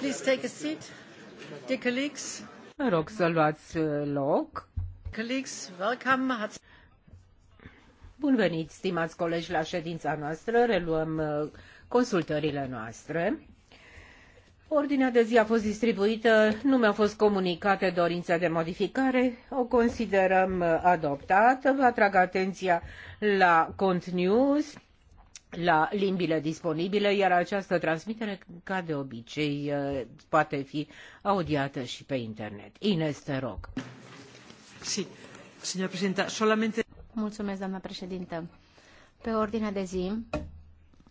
please take a seat? Dear colleagues. Mă rog să luați uh, loc. Colleagues, welcome. Bun venit, stimați colegi, la ședința noastră. Reluăm uh, consultările noastre. Ordinea de zi a fost distribuită, nu mi-au fost comunicate dorințe de modificare, o considerăm uh, adoptată. Vă atrag atenția la Cont News la limbile disponibile, iar această transmitere, ca de obicei, uh, poate fi audiată și pe internet. Ines, te rog. Sí. presidenta, solamente... Mulțumesc, doamna președintă. Pe ordinea de zi,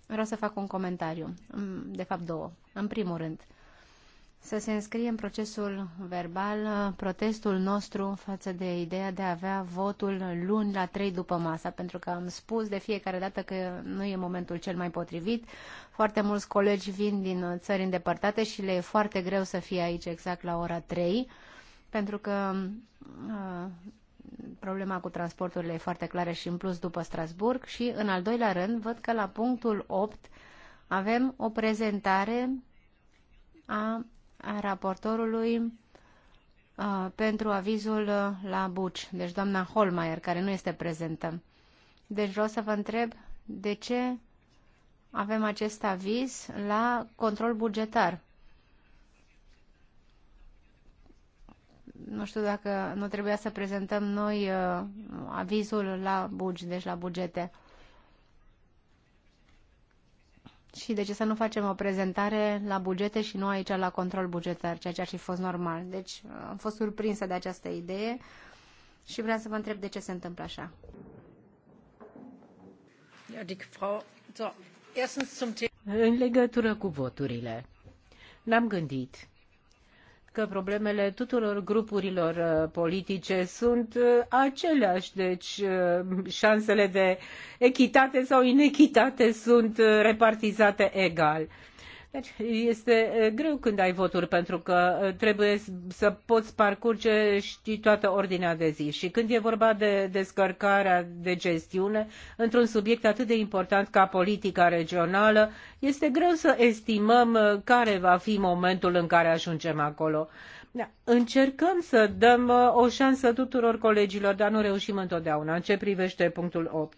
vreau să fac un comentariu, mm, de fapt două. În primul rând, să se înscrie în procesul verbal uh, protestul nostru față de ideea de a avea votul luni la trei după masa, pentru că am spus de fiecare dată că nu e momentul cel mai potrivit. Foarte mulți colegi vin din uh, țări îndepărtate și le e foarte greu să fie aici exact la ora 3, pentru că uh, problema cu transporturile e foarte clară și în plus după Strasburg și în al doilea rând văd că la punctul 8 avem o prezentare a a raportorului uh, pentru avizul uh, la Buci, deci doamna Holmeier, care nu este prezentă. Deci vreau să vă întreb de ce avem acest aviz la control bugetar. Nu știu dacă nu trebuia să prezentăm noi uh, avizul la Buci, deci la bugete și de ce să nu facem o prezentare la bugete și nu aici la control bugetar, ceea ce ar fi fost normal. Deci uh, am fost surprinsă de această idee și vreau să vă întreb de ce se întâmplă așa. În legătură cu voturile, ne-am gândit că problemele tuturor grupurilor uh, politice sunt uh, aceleași, deci uh, șansele de echitate sau inechitate sunt repartizate egal. Deci este greu când ai voturi pentru că trebuie să poți parcurge știi toată ordinea de zi și când e vorba de descărcarea de gestiune într-un subiect atât de important ca politica regională, este greu să estimăm care va fi momentul în care ajungem acolo. Da. Încercăm să dăm o șansă tuturor colegilor, dar nu reușim întotdeauna. În ce privește punctul 8?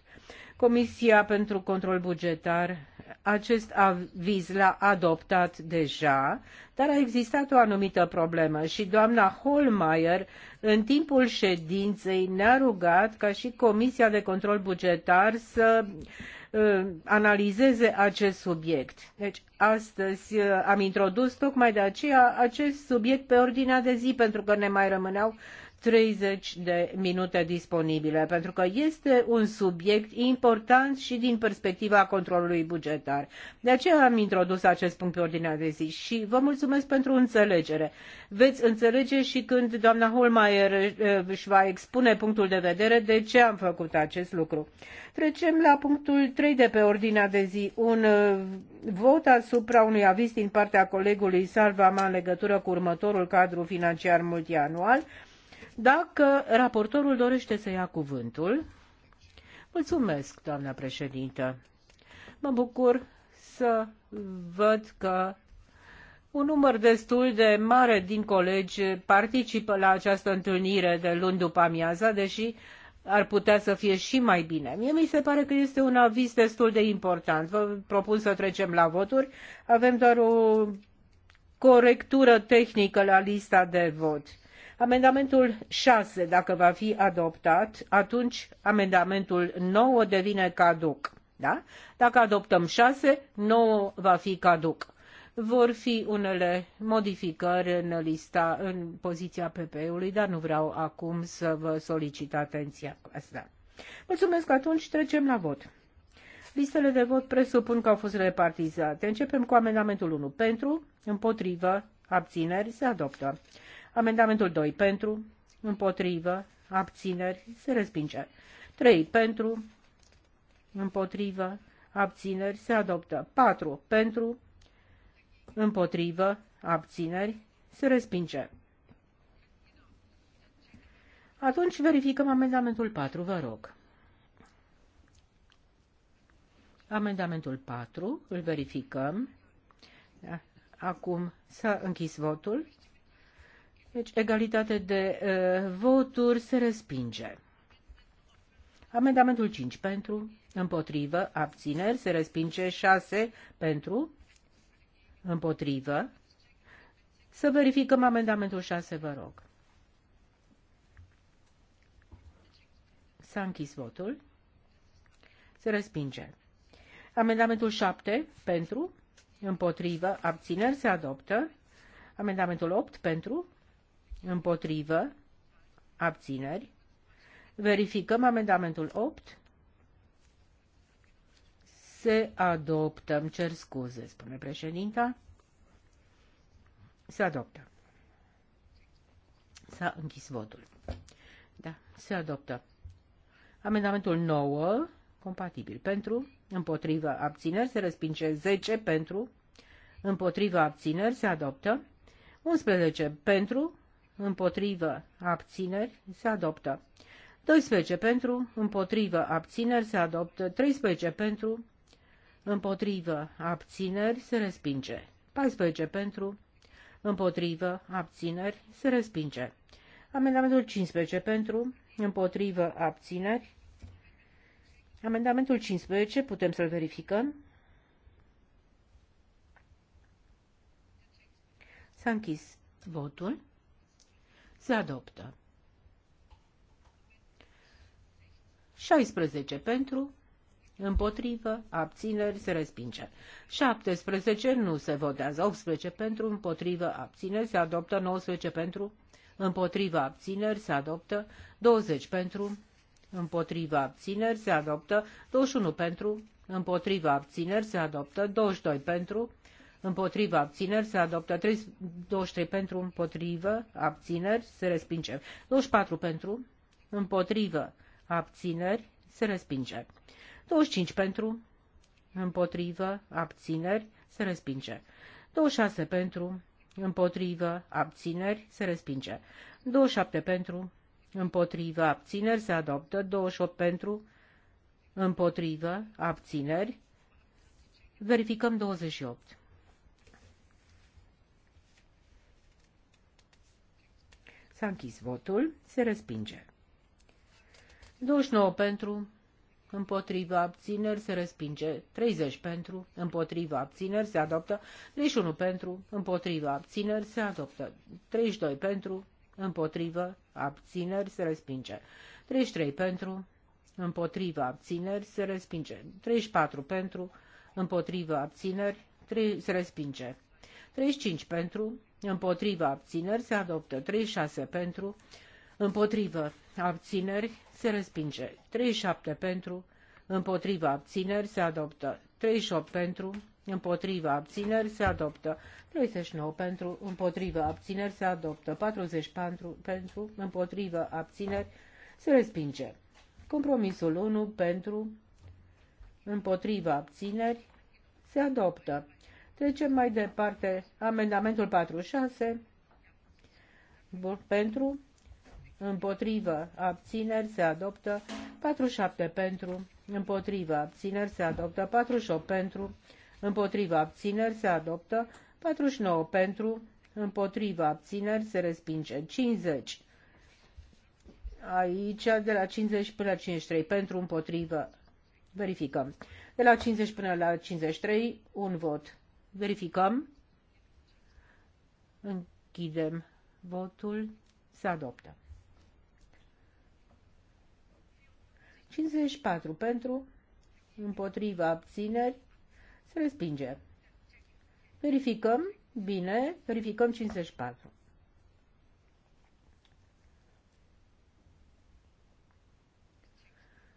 Comisia pentru control bugetar acest aviz l-a adoptat deja, dar a existat o anumită problemă și doamna Holmeier, în timpul ședinței, ne-a rugat ca și Comisia de Control Bugetar să uh, analizeze acest subiect. Deci, astăzi uh, am introdus tocmai de aceea acest subiect pe ordinea de zi, pentru că ne mai rămâneau 30 de minute disponibile, pentru că este un subiect important și din perspectiva controlului bugetar. De aceea am introdus acest punct pe ordinea de zi și vă mulțumesc pentru înțelegere. Veți înțelege și când doamna Holmeier eh, își va expune punctul de vedere de ce am făcut acest lucru. Trecem la punctul 3 de pe ordinea de zi, un eh, vot asupra unui aviz din partea colegului Salvama în legătură cu următorul cadru financiar multianual. Dacă raportorul dorește să ia cuvântul, mulțumesc, doamna președintă. Mă bucur să văd că un număr destul de mare din colegi participă la această întâlnire de luni după amiaza, deși ar putea să fie și mai bine. Mie mi se pare că este un aviz destul de important. Vă propun să trecem la voturi. Avem doar o corectură tehnică la lista de vot. Amendamentul 6, dacă va fi adoptat, atunci amendamentul 9 devine caduc. Da? Dacă adoptăm 6, 9 va fi caduc. Vor fi unele modificări în lista, în poziția PP-ului, dar nu vreau acum să vă solicit atenția asta. Mulțumesc, atunci trecem la vot. Listele de vot presupun că au fost repartizate. Începem cu amendamentul 1. Pentru, împotrivă, abțineri, se adoptă. Amendamentul 2 pentru, împotrivă, abțineri, se respinge. 3 pentru, împotrivă, abțineri, se adoptă. 4 pentru, împotrivă, abțineri, se respinge. Atunci verificăm amendamentul 4, vă rog. Amendamentul 4, îl verificăm. Acum s-a închis votul. Deci, egalitate de uh, voturi se respinge. Amendamentul 5 pentru, împotrivă, abțineri, se respinge 6 pentru, împotrivă. Să verificăm amendamentul 6, vă rog. S-a închis votul. Se respinge. Amendamentul 7 pentru, împotrivă, abțineri, se adoptă. Amendamentul 8 pentru, Împotrivă. Abțineri. Verificăm amendamentul 8. Se adoptă. Îmi cer scuze, spune președinta. Se adoptă. S-a închis votul. Da, se adoptă. Amendamentul 9, compatibil pentru, împotrivă abțineri, se respinge 10 pentru, împotrivă abțineri, se adoptă 11 pentru, împotrivă, abțineri, se adoptă. 12 pentru, împotrivă, abțineri, se adoptă. 13 pentru, împotrivă, abțineri, se respinge. 14 pentru, împotrivă, abțineri, se respinge. Amendamentul 15 pentru, împotrivă, abțineri. Amendamentul 15, putem să-l verificăm. S-a închis votul. Se adoptă. 16 pentru, împotrivă, abțineri, se respinge. 17 nu se votează, 18 pentru, împotrivă, abțineri, se adoptă, 19 pentru, împotrivă, abțineri, se adoptă, 20 pentru, împotrivă, abțineri, se adoptă, 21 pentru, împotrivă, abțineri, se adoptă, 22 pentru, împotriva abțineri se adoptă, 23 pentru împotrivă abțineri se respinge, 24 pentru împotrivă abțineri se respinge, 25 pentru împotrivă abțineri se respinge, 26 pentru împotrivă abțineri se respinge, 27 pentru împotrivă abțineri se adoptă, 28 pentru împotrivă abțineri Verificăm 28. S-a închis votul, se respinge. 29 pentru, împotriva abțineri se respinge, 30 pentru, împotriva abțineri se adoptă, 31 pentru, împotriva abțineri se adoptă, 32 pentru, împotriva abțineri se respinge, 33 pentru, împotriva abțineri se respinge, 34 pentru, împotriva abțineri se respinge, 35 pentru, împotriva abțineri se adoptă 36 pentru, împotrivă abțineri se respinge 37 pentru, împotriva abțineri se adoptă 38 pentru, împotriva abțineri se adoptă 39 pentru, împotriva abțineri se adoptă 44 pentru, împotriva abțineri se respinge. Compromisul 1 pentru, împotriva abțineri se adoptă. Trecem mai departe. Amendamentul 46. Bun, pentru, împotrivă, abțineri, se adoptă. 47 pentru, împotrivă, abțineri, se adoptă. 48 pentru, împotrivă, abțineri, se adoptă. 49 pentru, împotrivă, abțineri, se respinge. 50. Aici, de la 50 până la 53, pentru, împotrivă, verificăm. De la 50 până la 53, un vot Verificăm. Închidem votul. Se adoptă. 54 pentru, împotriva abțineri, se respinge. Verificăm, bine, verificăm 54.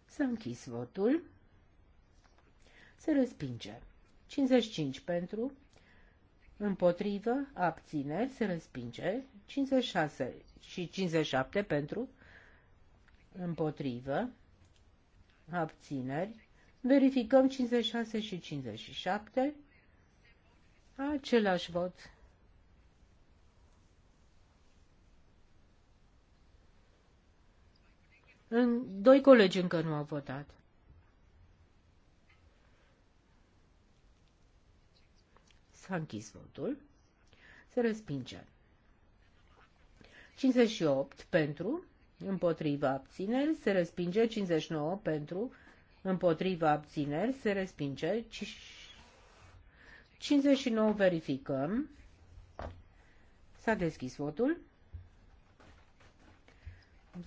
S-a închis votul. Se respinge. 55 pentru, împotrivă, abțineri, se respinge. 56 și 57 pentru, împotrivă, abțineri. Verificăm 56 și 57. Același vot. În, doi colegi încă nu au votat. S-a închis votul. Se respinge. 58 pentru, împotriva abțineri, se respinge. 59 pentru, împotriva abțineri, se respinge. 59 verificăm. S-a deschis votul.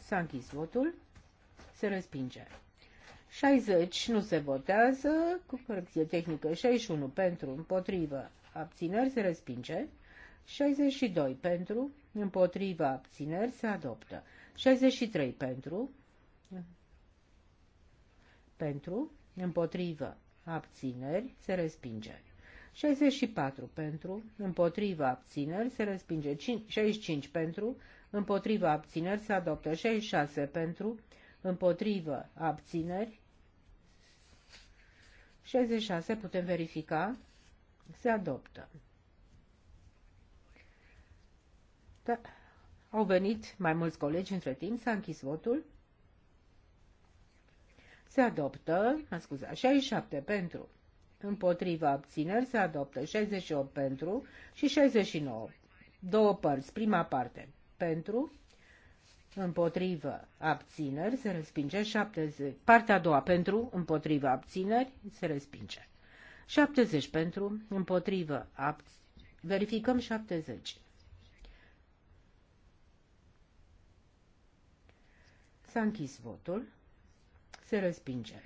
S-a închis votul. Se respinge. 60 nu se votează, cu corecție tehnică 61 pentru, împotrivă, abțineri se respinge. 62 pentru, împotriva abțineri se adoptă. 63 pentru, pentru, împotrivă, abțineri se respinge. 64 pentru, împotriva abțineri se respinge. 65 pentru, împotriva abțineri se adoptă. 66 pentru, împotrivă abțineri. 66 putem verifica. Se adoptă. Da. Au venit mai mulți colegi între timp, s-a închis votul. Se adoptă, mă scuza, 67 pentru. Împotriva abțineri se adoptă 68 pentru și 69. Două părți, prima parte. Pentru, împotrivă abțineri se respinge 70. Partea a doua pentru, împotriva abțineri se respinge. 70 pentru, împotrivă, abț... verificăm 70. S-a închis votul, se respinge.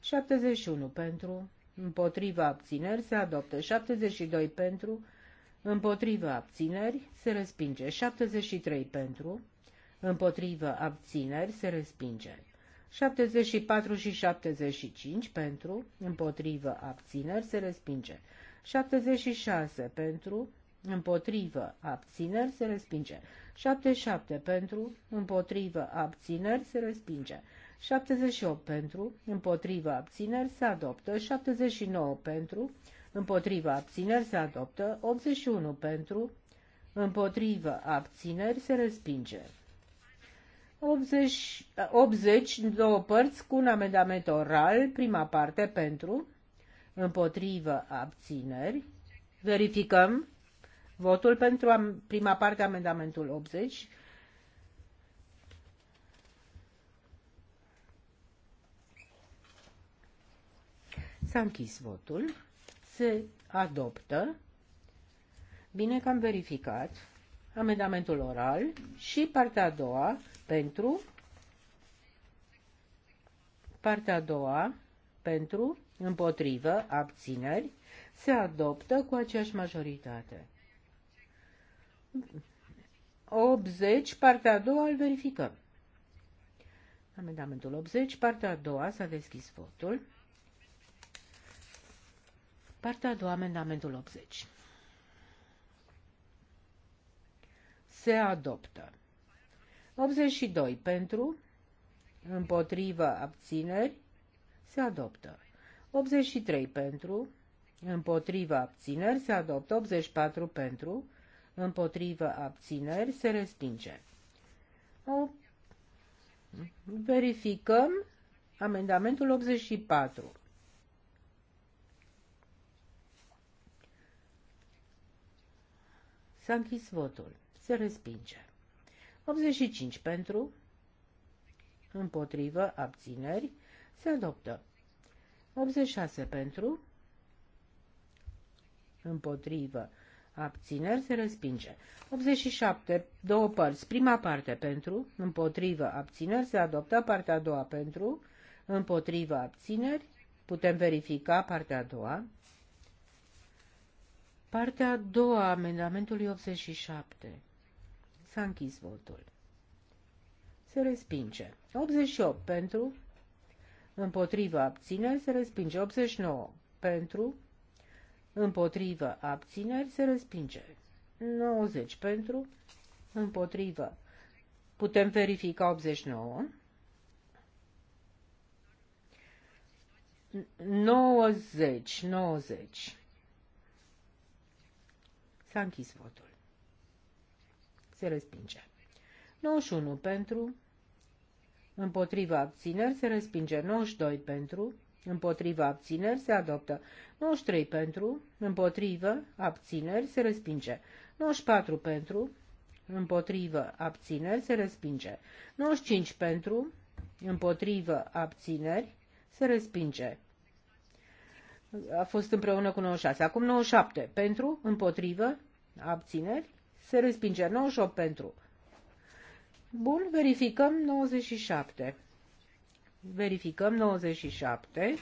71 pentru, împotriva abțineri, se adoptă 72 pentru, împotriva abțineri, se respinge 73 pentru, împotriva abțineri, se respinge 74 și 75 pentru, împotrivă, abțineri, se respinge. 76 pentru, împotrivă, abțineri, se respinge. 77 pentru, împotrivă, abțineri, se respinge. 78 pentru, împotrivă, abțineri, se adoptă. 79 pentru, împotrivă, abțineri, se adoptă. 81 pentru, împotrivă, abțineri, se respinge. 80, în două părți cu un amendament oral, prima parte pentru, împotrivă, abțineri. Verificăm votul pentru am, prima parte amendamentul 80. S-a închis votul, se adoptă. Bine că am verificat amendamentul oral și partea a doua pentru partea a doua pentru, împotrivă, abțineri, se adoptă cu aceeași majoritate. 80, partea a doua, îl verificăm. Amendamentul 80, partea a doua, s-a deschis votul. Partea a doua, amendamentul 80. se adoptă. 82 pentru, împotrivă, abțineri, se adoptă. 83 pentru, împotrivă, abțineri, se adoptă. 84 pentru, împotrivă, abțineri, se respinge. O... Verificăm amendamentul 84. S-a închis votul se respinge. 85 pentru, împotrivă, abțineri, se adoptă. 86 pentru, împotrivă, abțineri, se respinge. 87, două părți, prima parte pentru, împotrivă, abțineri, se adoptă, partea a doua pentru, împotrivă, abțineri, putem verifica partea a doua. Partea a doua amendamentului 87. S-a închis votul. Se respinge. 88 pentru, împotrivă abțineri, se respinge. 89 pentru, împotrivă abțineri, se respinge. 90 pentru, împotrivă. Putem verifica 89. 90, 90. S-a închis votul se respinge. 91 pentru, împotriva abțineri, se respinge. 92 pentru, împotriva abțineri, se adoptă. 93 pentru, împotriva abțineri, se respinge. 94 pentru, împotriva abțineri, se respinge. 95 pentru, împotriva abțineri, se respinge. A fost împreună cu 96. Acum 97. Pentru, împotrivă, abțineri, se respinge 98 pentru. Bun, verificăm 97. Verificăm 97.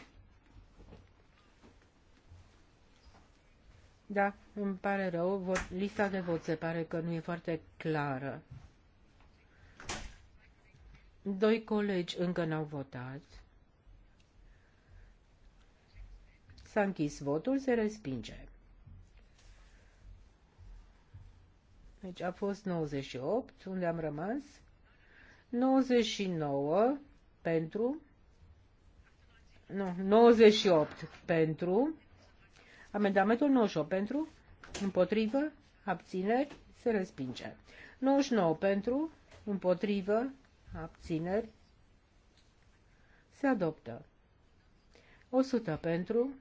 Da, îmi pare rău, vot, lista de vot se pare că nu e foarte clară. Doi colegi încă n-au votat. S-a închis votul, se respinge. Deci a fost 98, unde am rămas. 99 pentru. Nu, 98 pentru. Amendamentul 98 pentru. Împotrivă. Abțineri. Se respinge. 99 pentru. Împotrivă. Abțineri. Se adoptă. 100 pentru.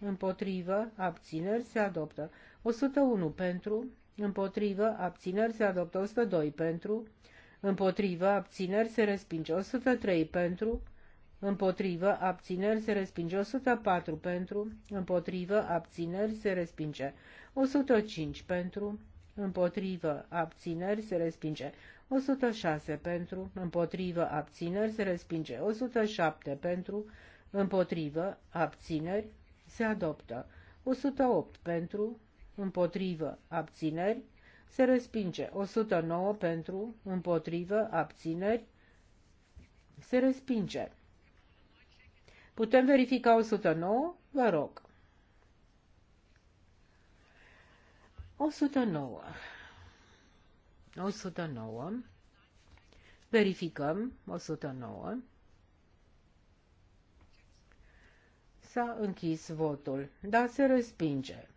Împotrivă. Abțineri. Se adoptă. 101 pentru împotrivă, abțineri se adoptă 102 pentru, împotrivă, abțineri se respinge 103 pentru, împotrivă, abțineri se respinge 104 pentru, împotrivă, abțineri se respinge 105 pentru, împotrivă, abțineri se respinge 106 pentru, împotrivă, abțineri se respinge 107 pentru, împotrivă, abțineri se adoptă 108 pentru, împotrivă, abțineri, se respinge. 109 pentru, împotrivă, abțineri, se respinge. Putem verifica 109? Vă rog. 109. 109. Verificăm 109. S-a închis votul, dar se respinge.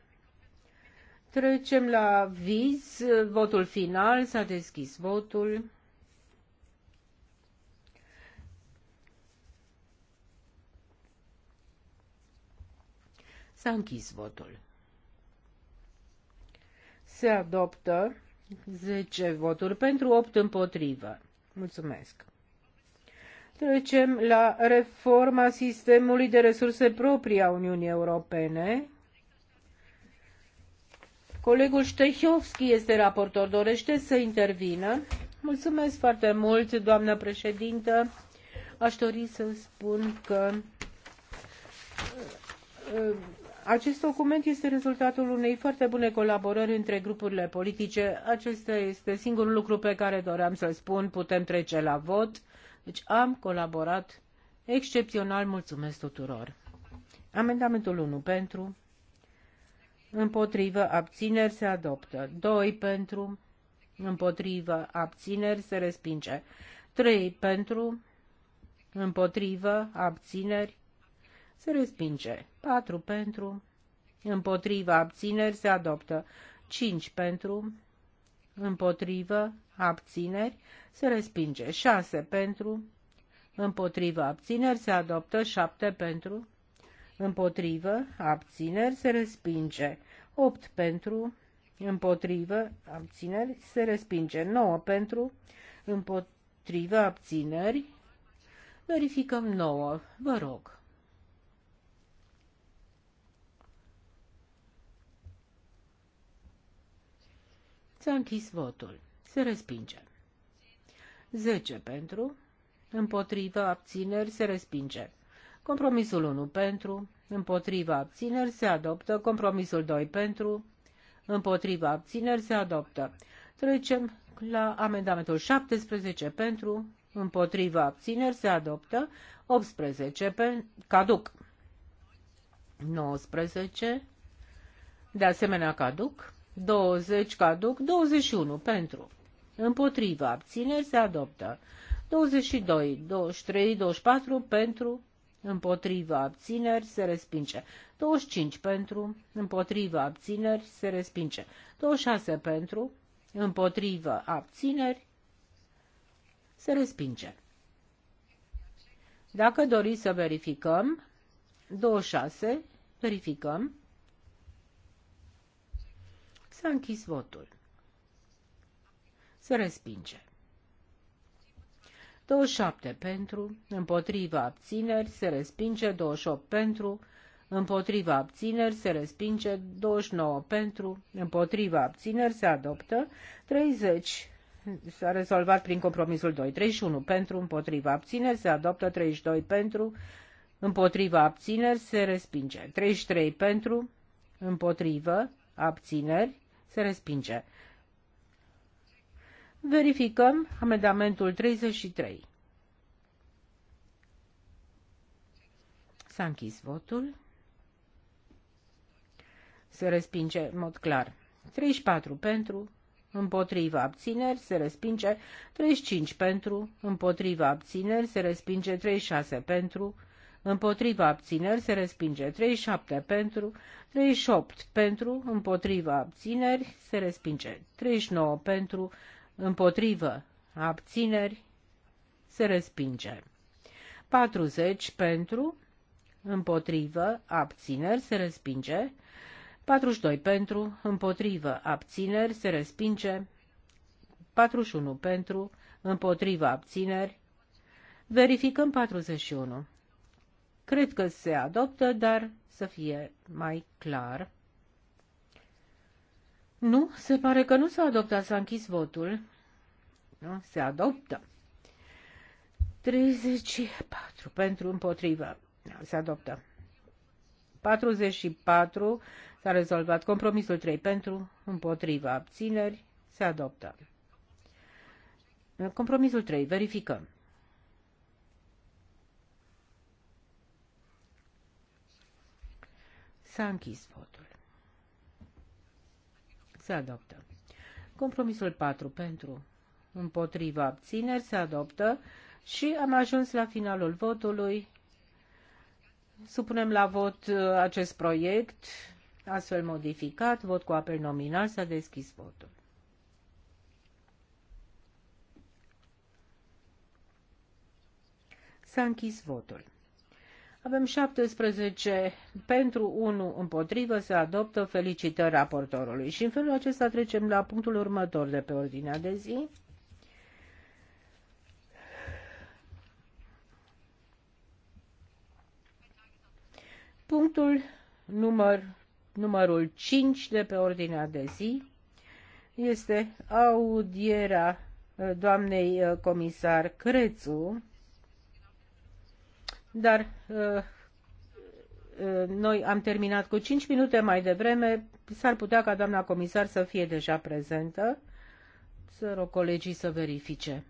Trecem la viz, votul final, s-a deschis votul. S-a închis votul. Se adoptă 10 voturi pentru 8 împotrivă. Mulțumesc. Trecem la reforma sistemului de resurse proprii a Uniunii Europene. Colegul Ștehovski este raportor, dorește să intervină. Mulțumesc foarte mult, doamnă președintă. Aș dori să spun că uh, acest document este rezultatul unei foarte bune colaborări între grupurile politice. Acesta este singurul lucru pe care doream să-l spun. Putem trece la vot. Deci am colaborat excepțional. Mulțumesc tuturor. Amendamentul 1 pentru, împotrivă, abțineri se adoptă. 2 pentru, împotrivă, abțineri se respinge. 3 pentru, împotrivă, abțineri se respinge. 4 pentru, împotrivă, abțineri se adoptă. 5 pentru, împotrivă, abțineri se respinge. 6 pentru, împotrivă, abțineri se adoptă. 7 pentru, împotrivă, abțineri, se respinge. 8 pentru, împotrivă, abțineri, se respinge. 9 pentru, împotrivă, abțineri, verificăm 9, vă rog. S-a închis votul. Se respinge. 10 pentru, împotrivă, abțineri, se respinge. Compromisul 1 pentru, împotriva abțineri se adoptă. Compromisul 2 pentru, împotriva abțineri se adoptă. Trecem la amendamentul 17 pentru, împotriva abțineri se adoptă. 18 pentru, caduc. 19 de asemenea caduc. 20 caduc. 21 pentru. Împotriva abțineri se adoptă. 22, 23, 24 pentru, împotriva abțineri se respinge. 25 pentru, împotriva abțineri se respinge. 26 pentru, împotriva abțineri se respinge. Dacă doriți să verificăm, 26, verificăm. S-a închis votul. Se respinge. 27 pentru, împotriva abțineri se respinge, 28 pentru, împotriva abțineri se respinge, 29 pentru, împotriva abțineri se adoptă, 30 s-a rezolvat prin compromisul 2, 31 pentru, împotriva abțineri se adoptă, 32 pentru, împotriva abțineri se respinge, 33 pentru, împotriva abțineri se respinge. Verificăm amendamentul 33. S-a închis votul. Se respinge în mod clar. 34 pentru, împotriva abțineri, se respinge. 35 pentru, împotriva abțineri, se respinge. 36 pentru, împotriva abțineri, se respinge. 37 pentru, 38 pentru, împotriva abțineri, se respinge. 39 pentru, împotrivă, abțineri, se respinge. 40 pentru, împotrivă, abțineri, se respinge. 42 pentru, împotrivă, abțineri, se respinge. 41 pentru, împotrivă, abțineri. Verificăm 41. Cred că se adoptă, dar să fie mai clar. Nu, se pare că nu s-a adoptat, s-a închis votul. Nu, se adoptă. 34 pentru împotrivă. Se adoptă. 44 s-a rezolvat. Compromisul 3 pentru împotrivă. Abțineri. Se adoptă. Compromisul 3. Verificăm. S-a închis votul. Se adoptă. Compromisul 4 pentru. Împotriva abțineri se adoptă și am ajuns la finalul votului. Supunem la vot uh, acest proiect, astfel modificat, vot cu apel nominal, s-a deschis votul. S-a închis votul. Avem 17 pentru 1 împotrivă, se adoptă felicitări raportorului. Și în felul acesta trecem la punctul următor de pe ordinea de zi. Punctul număr, numărul 5 de pe ordinea de zi este audierea eh, doamnei eh, comisar Crețu, dar uh, uh, noi am terminat cu 5 minute mai devreme. S-ar putea ca doamna comisar să fie deja prezentă. Să rog colegii să verifice.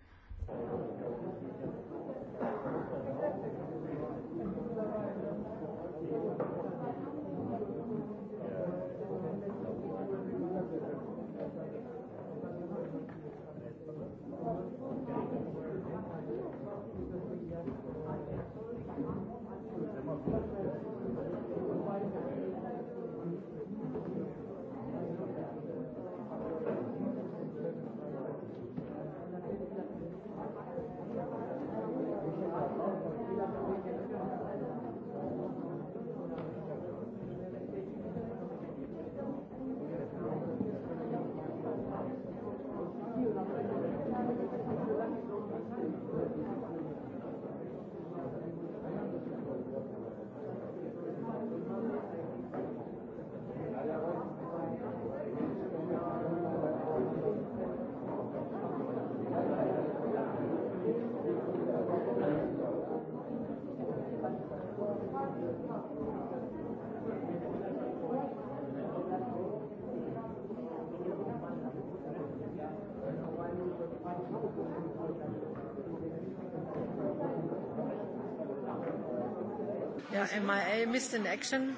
MIA Missed in Action.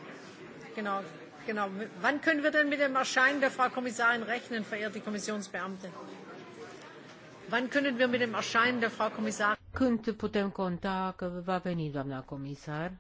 Genau, genau. Wann können wir denn mit dem Erscheinen der Frau Kommissarin rechnen, verehrte Kommissionsbeamte? Wann können wir mit dem Erscheinen der Frau Kommissarin? Când putem conta că va veni doamna comisar?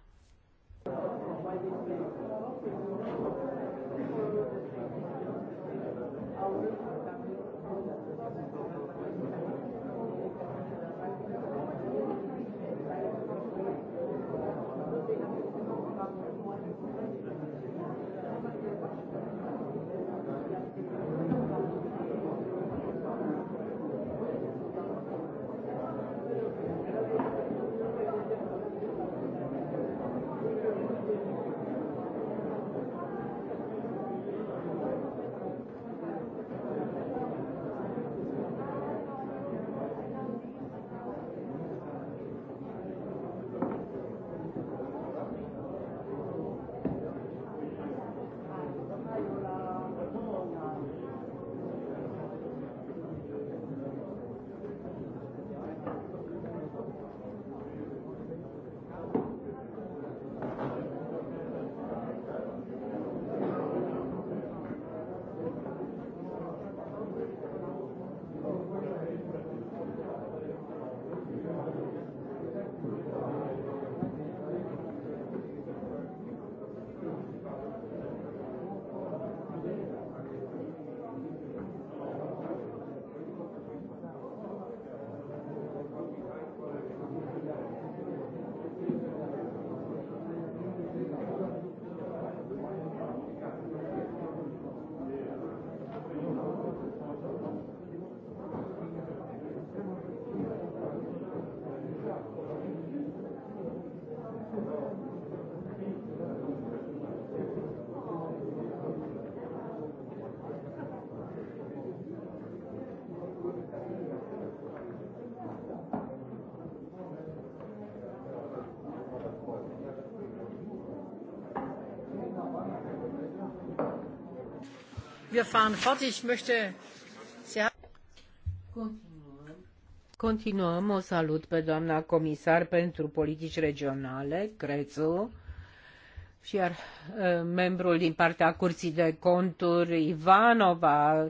Continuăm. O salut pe doamna comisar pentru politici regionale, Crețu, și iar membrul din partea Curții de Conturi, Ivanova,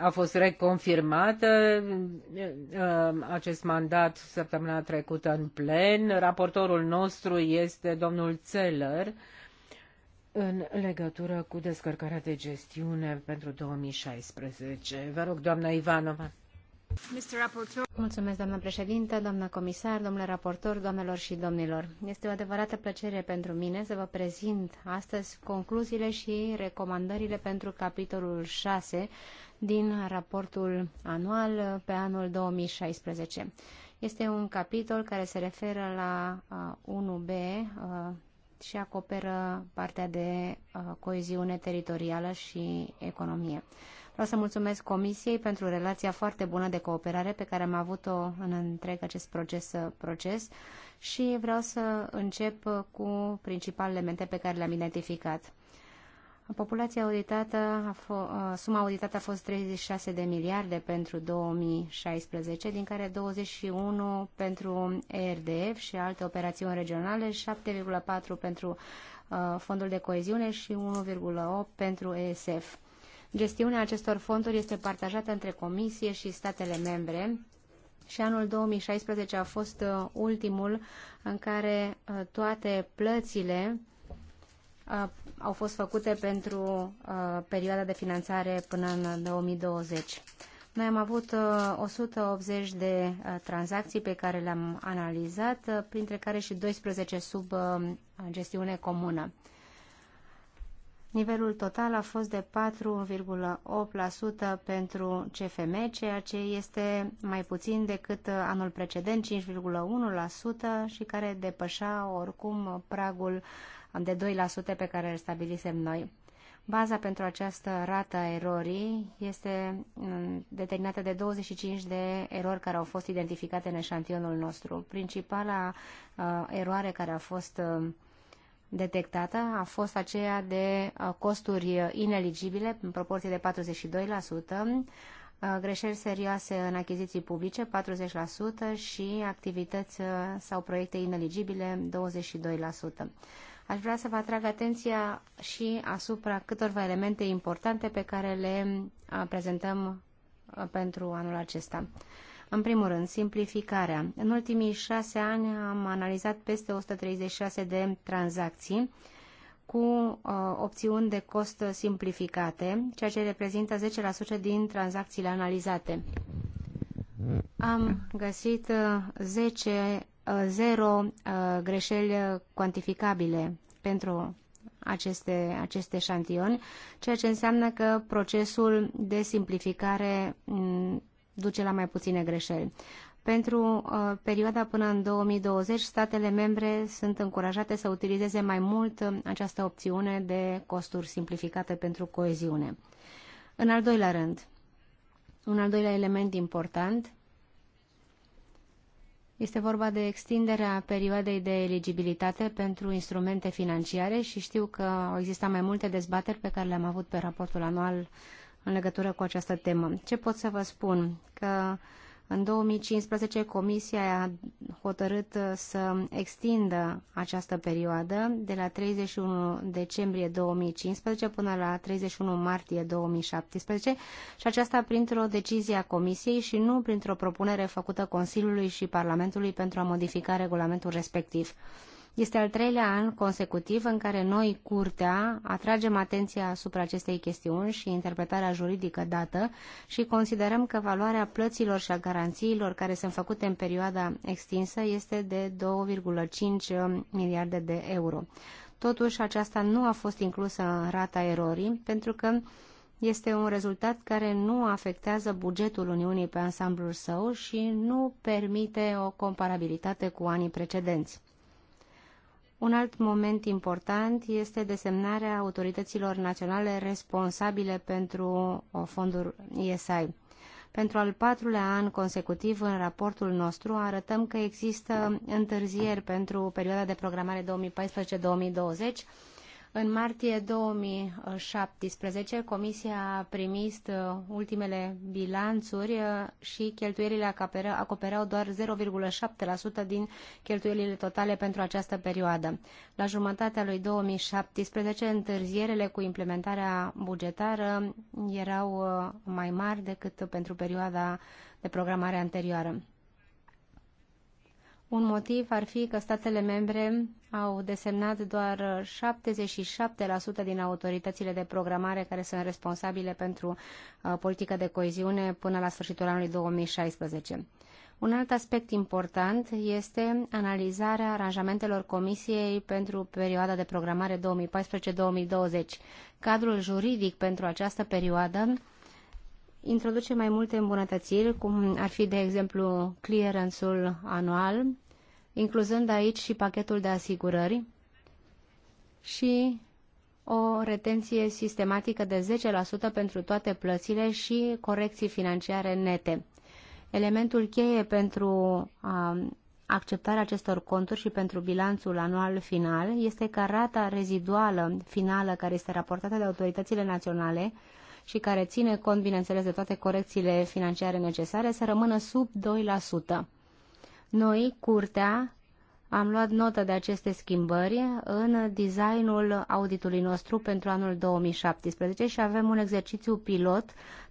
a fost reconfirmată acest mandat săptămâna trecută în plen. Raportorul nostru este domnul Țeller, în legătură cu descărcarea de gestiune pentru 2016. Vă rog, doamna Ivanova. Mulțumesc, doamnă președintă, doamnă comisar, domnule raportor, doamnelor și domnilor. Este o adevărată plăcere pentru mine să vă prezint astăzi concluziile și recomandările pentru capitolul 6 din raportul anual pe anul 2016. Este un capitol care se referă la 1B uh, și acoperă partea de uh, coeziune teritorială și economie. Vreau să mulțumesc Comisiei pentru relația foarte bună de cooperare pe care am avut-o în întreg acest proces, uh, proces și vreau să încep cu principalele elemente pe care le-am identificat. Populația auditată, a suma auditată a fost 36 de miliarde pentru 2016, din care 21 pentru ERDF și alte operațiuni regionale, 7,4 pentru fondul de coeziune și 1,8 pentru ESF. Gestiunea acestor fonduri este partajată între Comisie și statele membre și anul 2016 a fost ultimul în care toate plățile au fost făcute pentru perioada de finanțare până în 2020. Noi am avut 180 de tranzacții pe care le-am analizat, printre care și 12 sub gestiune comună. Nivelul total a fost de 4,8% pentru CFM, ceea ce este mai puțin decât anul precedent, 5,1% și care depășea oricum pragul de 2% pe care îl stabilisem noi. Baza pentru această rată a erorii este mm, determinată de 25 de erori care au fost identificate în eșantionul nostru. Principala uh, eroare care a fost uh, detectată a fost aceea de uh, costuri ineligibile în proporție de 42%, uh, greșeli serioase în achiziții publice 40% și activități uh, sau proiecte ineligibile 22%. Aș vrea să vă atrag atenția și asupra câtorva elemente importante pe care le prezentăm pentru anul acesta. În primul rând, simplificarea. În ultimii șase ani am analizat peste 136 de tranzacții cu uh, opțiuni de cost simplificate, ceea ce reprezintă 10% din tranzacțiile analizate. Am găsit 10 Uh, zero uh, greșeli cuantificabile pentru aceste, aceste șantioni, ceea ce înseamnă că procesul de simplificare mm, duce la mai puține greșeli. Pentru uh, perioada până în 2020, statele membre sunt încurajate să utilizeze mai mult uh, această opțiune de costuri simplificate pentru coeziune. În al doilea rând, un al doilea element important este vorba de extinderea perioadei de eligibilitate pentru instrumente financiare și știu că au existat mai multe dezbateri pe care le-am avut pe raportul anual în legătură cu această temă. Ce pot să vă spun? Că în 2015, Comisia a hotărât uh, să extindă această perioadă de la 31 decembrie 2015 până la 31 martie 2017 și aceasta printr-o decizie a Comisiei și nu printr-o propunere făcută Consiliului și Parlamentului pentru a modifica regulamentul respectiv. Este al treilea an consecutiv în care noi, Curtea, atragem atenția asupra acestei chestiuni și interpretarea juridică dată și considerăm că valoarea plăților și a garanțiilor care sunt făcute în perioada extinsă este de 2,5 uh, miliarde de euro. Totuși, aceasta nu a fost inclusă în rata erorii, pentru că este un rezultat care nu afectează bugetul Uniunii pe ansamblul său și nu permite o comparabilitate cu anii precedenți. Un alt moment important este desemnarea autorităților naționale responsabile pentru uh, fondul ESI. Pentru al patrulea an consecutiv, în raportul nostru, arătăm că există întârzieri pentru perioada de programare 2014-2020 în martie 2017, Comisia a primit uh, ultimele bilanțuri uh, și cheltuielile acopereau doar 0,7% din cheltuielile totale pentru această perioadă. La jumătatea lui 2017, întârzierele cu implementarea bugetară erau uh, mai mari decât pentru perioada de programare anterioară. Un motiv ar fi că statele membre au desemnat doar 77% din autoritățile de programare care sunt responsabile pentru uh, politică de coeziune până la sfârșitul anului 2016. Un alt aspect important este analizarea aranjamentelor Comisiei pentru perioada de programare 2014-2020. Cadrul juridic pentru această perioadă introduce mai multe îmbunătățiri, cum ar fi, de exemplu, clearance-ul anual, incluzând aici și pachetul de asigurări și o retenție sistematică de 10% pentru toate plățile și corecții financiare nete. Elementul cheie pentru a, acceptarea acestor conturi și pentru bilanțul anual final este că rata reziduală finală care este raportată de autoritățile naționale și care ține cont, bineînțeles, de toate corecțiile financiare necesare, să rămână sub 2%. Noi, curtea, am luat notă de aceste schimbări în designul auditului nostru pentru anul 2017 și avem un exercițiu pilot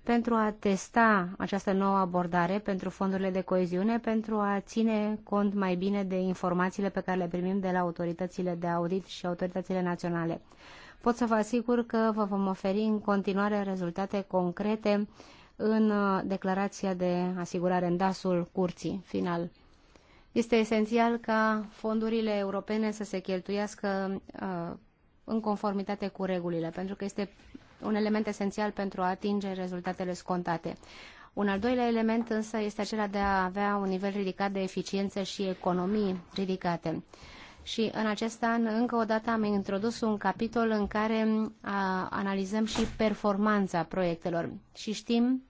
pentru a testa această nouă abordare pentru fondurile de coeziune, pentru a ține cont mai bine de informațiile pe care le primim de la autoritățile de audit și autoritățile naționale pot să vă asigur că vă vom oferi în continuare rezultate concrete în uh, declarația de asigurare în dasul curții final. Este esențial ca fondurile europene să se cheltuiască uh, în conformitate cu regulile, pentru că este un element esențial pentru a atinge rezultatele scontate. Un al doilea element însă este acela de a avea un nivel ridicat de eficiență și economii ridicate. Și în acest an, încă o dată, am introdus un capitol în care a, analizăm și performanța proiectelor. Și știm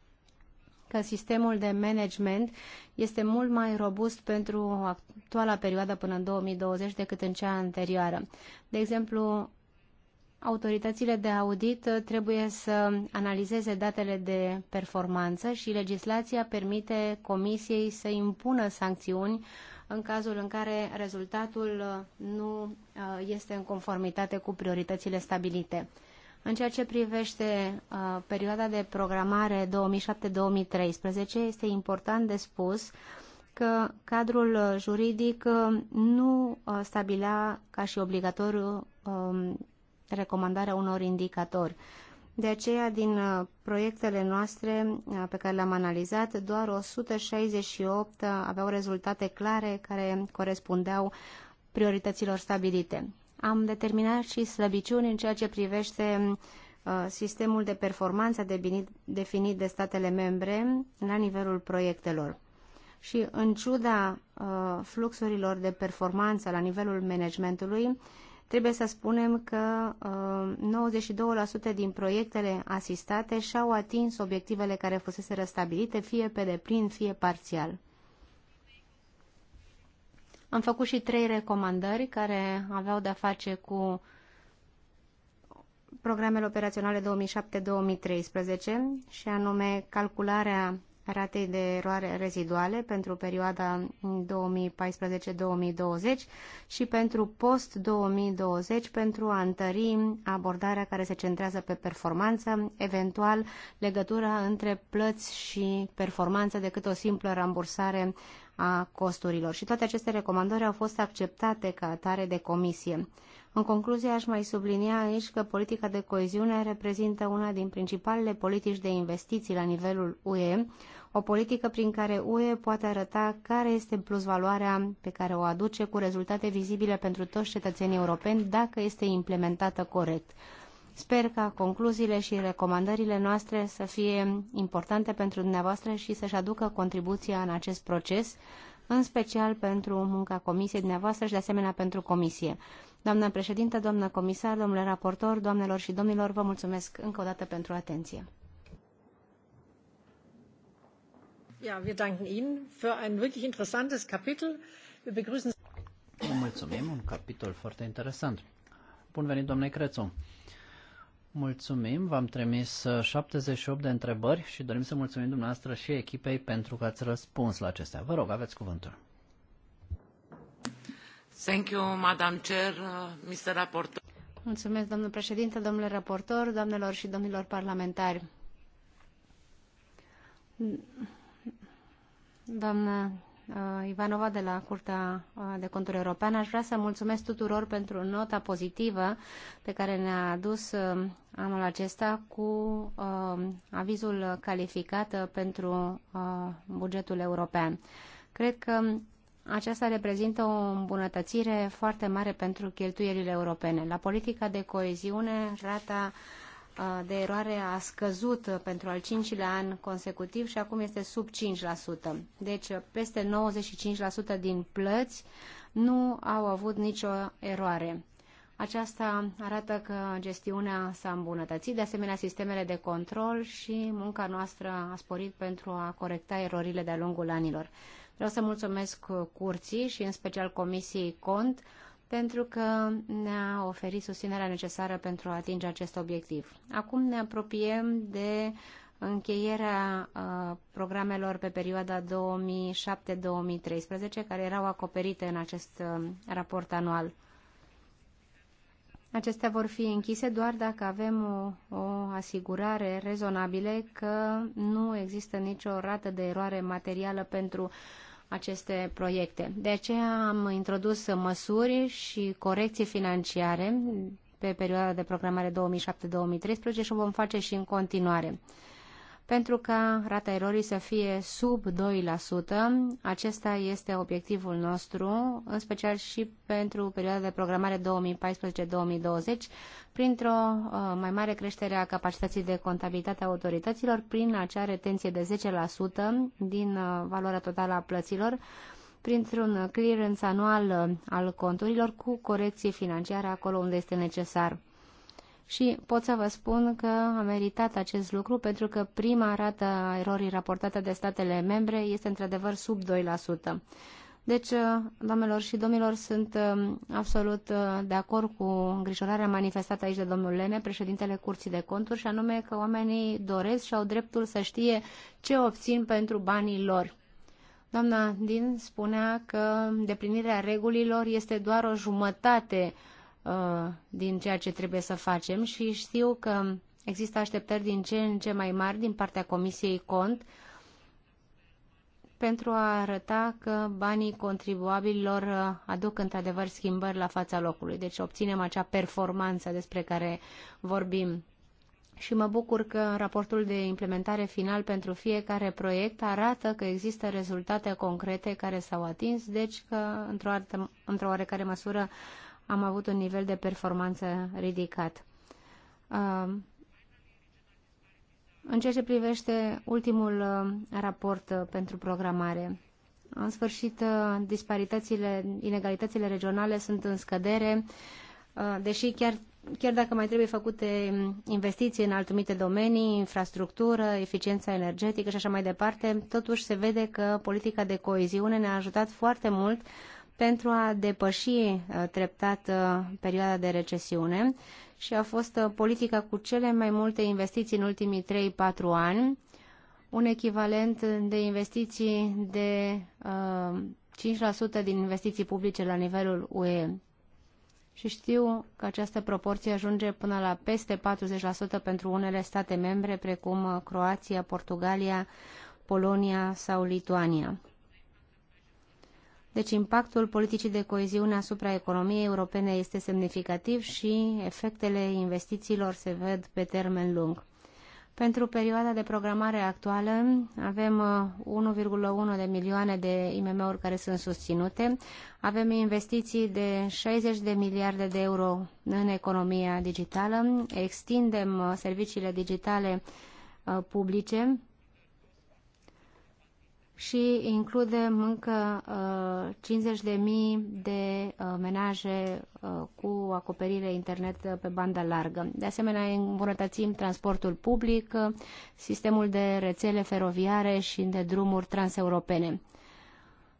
că sistemul de management este mult mai robust pentru actuala perioadă până în 2020 decât în cea anterioară. De exemplu, autoritățile de audit trebuie să analizeze datele de performanță și legislația permite comisiei să impună sancțiuni uh, în cazul în care rezultatul uh, nu uh, este în conformitate cu prioritățile stabilite. În ceea ce privește uh, perioada de programare 2007-2013, este important de spus că cadrul juridic uh, nu uh, stabilea ca și obligatoriu uh, recomandarea unor indicatori. De aceea, din uh, proiectele noastre uh, pe care le-am analizat, doar 168 uh, aveau rezultate clare care corespundeau priorităților stabilite. Am determinat și slăbiciuni în ceea ce privește sistemul de performanță definit de statele membre la nivelul proiectelor. Și în ciuda fluxurilor de performanță la nivelul managementului, Trebuie să spunem că uh, 92% din proiectele asistate și-au atins obiectivele care fusese răstabilite, fie pe deplin, fie parțial. Am făcut și trei recomandări care aveau de-a face cu programele operaționale 2007-2013 și anume calcularea ratei de eroare reziduale pentru perioada 2014-2020 și pentru post-2020 pentru a întări abordarea care se centrează pe performanță, eventual legătura între plăți și performanță decât o simplă rambursare a costurilor. Și toate aceste recomandări au fost acceptate ca atare de comisie. În concluzie, aș mai sublinia aici că politica de coeziune reprezintă una din principalele politici de investiții la nivelul UE, o politică prin care UE poate arăta care este plusvaloarea pe care o aduce cu rezultate vizibile pentru toți cetățenii europeni dacă este implementată corect. Sper ca concluziile și recomandările noastre să fie importante pentru dumneavoastră și să-și aducă contribuția în acest proces, în special pentru munca comisiei dumneavoastră și de asemenea pentru comisie. Doamna președintă, doamna comisar, domnule raportor, doamnelor și domnilor, vă mulțumesc încă o dată pentru atenție. Ja, wir danken Ihnen für ein wirklich interessantes Kapitel. Wir begrüßen Mulțumim, un capitol foarte interesant. Bun venit, domnule Crețu. Mulțumim, v-am trimis 78 uh, de întrebări și dorim să mulțumim dumneavoastră și echipei pentru că ați răspuns la acestea. Vă rog, aveți cuvântul. Uh, mulțumesc, domnule președinte, domnule raportor, doamnelor și domnilor parlamentari. Doamna uh, Ivanova de la Curtea uh, de Conturi Europeană. Aș vrea să mulțumesc tuturor pentru nota pozitivă pe care ne-a adus anul acesta cu avizul calificat pentru bugetul european. Cred că aceasta reprezintă o îmbunătățire foarte mare pentru cheltuielile europene. La politica de coeziune, rata uh, de eroare a scăzut pentru al cincilea an consecutiv și acum este sub 5%. Deci peste 95% din plăți nu au avut nicio eroare. Aceasta arată că gestiunea s-a îmbunătățit, de asemenea sistemele de control și munca noastră a sporit pentru a corecta erorile de-a lungul anilor. Vreau să mulțumesc uh, curții și în special Comisiei Cont pentru că ne-a oferit susținerea necesară pentru a atinge acest obiectiv. Acum ne apropiem de încheierea uh, programelor pe perioada 2007-2013, care erau acoperite în acest uh, raport anual. Acestea vor fi închise doar dacă avem o, o asigurare rezonabilă că nu există nicio rată de eroare materială pentru uh, aceste proiecte. De aceea am introdus măsuri și corecții financiare pe perioada de programare 2007-2013 și o vom face și în continuare pentru ca rata erorii să fie sub 2%. Acesta este obiectivul nostru, în special și pentru perioada de programare 2014-2020, printr-o uh, mai mare creștere a capacității de contabilitate a autorităților, prin acea retenție de 10% din uh, valoarea totală a plăților, printr-un clearance anual uh, al conturilor cu corecție financiară acolo unde este necesar și pot să vă spun că a meritat acest lucru pentru că prima rată a erorii raportate de statele membre este într-adevăr sub 2%. Deci, uh, doamnelor și domnilor, sunt um, absolut uh, de acord cu îngrijorarea manifestată aici de domnul Lene, președintele Curții de Conturi, și anume că oamenii doresc și au dreptul să știe ce obțin pentru banii lor. Doamna Din spunea că deplinirea regulilor este doar o jumătate Uh, din ceea ce trebuie să facem și știu că există așteptări din ce în ce mai mari din partea Comisiei Cont pentru a arăta că banii contribuabililor uh, aduc într-adevăr schimbări la fața locului. Deci obținem acea performanță despre care vorbim. Și mă bucur că raportul de implementare final pentru fiecare proiect arată că există rezultate concrete care s-au atins, deci că într-o într, oarecare măsură am avut un nivel de performanță ridicat. Uh, în ceea ce privește ultimul uh, raport uh, pentru programare, în sfârșit, disparitățile, inegalitățile regionale sunt în scădere, deși chiar, chiar dacă mai trebuie făcute um, investiții în altumite domenii, infrastructură, eficiența energetică și așa mai departe, totuși se vede că politica de coeziune ne-a ajutat foarte mult pentru a depăși uh, treptat uh, perioada de recesiune și a fost uh, politica cu cele mai multe investiții în ultimii 3-4 ani, un echivalent de investiții de 5% din investiții publice la nivelul UE. Și știu că această proporție ajunge până la peste 40% pentru unele state membre, precum Croația, Portugalia, Polonia sau Lituania. Deci impactul politicii de coeziune asupra economiei europene este semnificativ și efectele investițiilor se ved pe termen lung. Pentru perioada de programare actuală avem 1,1 uh, de milioane de IMM-uri care sunt susținute, avem investiții de 60 de miliarde de euro în economia digitală, extindem uh, serviciile digitale uh, publice și includem încă uh, 50.000 de uh, menaje uh, cu acoperire internet uh, pe bandă largă. De asemenea, îmbunătățim transportul public, uh, sistemul de rețele feroviare și de drumuri transeuropene.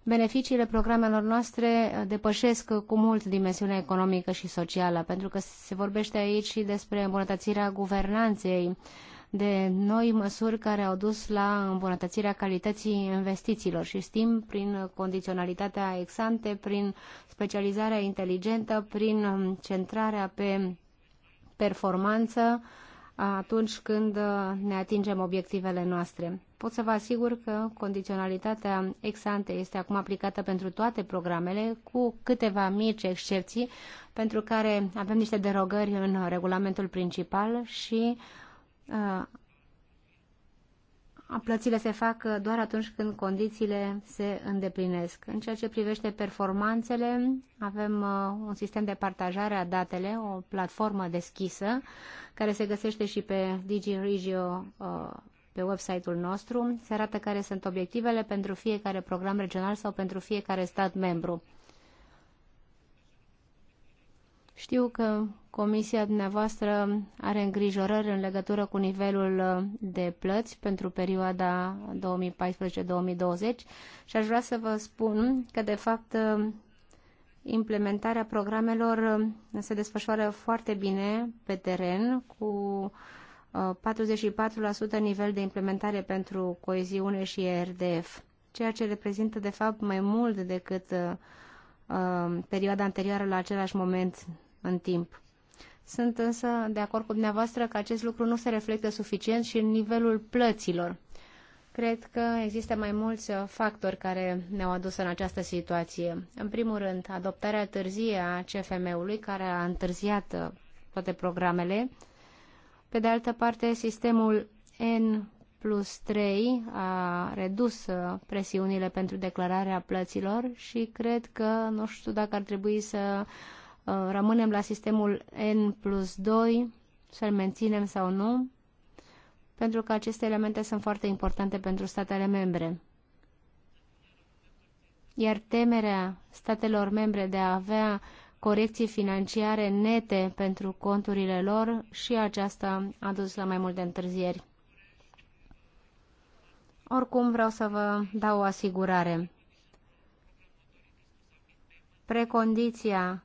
Beneficiile programelor noastre uh, depășesc uh, cu mult dimensiunea economică și socială, pentru că se vorbește aici și despre îmbunătățirea guvernanței uh, de noi măsuri care au dus la îmbunătățirea calității investițiilor și știm prin condiționalitatea exante, prin specializarea inteligentă, prin centrarea pe performanță atunci când ne atingem obiectivele noastre. Pot să vă asigur că condiționalitatea ex-ante este acum aplicată pentru toate programele, cu câteva mici excepții, pentru care avem niște derogări în regulamentul principal și plățile se fac uh, doar atunci când condițiile se îndeplinesc. În ceea ce privește performanțele, avem uh, un sistem de partajare a datele, o platformă deschisă, care se găsește și pe DigiRegio uh, pe website-ul nostru. Se arată care sunt obiectivele pentru fiecare program regional sau pentru fiecare stat membru. Știu că comisia dumneavoastră are îngrijorări în legătură cu nivelul uh, de plăți pentru perioada 2014-2020 și aș vrea să vă spun că, de fapt, uh, implementarea programelor uh, se desfășoară foarte bine pe teren cu 44% nivel de implementare pentru coeziune și RDF, ceea ce reprezintă de fapt mai mult decât perioada anterioară la același moment în timp. Sunt însă de acord cu dumneavoastră că acest lucru nu se reflectă suficient și în nivelul plăților. Cred că există mai mulți uh, factori care ne-au adus în această situație. În primul rând, adoptarea târzie a CFM-ului, care a întârziat uh, toate programele. Pe de altă parte, sistemul N plus 3 a redus uh, presiunile pentru declararea plăților și cred că, nu știu dacă ar trebui să Uh, rămânem la sistemul N plus 2, să-l menținem sau nu, pentru că aceste elemente sunt foarte importante pentru statele membre. Iar temerea statelor membre de a avea corecții financiare nete pentru conturile lor și aceasta a dus la mai multe întârzieri. Oricum vreau să vă dau o asigurare. Precondiția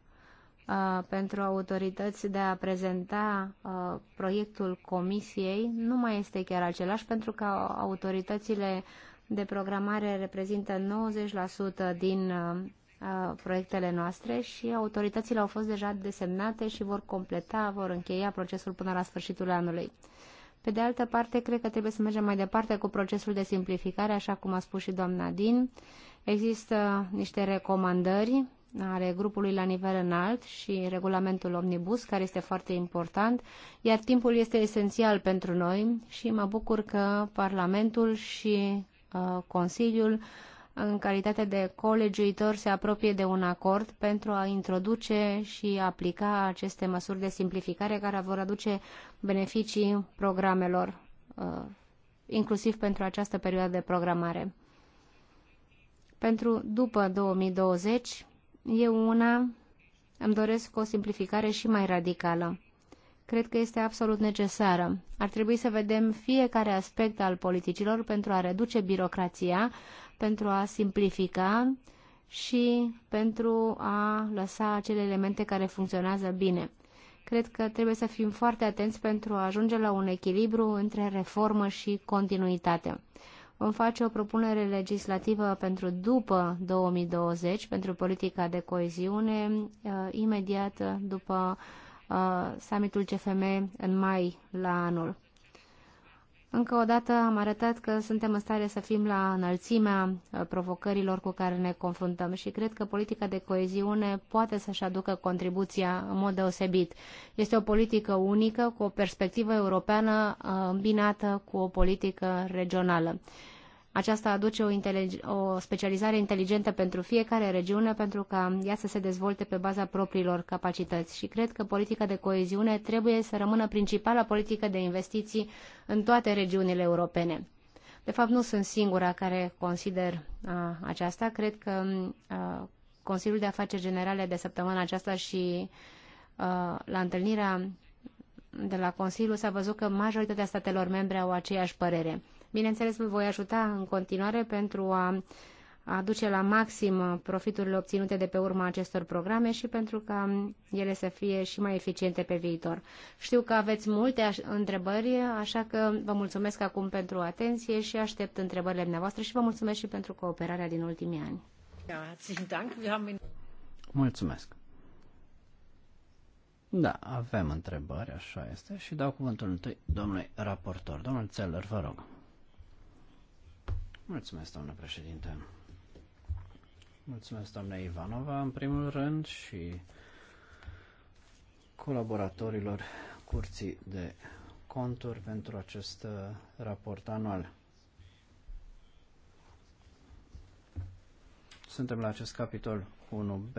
Uh, pentru autorități de a prezenta uh, proiectul comisiei nu mai este chiar același pentru că autoritățile de programare reprezintă 90% din uh, proiectele noastre și autoritățile au fost deja desemnate și vor completa, vor încheia procesul până la sfârșitul anului. Pe de altă parte, cred că trebuie să mergem mai departe cu procesul de simplificare, așa cum a spus și doamna Din. Există niște recomandări are grupului la nivel înalt și regulamentul Omnibus, care este foarte important, iar timpul este esențial pentru noi și mă bucur că Parlamentul și uh, Consiliul în calitate de colegiuitor se apropie de un acord pentru a introduce și aplica aceste măsuri de simplificare care vor aduce beneficii programelor, uh, inclusiv pentru această perioadă de programare. Pentru după 2020, eu una îmi doresc o simplificare și mai radicală. Cred că este absolut necesară. Ar trebui să vedem fiecare aspect al politicilor pentru a reduce birocrația, pentru a simplifica și pentru a lăsa acele elemente care funcționează bine. Cred că trebuie să fim foarte atenți pentru a ajunge la un echilibru între reformă și continuitate vom face o propunere legislativă pentru după 2020, pentru politica de coeziune, uh, imediat după uh, summitul CFM în mai la anul. Încă o dată am arătat că suntem în stare să fim la înălțimea uh, provocărilor cu care ne confruntăm și cred că politica de coeziune poate să-și aducă contribuția în mod deosebit. Este o politică unică cu o perspectivă europeană uh, îmbinată cu o politică regională. Aceasta aduce o, o specializare inteligentă pentru fiecare regiune pentru ca ea să se dezvolte pe baza propriilor capacități și cred că politica de coeziune trebuie să rămână principala politică de investiții în toate regiunile europene. De fapt, nu sunt singura care consider uh, aceasta. Cred că uh, Consiliul de Afaceri Generale de săptămâna aceasta și uh, la întâlnirea de la Consiliu s-a văzut că majoritatea statelor membre au aceeași părere. Bineînțeles, vă voi ajuta în continuare pentru a aduce la maxim profiturile obținute de pe urma acestor programe și pentru ca ele să fie și mai eficiente pe viitor. Știu că aveți multe întrebări, așa că vă mulțumesc acum pentru atenție și aștept întrebările dumneavoastră și vă mulțumesc și pentru cooperarea din ultimii ani. Mulțumesc. Da, avem întrebări, așa este, și dau cuvântul întâi domnului raportor. Domnul Țeller, vă rog. Mulțumesc, doamnă președinte. Mulțumesc, doamnă Ivanova, în primul rând, și colaboratorilor Curții de Conturi pentru acest uh, raport anual. Suntem la acest capitol 1B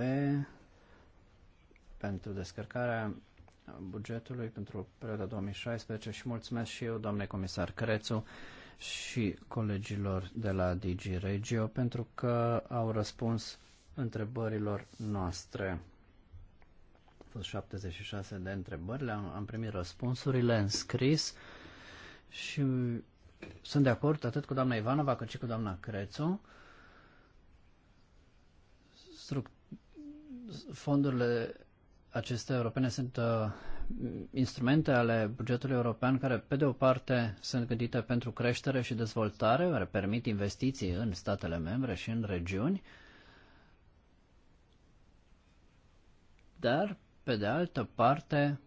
pentru descărcarea bugetului pentru perioada 2016 și mulțumesc și eu, doamne comisar Crețu, și colegilor de la DG Regio pentru că au răspuns întrebărilor noastre. Au fost 76 de întrebări, le-am am primit răspunsurile în scris și sunt de acord atât cu doamna Ivanova cât și cu doamna Crețu. Struct- fondurile acestea europene sunt uh, instrumente ale bugetului european care, pe de o parte, sunt gândite pentru creștere și dezvoltare, care permit investiții în statele membre și în regiuni, dar, pe de altă parte,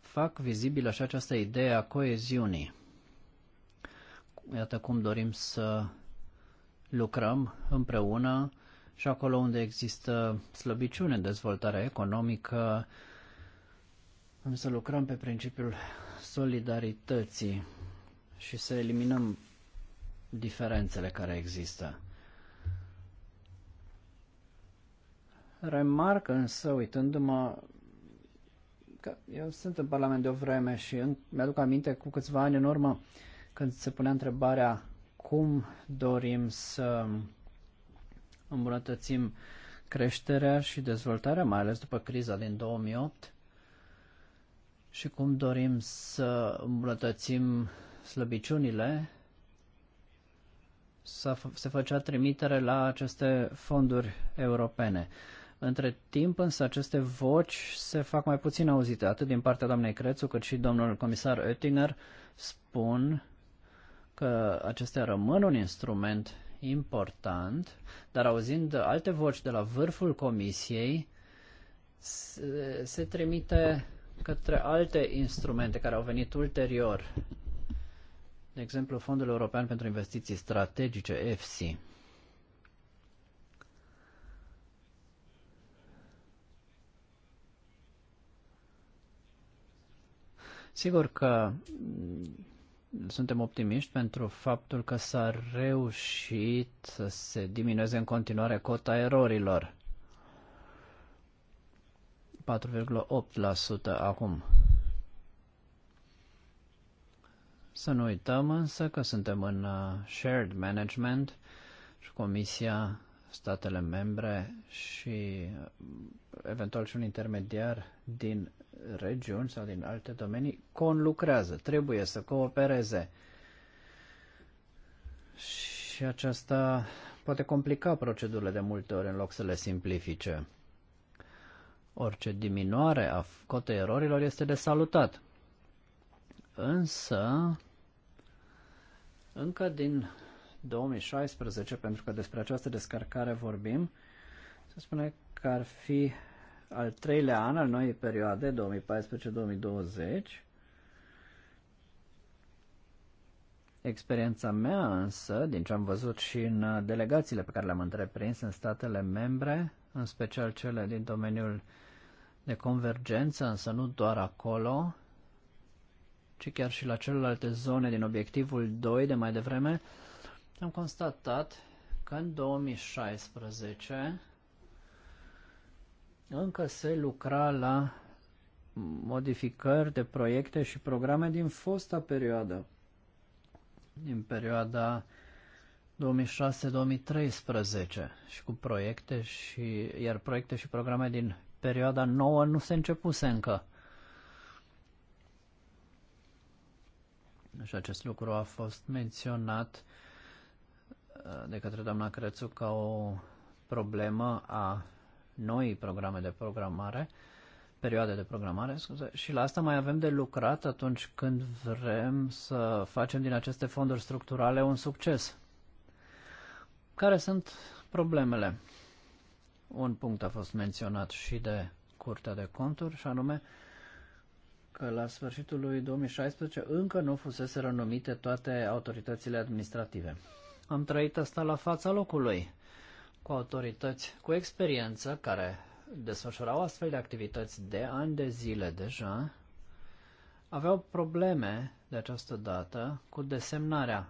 fac vizibilă și această idee a coeziunii. Iată cum dorim să lucrăm împreună și acolo unde există slăbiciune, dezvoltarea economică, Vrem să lucrăm pe principiul solidarității și să eliminăm diferențele care există. Remarc însă, uitându-mă, că eu sunt în Parlament de o vreme și mi-aduc aminte cu câțiva ani în urmă când se punea întrebarea cum dorim să îmbunătățim creșterea și dezvoltarea, mai ales după criza din 2008, și cum dorim să îmbunătățim slăbiciunile, se făcea trimitere la aceste fonduri europene. Între timp, însă, aceste voci se fac mai puțin auzite, atât din partea doamnei Crețu, cât și domnul comisar Oettinger spun că acestea rămân un instrument important, dar auzind alte voci de la vârful comisiei, se, se trimite către alte instrumente care au venit ulterior, de exemplu Fondul European pentru Investiții Strategice, EFSI. Sigur că suntem optimiști pentru faptul că s-a reușit să se diminueze în continuare cota erorilor. 4,8% acum. Să nu uităm însă că suntem în uh, shared management și Comisia, statele membre și uh, eventual și un intermediar din regiuni sau din alte domenii conlucrează, trebuie să coopereze. Și aceasta poate complica procedurile de multe ori în loc să le simplifice. Orice diminuare a cotei erorilor este de salutat. Însă, încă din 2016, pentru că despre această descărcare vorbim, se spune că ar fi al treilea an al noii perioade, 2014-2020. Experiența mea însă, din ce am văzut și în uh, delegațiile pe care le-am întreprins în statele membre, în special cele din domeniul uh, de convergență, însă nu doar acolo, ci chiar și la celelalte zone din obiectivul 2 de mai devreme, am constatat că în 2016 încă se lucra la modificări de proiecte și programe din fosta perioadă, din perioada 2006-2013 și cu proiecte și iar proiecte și programe din perioada nouă nu se începuse încă. Și acest lucru a fost menționat uh, de către doamna Crețu ca o problemă a noi programe de programare, perioade de programare, scuze, și la asta mai avem de lucrat atunci când vrem să facem din aceste fonduri structurale un succes. Care sunt problemele? Un punct a fost menționat și de Curtea de Conturi, și anume că la sfârșitul lui 2016 încă nu fusese renumite toate autoritățile administrative. Am trăit asta la fața locului, cu autorități cu experiență care desfășurau astfel de activități de ani de zile deja, aveau probleme de această dată cu desemnarea,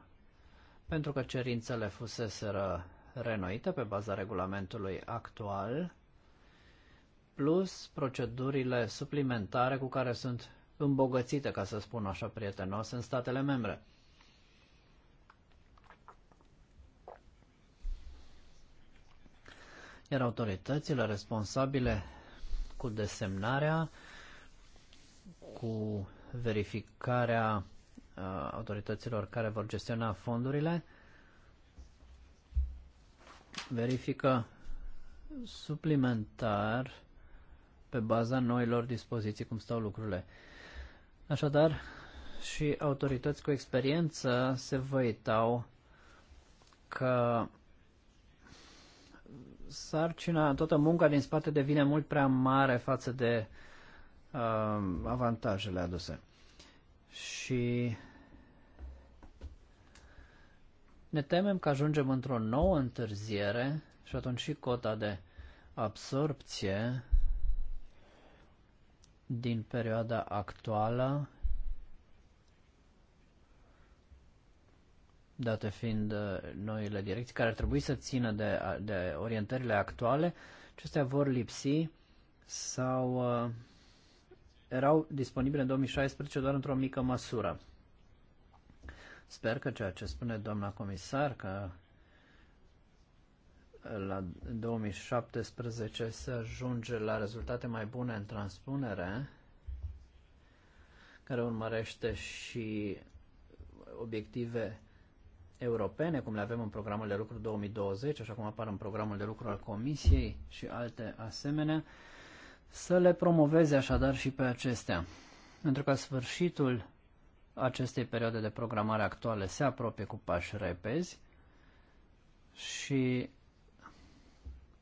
pentru că cerințele fuseseră renoită pe baza regulamentului actual, plus procedurile suplimentare cu care sunt îmbogățite, ca să spun așa prietenos, în statele membre. Iar autoritățile responsabile cu desemnarea, cu verificarea uh, autorităților care vor gestiona fondurile, verifică suplimentar pe baza noilor dispoziții cum stau lucrurile. Așadar, și autorități cu experiență se văitau că sarcina, toată munca din spate devine mult prea mare față de uh, avantajele aduse. Și ne temem că ajungem într-o nouă întârziere și atunci și cota de absorpție din perioada actuală, date fiind uh, noile direcții care ar trebui să țină de, de orientările actuale, acestea vor lipsi sau uh, erau disponibile în 2016 doar într-o mică măsură. Sper că ceea ce spune doamna comisar, că la 2017 se ajunge la rezultate mai bune în transpunere, care urmărește și obiective europene, cum le avem în programul de lucru 2020, așa cum apar în programul de lucru al Comisiei și alte asemenea, să le promoveze așadar și pe acestea. Pentru ca sfârșitul acestei perioade de programare actuale se apropie cu pași repezi și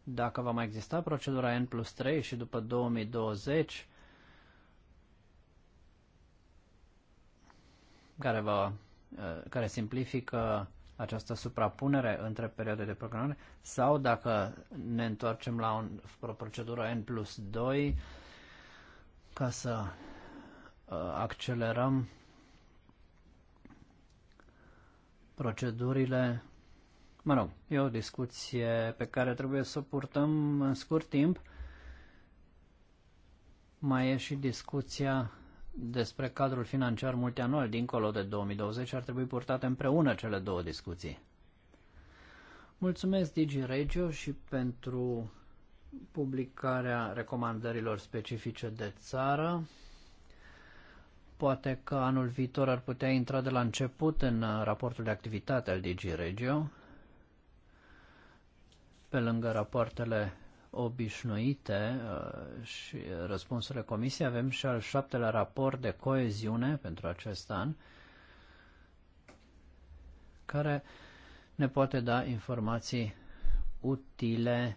dacă va mai exista procedura N plus 3 și după 2020, care, va, eh, care simplifică această suprapunere între perioade de programare, sau dacă ne întoarcem la un, o procedură N plus 2 ca să eh, accelerăm procedurile. Mă rog, e o discuție pe care trebuie să o purtăm în scurt timp. Mai e și discuția despre cadrul financiar multianual dincolo de 2020 ar trebui purtate împreună cele două discuții. Mulțumesc Digi Regio și pentru publicarea recomandărilor specifice de țară. Poate că anul viitor ar putea intra de la început în uh, raportul de activitate al DG Regio, pe lângă rapoartele obișnuite uh, și răspunsurile comisiei, avem și al șaptelea raport de coeziune pentru acest an, care ne poate da informații utile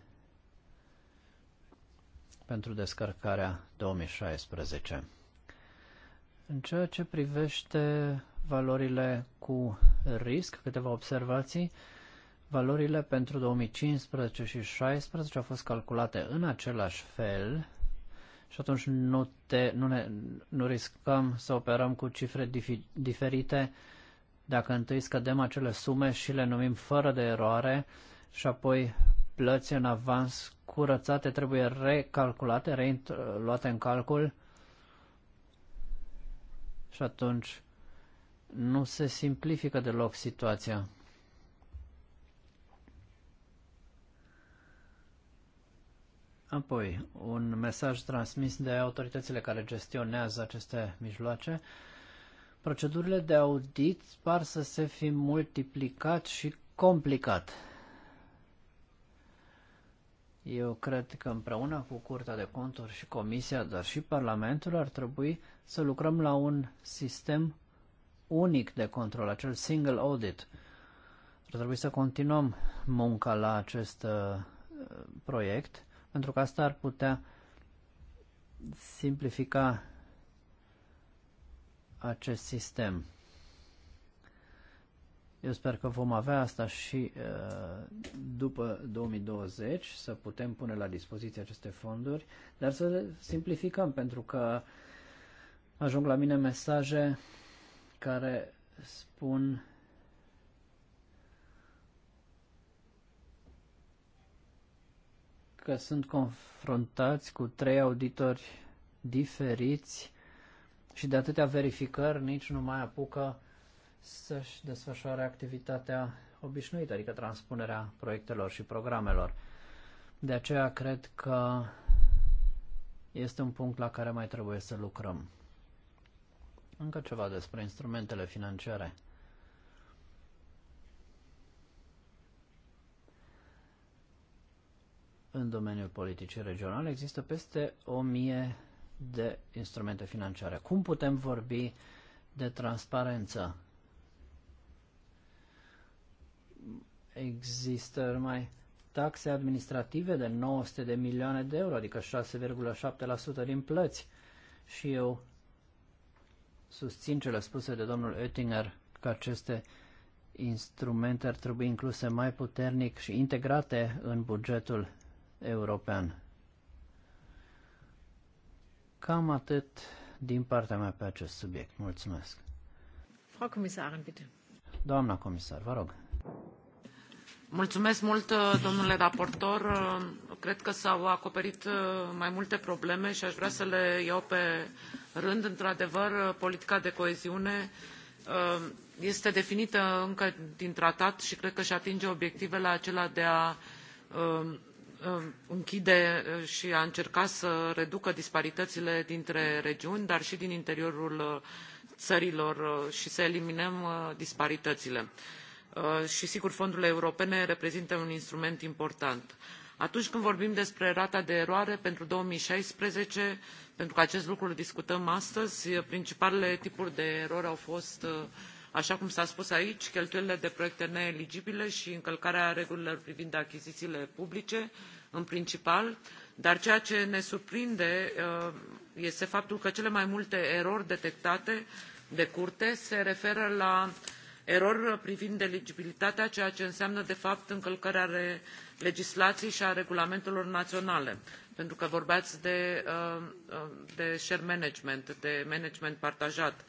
pentru descărcarea 2016. În ceea ce privește valorile cu risc, câteva observații, valorile pentru 2015 și 2016 au fost calculate în același fel și atunci nu, te, nu, ne, nu riscăm să operăm cu cifre difi, diferite dacă întâi scădem acele sume și le numim fără de eroare și apoi plăți în avans curățate trebuie recalculate, luate în calcul și atunci nu se simplifică deloc situația. Apoi, un mesaj transmis de autoritățile care gestionează aceste mijloace. Procedurile de audit par să se fi multiplicat și complicat. Eu cred că împreună cu Curtea de Conturi și Comisia, dar și Parlamentul, ar trebui să lucrăm la un sistem unic de control, acel single audit. Ar trebui să continuăm munca la acest uh, proiect, pentru că asta ar putea simplifica acest sistem. Eu sper că vom avea asta și uh, după 2020, să putem pune la dispoziție aceste fonduri, dar să le simplificăm, pentru că ajung la mine mesaje care spun că sunt confruntați cu trei auditori diferiți și de atâtea verificări nici nu mai apucă să-și desfășoare activitatea obișnuită, adică transpunerea proiectelor și programelor. De aceea cred că este un punct la care mai trebuie să lucrăm. Încă ceva despre instrumentele financiare. În domeniul politicii regionale există peste 1000 de instrumente financiare. Cum putem vorbi de transparență? există numai taxe administrative de 900 de milioane de euro, adică 6,7% din plăți. Și eu susțin cele spuse de domnul Oettinger că aceste instrumente ar trebui incluse mai puternic și integrate în bugetul european. Cam atât din partea mea pe acest subiect. Mulțumesc. Frau Comisarin, bitte. Doamna comisar, vă rog. Mulțumesc mult, uh, domnule raportor. Uh, cred că s-au acoperit uh, mai multe probleme și aș vrea să le iau pe rând. Într-adevăr, politica de coeziune este definită încă din tratat și cred că își atinge obiectivele acelea de a închide și a încerca să reducă disparitățile dintre regiuni, dar și din interiorul țărilor și să eliminăm disparitățile. Uh, și sigur fondurile europene reprezintă un instrument important. atunci când vorbim despre rata de eroare pentru două mii șaisprezece pentru că acest lucru îl discutăm astăzi uh, principalele tipuri de erori au fost uh, așa cum s a spus aici cheltuielile de proiecte neeligibile și încălcarea regulilor privind achizițiile publice în principal dar ceea ce ne surprinde este faptul că cele mai multe erori detectate de curte se referă la erori privind eligibilitatea, ceea ce înseamnă, de fapt, încălcarea legislației și a regulamentelor naționale. Pentru că vorbeați uh, uh, de, share management, de management partajat.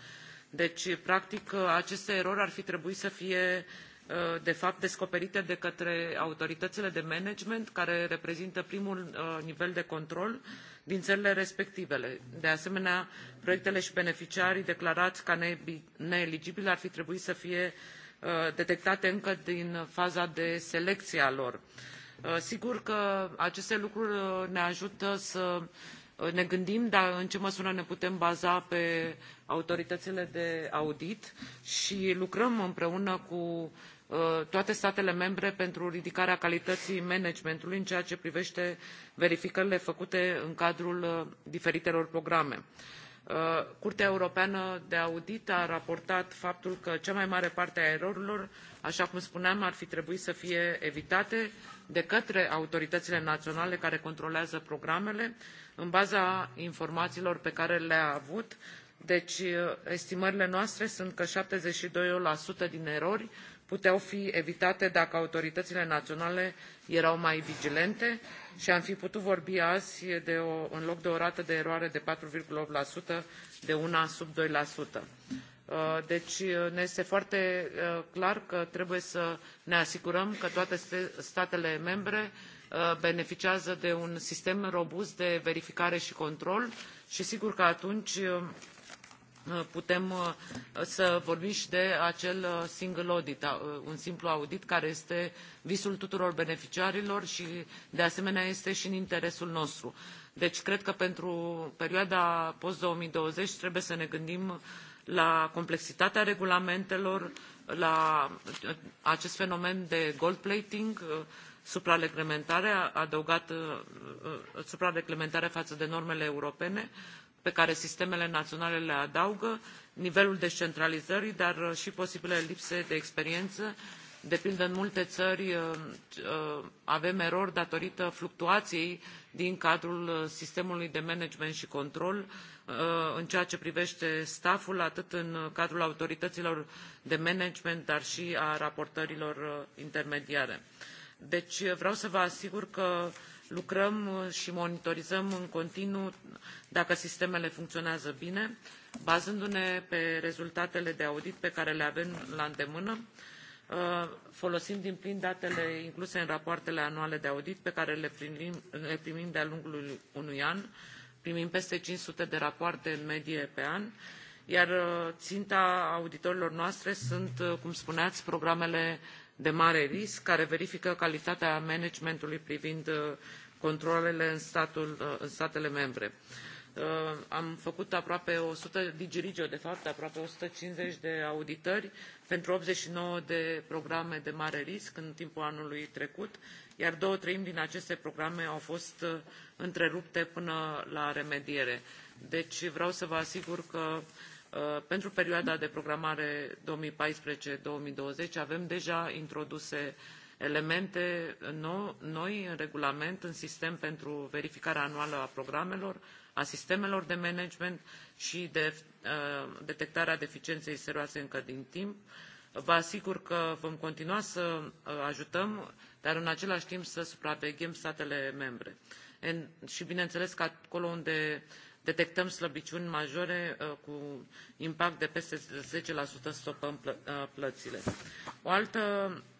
Deci, practic, aceste erori ar fi trebuit să fie Uh, de fapt descoperite de către autoritățile de management care reprezintă primul uh, nivel de control din ările respective. de asemenea proiectele și beneficiarii declarai ca neeligibili ar fi trebuit să fie uh, detectate încă din faza de selecție a lor. sigur că aceste lucruri ne ajută să ne gândim dar în ce măsură ne putem baza pe autoritățile de audit și lucrăm împreună cu Uh, toate statele membre pentru ridicarea calității managementului în ceea ce privește verificările făcute în cadrul uh, diferitelor programe. Uh, Curtea Europeană de Audit a raportat faptul că cea mai mare parte a erorilor, așa cum spuneam, ar fi trebuit să fie evitate de către autoritățile naționale care controlează programele în baza informațiilor pe care le-a avut. Deci, estimările noastre sunt că 72% din erori puteau fi evitate dacă autoritățile naționale erau mai vigilente și am fi putut vorbi azi, de o, în loc de o rată de eroare de opt de una sub 2%. Uh, deci uh, ne este foarte uh, clar că trebuie să ne asigurăm că toate statele membre beneficiază de un sistem robust de verificare și control și sigur că atunci putem uh, să vorbim și de acel uh, single audit, uh, un simplu audit care este visul tuturor beneficiarilor și de asemenea este și în interesul nostru. Deci cred că pentru perioada post-2020 trebuie să ne gândim la complexitatea regulamentelor, la acest fenomen de gold plating, suprareglementare adăugată, suprareglementare față de normele europene, uh, pe care sistemele naționale le adaugă nivelul descentralizării dar uh, și posibilele lipse de experiență de pildă în multe țări uh, uh, avem erori datorită fluctuației din cadrul sistemului de management și control în ceea ce privește stafful atât în cadrul autorităților de management dar și a raportărilor intermediare. deci vreau să vă asigur că lucrăm uh, și monitorizăm în continuu dacă sistemele funcționează bine, bazându-ne pe rezultatele de audit pe care le avem la îndemână, uh, folosind din plin datele incluse în rapoartele anuale de audit pe care le primim, le primim de-a lungul unui an, primim peste 500 de rapoarte în medie pe an, iar uh, ținta auditorilor noastre sunt, cum spuneați, programele de mare risc care verifică calitatea managementului privind uh, controalele în, statul, uh, în statele membre. Uh, am făcut aproape 100 digirigio, de fapt, aproape 150 de auditări pentru 89 de programe de mare risc în timpul anului trecut, iar două treimi din aceste programe au fost întrerupte până la remediere. Deci vreau să vă asigur că uh, Uh, pentru perioada de programare 2014-2020 avem deja introduse elemente noi în regulament, în sistem pentru verificarea anuală a programelor, a sistemelor de management și de uh, detectarea deficienței serioase încă din timp. Vă asigur că vom continua să uh, ajutăm, dar în același timp să supraveghem statele membre. Și bineînțeles că acolo unde uh, detectăm slăbiciuni majore uh, cu impact de peste 10% stopăm uh, plățile. O altă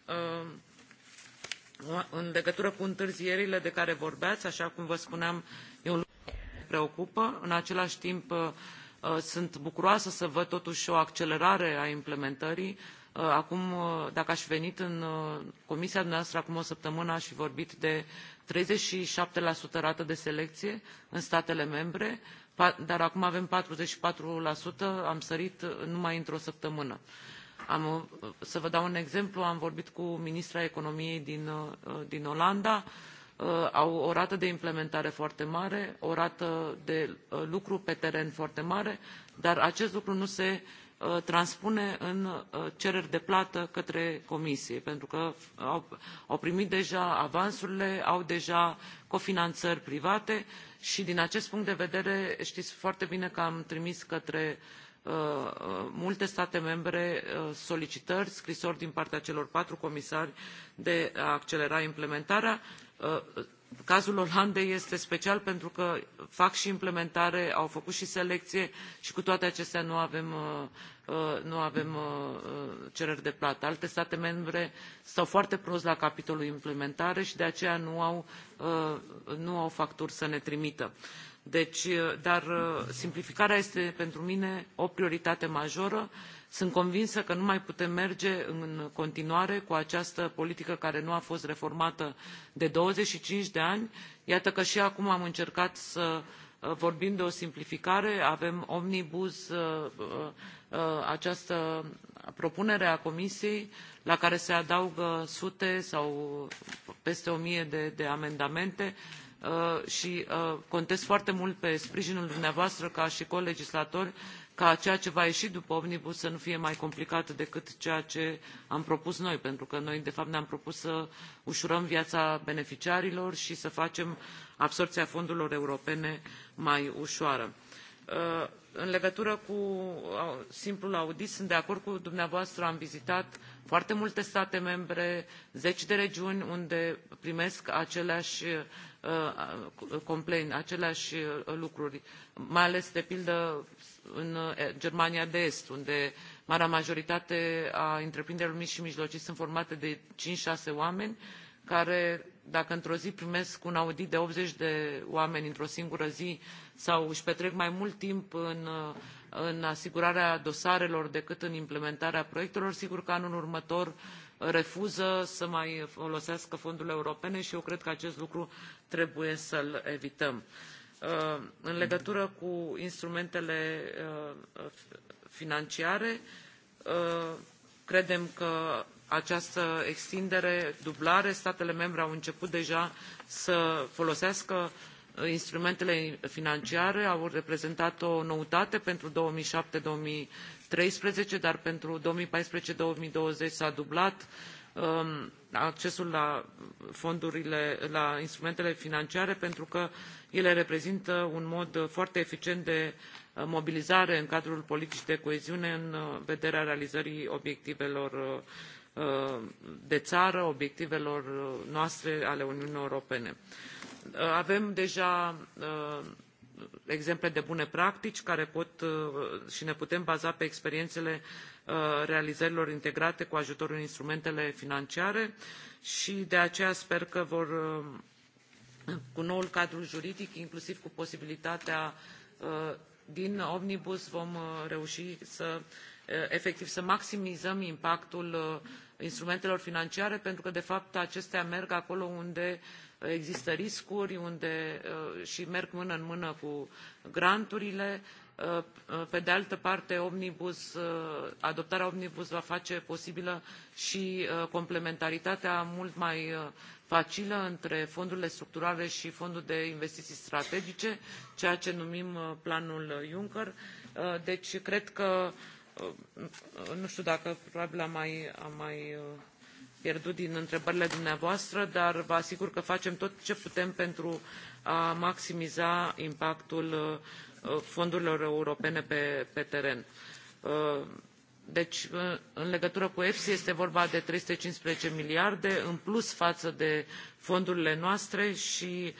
uh, în legătură cu întârzierile de care vorbeați, așa cum vă spuneam, e un lucru care ne preocupă. În același timp, sunt bucuroasă să văd totuși o accelerare a implementării Uh, acum uh, dacă aș fi venit în uh, comisia dumneavoastră acum o săptămână aș fi vorbit de treizeci și șapte rată de selecție în statele membre dar acum avem patruzeci și patru am sărit numai într o săptămână. Am, să vă dau un exemplu am vorbit cu ministra economiei din, din olanda au o rată de implementare foarte mare o rată de lucru pe teren foarte mare dar acest lucru nu se Uh, transpune în uh, cereri de plată către comisie pentru că au, primit deja avansurile au deja cofinanțări private și din acest punct de vedere știți foarte bine că am trimis către uh, multe state membre solicitări scrisori din partea celor patru comisari de a accelera implementarea cazul Olandei este special pentru că fac și implementare, au făcut și selecție și cu toate acestea nu avem, uh, uh, uh, cereri de plată. Alte state membre stau foarte prost la capitolul implementare și de aceea nu au, nu au facturi să ne trimită. Deci, dar simplificarea este pentru mine o prioritate majoră sunt convinsă că nu mai putem merge în continuare cu această politică care nu a fost reformată de douăzeci și cinci de ani iată că și acum am încercat să uh, vorbim de o simplificare avem omnibus uh, uh, această propunere a comisiei la care se adaugă sute sau peste o mie de, de amendamente și contez foarte mult pe sprijinul dumneavoastră ca și colegislatori ca ceea ce va ieși după omnibus să nu fie mai complicat decât ceea ce am propus noi, pentru că noi, de fapt, ne-am propus să ușurăm viața beneficiarilor și să facem absorbția fondurilor europene mai ușoară. Uh, în legătură cu uh, simplul audit, sunt de acord cu dumneavoastră, am vizitat foarte multe state membre, zeci de regiuni unde primesc aceleași Uh, complain aceleași uh, lucruri, mai ales, de pildă, în uh, Germania de Est, unde marea majoritate a întreprinderilor mici și mijlocii sunt formate de cinci, 6 oameni, care dacă într o zi primesc un audit de optzeci de oameni într o singură zi sau își petrec mai mult timp în, în asigurarea dosarelor decât în implementarea proiectelor sigur că anul următor refuză să mai folosească fondurile europene și eu cred că acest lucru trebuie să l evităm. Uh, în legătură cu instrumentele uh, financiare, uh, credem că această extindere, dublare, statele membre au început deja să folosească instrumentele financiare, au reprezentat o noutate pentru 2007 mii treisprezece dar pentru două mii paisprezece două mii douăzeci s a dublat um, accesul la fondurile la instrumentele financiare pentru că ele reprezintă un mod foarte eficient de uh, mobilizare în cadrul politicii de coeziune în uh, vederea realizării obiectivelor uh, de țară obiectivelor noastre ale uniunii europene. avem deja exemple de bune practici care pot uh, și ne putem baza pe experiențele uh, realizărilor integrate cu ajutorul instrumentelor financiare și de aceea sper că vor, uh, cu noul cadru juridic inclusiv cu posibilitatea din omnibus vom reuși să efectiv să maximizăm impactul instrumentelor financiare pentru că de fapt acestea merg acolo unde există riscuri unde, uh, și merg mână în mână cu granturile. Uh, uh, pe de altă parte, omnibus, adoptarea omnibus va face posibilă și complementaritatea mult mai facilă între fondurile structurale și fondul de investiții strategice, ceea ce numim planul Juncker. Deci, cred că, nu știu dacă probabil am mai, am mai pierdut din întrebările dumneavoastră, dar vă asigur că facem tot ce putem pentru a maximiza impactul uh, uh, fondurilor europene pe, pe teren. Uh, deci, în legătură cu EFSI, este vorba de 315 miliarde în plus față de fondurile noastre și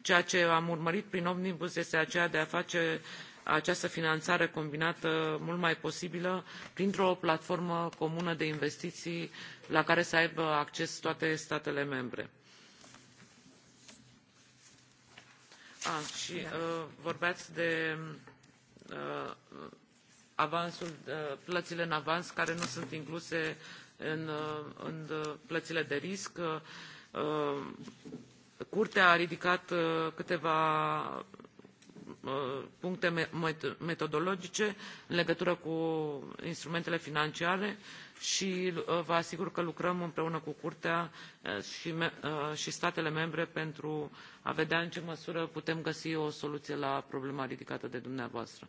ceea ce am urmărit prin omnibus este aceea de a face această finanțare combinată mult mai posibilă printr-o platformă comună de investiții la care să aibă acces toate statele membre. Ah, și da. uh, vorbeați de uh, avansul, uh, plățile în avans care nu sunt incluse în, uh, în uh, plățile de risc. Uh, Curtea a ridicat uh, câteva Uh, puncte metodologice în legătură cu instrumentele financiare și uh, vă asigur că lucrăm împreună cu curtea uh, și, statele membre pentru a vedea în ce măsură putem găsi o soluție la problema ridicată de dumneavoastră.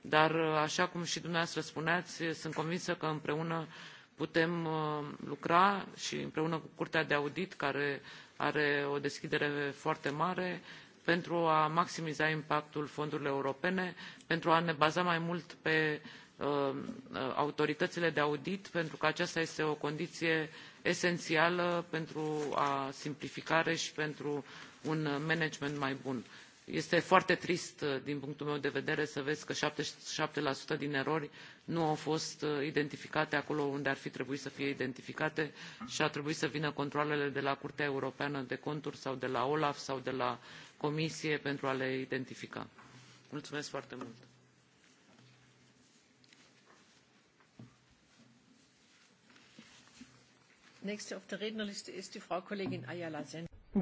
dar așa cum și dumneavoastră spuneați sunt convinsă că împreună putem lucra și împreună cu curtea de audit care are o deschidere foarte mare pentru a maximiza impactul fondurilor europene pentru a ne baza mai mult pe uh, uh, autoritățile de audit pentru că aceasta este o condiție esențială pentru a simplificare și pentru un management mai bun. este foarte trist uh, din punctul meu de vedere să vezi că șaptezeci și șapte din erori nu au fost identificate acolo unde ar fi trebuit să fie identificate și a trebuit să vină controalele de la curtea europeană de conturi sau de la olaf sau de la comisie pentru a le identifica. Mulțumesc foarte mult!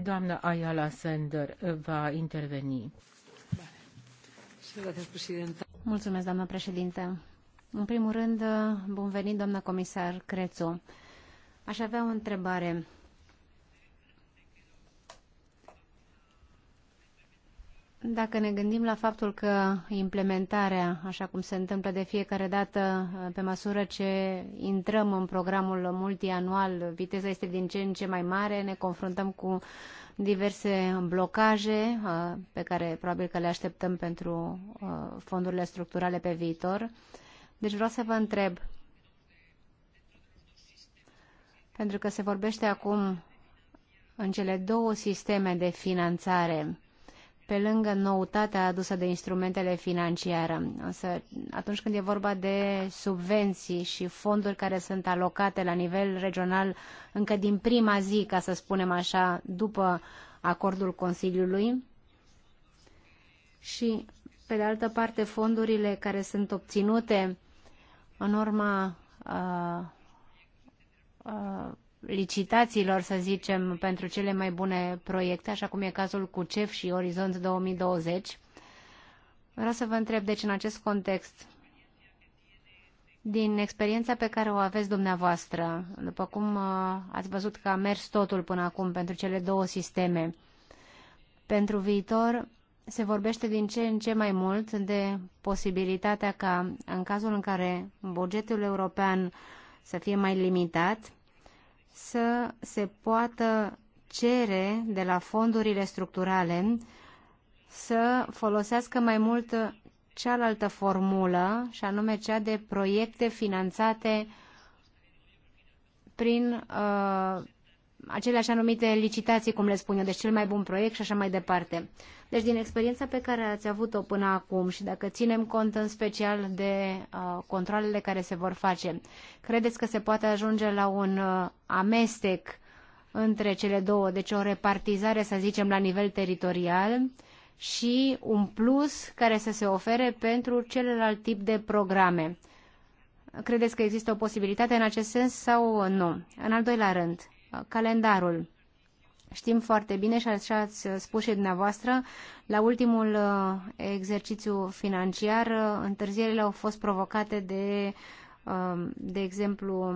Doamna Ayala Sender va interveni. Mulțumesc, doamnă președinte. În primul rând, bun venit, doamna comisar Crețu. Aș avea o întrebare. Dacă ne gândim la faptul că implementarea, așa cum se întâmplă de fiecare dată pe măsură ce intrăm în programul multianual, viteza este din ce în ce mai mare, ne confruntăm cu diverse blocaje uh, pe care probabil că le așteptăm pentru uh, fondurile structurale pe viitor. Deci vreau să vă întreb, pentru că se vorbește acum în cele două sisteme de finanțare, pe lângă noutatea adusă de instrumentele financiare. Însă atunci când e vorba de subvenții și fonduri care sunt alocate la nivel regional încă din prima zi, ca să spunem așa, după acordul Consiliului, și pe de altă parte fondurile care sunt obținute în urma uh, uh, licitațiilor, să zicem, pentru cele mai bune proiecte, așa cum e cazul cu CEF și Orizont 2020. Vreau să vă întreb, deci, în acest context, din experiența pe care o aveți dumneavoastră, după cum uh, ați văzut că a mers totul până acum pentru cele două sisteme, pentru viitor se vorbește din ce în ce mai mult de posibilitatea ca, în cazul în care bugetul european să fie mai limitat, să se poată cere de la fondurile structurale să folosească mai mult cealaltă formulă, și anume cea de proiecte finanțate prin uh, acele așa numite licitații, cum le spun eu, deci cel mai bun proiect și așa mai departe. Deci din experiența pe care ați avut-o până acum și dacă ținem cont în special de uh, controlele care se vor face, credeți că se poate ajunge la un uh, amestec între cele două, deci o repartizare, să zicem, la nivel teritorial și un plus care să se ofere pentru celălalt tip de programe? Credeți că există o posibilitate în acest sens sau nu? În al doilea rând, calendarul. Știm foarte bine și așa ați spus și dumneavoastră, la ultimul uh, exercițiu financiar uh, întârzierile au fost provocate de, uh, de exemplu,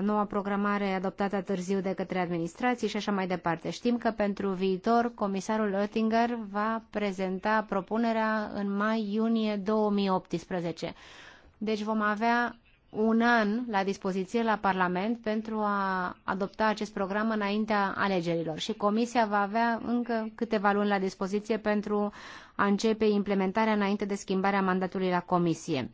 noua programare adoptată târziu de către administrații și așa mai departe. Știm că pentru viitor comisarul Oettinger va prezenta propunerea în mai-iunie 2018. Deci vom avea un an la dispoziție la Parlament pentru a adopta acest program înaintea alegerilor și Comisia va avea încă câteva luni la dispoziție pentru a începe implementarea înainte de schimbarea mandatului la Comisie.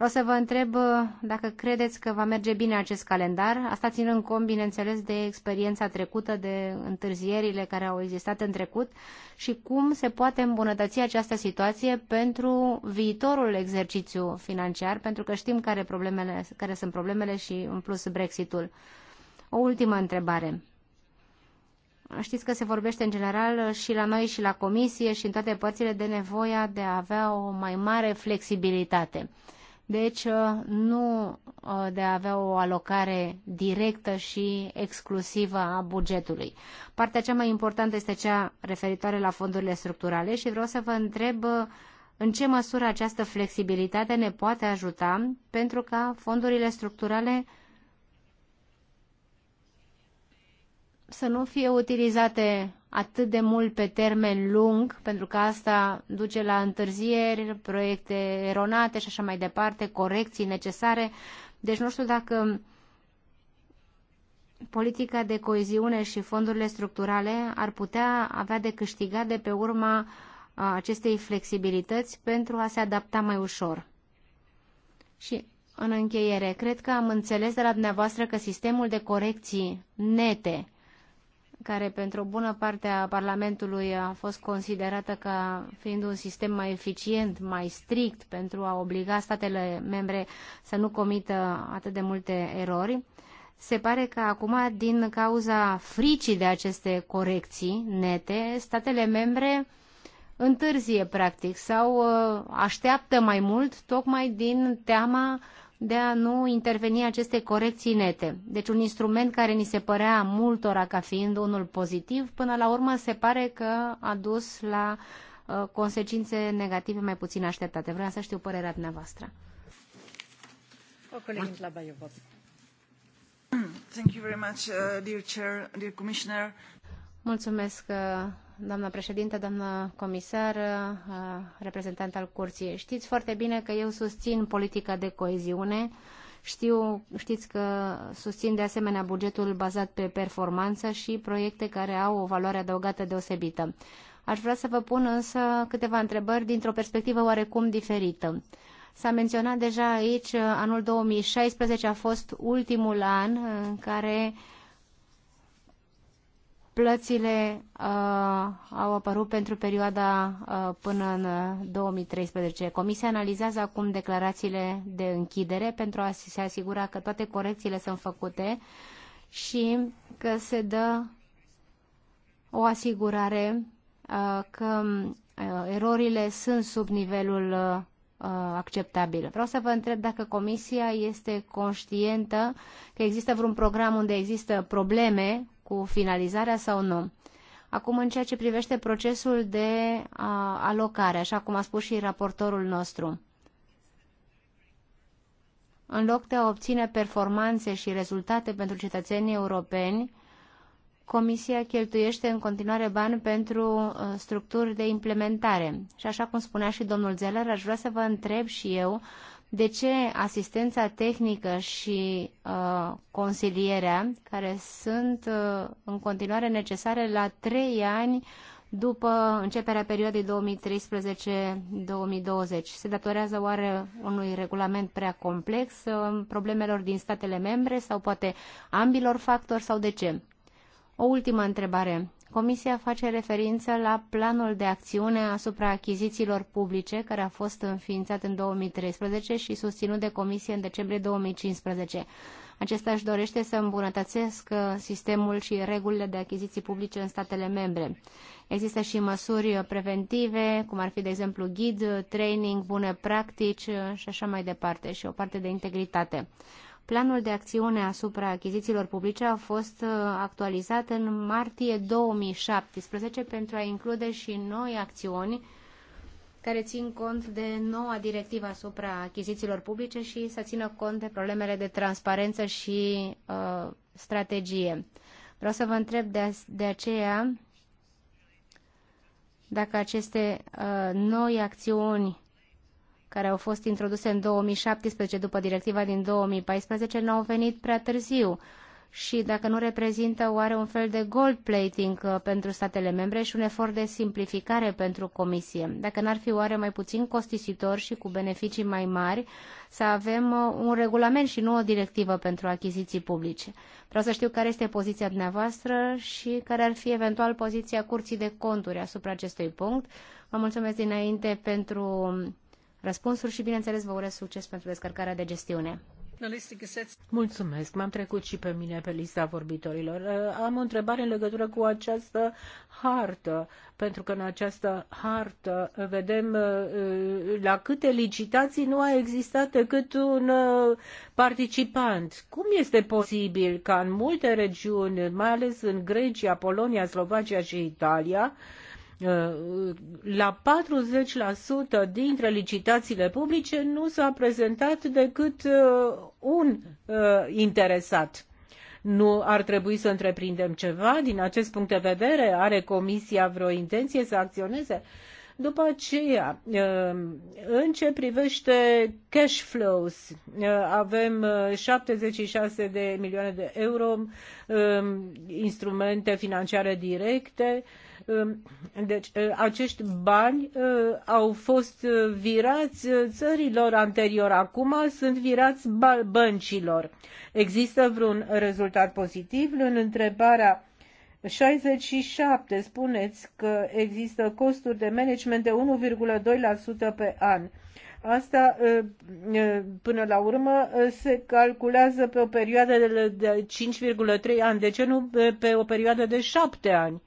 Vreau să vă întreb uh, dacă credeți că va merge bine acest calendar, asta ținând cont, bineînțeles, de experiența trecută, de întârzierile care au existat în trecut și cum se poate îmbunătăți această situație pentru viitorul exercițiu financiar, pentru că știm care, problemele, care sunt problemele și, în plus, Brexitul. O ultimă întrebare. Știți că se vorbește în general și la noi și la comisie și în toate părțile de nevoia de a avea o mai mare flexibilitate deci uh, nu uh, de a avea o alocare directă și exclusivă a bugetului. Partea cea mai importantă este cea referitoare la fondurile structurale și vreau să vă întreb uh, în ce măsură această flexibilitate ne poate ajuta pentru ca fondurile structurale să nu fie utilizate atât de mult pe termen lung, pentru că asta duce la întârzieri, proiecte eronate și așa mai departe, corecții necesare. Deci nu știu dacă politica de coeziune și fondurile structurale ar putea avea de câștigat de pe urma acestei flexibilități pentru a se adapta mai ușor. Și în încheiere, cred că am înțeles de la dumneavoastră că sistemul de corecții nete care pentru o bună parte a Parlamentului a fost considerată ca fiind un sistem mai eficient, mai strict pentru a obliga statele membre să nu comită atât de multe erori, se pare că acum, din cauza fricii de aceste corecții nete, statele membre întârzie practic sau uh, așteaptă mai mult tocmai din teama de a nu interveni aceste corecții nete. Deci un instrument care ni se părea multora ca fiind unul pozitiv, până la urmă se pare că a dus la uh, consecințe negative mai puțin așteptate. Vreau să știu părerea dumneavoastră. Thank you very much, uh, dear chair, dear commissioner. Mulțumesc, uh, Doamnă președintă, doamnă comisar, uh, reprezentant al curții. Știți foarte bine că eu susțin politica de coeziune. Știu, știți că susțin de asemenea bugetul bazat pe performanță și proiecte care au o valoare adăugată deosebită. Aș vrea să vă pun însă câteva întrebări dintr-o perspectivă oarecum diferită. S-a menționat deja aici, uh, anul 2016 a fost ultimul an uh, în care uh, Plățile uh, au apărut pentru perioada uh, până în 2013. Uh, comisia analizează acum declarațiile de închidere pentru a se asigura că toate corecțiile sunt făcute și că se dă o asigurare uh, că uh, erorile sunt sub nivelul uh, acceptabil. Vreau să vă întreb dacă Comisia este conștientă că există vreun program unde există probleme cu finalizarea sau nu. Acum, în ceea ce privește procesul de a, alocare, așa cum a spus și raportorul nostru, în loc de a obține performanțe și rezultate pentru cetățenii europeni, Comisia cheltuiește în continuare bani pentru uh, structuri de implementare. Și așa cum spunea și domnul Zeller, aș vrea să vă întreb și eu de ce asistența tehnică și uh, consilierea, care sunt uh, în continuare necesare la trei ani după începerea perioadei 2013-2020. Se datorează oare unui regulament prea complex, uh, problemelor din statele membre sau poate ambilor factori sau de ce? O ultimă întrebare. Comisia face referință la planul de acțiune asupra achizițiilor publice, care a fost înființat în 2013 și susținut de Comisie în decembrie 2015. Acesta își dorește să îmbunătățească sistemul și regulile de achiziții publice în statele membre. Există și măsuri preventive, cum ar fi, de exemplu, ghid, training, bune practici și așa mai departe, și o parte de integritate. Planul de acțiune asupra achizițiilor publice a fost uh, actualizat în martie 2017 pentru a include și noi acțiuni care țin cont de noua directivă asupra achizițiilor publice și să țină cont de problemele de transparență și uh, strategie. Vreau să vă întreb de, de aceea dacă aceste uh, noi acțiuni care au fost introduse în 2017 după directiva din 2014 n-au venit prea târziu și dacă nu reprezintă oare un fel de gold plating uh, pentru statele membre și un efort de simplificare pentru comisie. Dacă n-ar fi oare mai puțin costisitor și cu beneficii mai mari să avem uh, un regulament și nu o directivă pentru achiziții publice. Vreau să știu care este poziția dumneavoastră și care ar fi eventual poziția Curții de Conturi asupra acestui punct. Vă mulțumesc dinainte pentru um, răspunsuri și, bineînțeles, vă urez succes pentru descărcarea de gestiune. Mulțumesc, m-am trecut și pe mine pe lista vorbitorilor. Uh, am o întrebare în legătură cu această hartă, pentru că în această hartă vedem uh, uh, la câte licitații nu a existat decât un participant. Cum este posibil ca în multe regiuni, mai ales în Grecia, Polonia, Slovacia și Italia, Uh, la 40% dintre licitațiile publice nu s-a prezentat decât uh, un uh, interesat. Nu ar trebui să întreprindem ceva din acest punct de vedere? Are Comisia vreo intenție să acționeze? După aceea, în ce privește cash flows, avem 76 de milioane de euro, instrumente financiare directe, Ehm, deci ehm, acești bani ehm, au fost virați țărilor anterior, acum sunt virați băncilor. Există vreun rezultat pozitiv în întrebarea 67 spuneți că există costuri de management de 1,2% pe an. Asta, până la urmă, se calculează pe o perioadă de 5,3 ani. De ce nu pe o perioadă de 7 ani?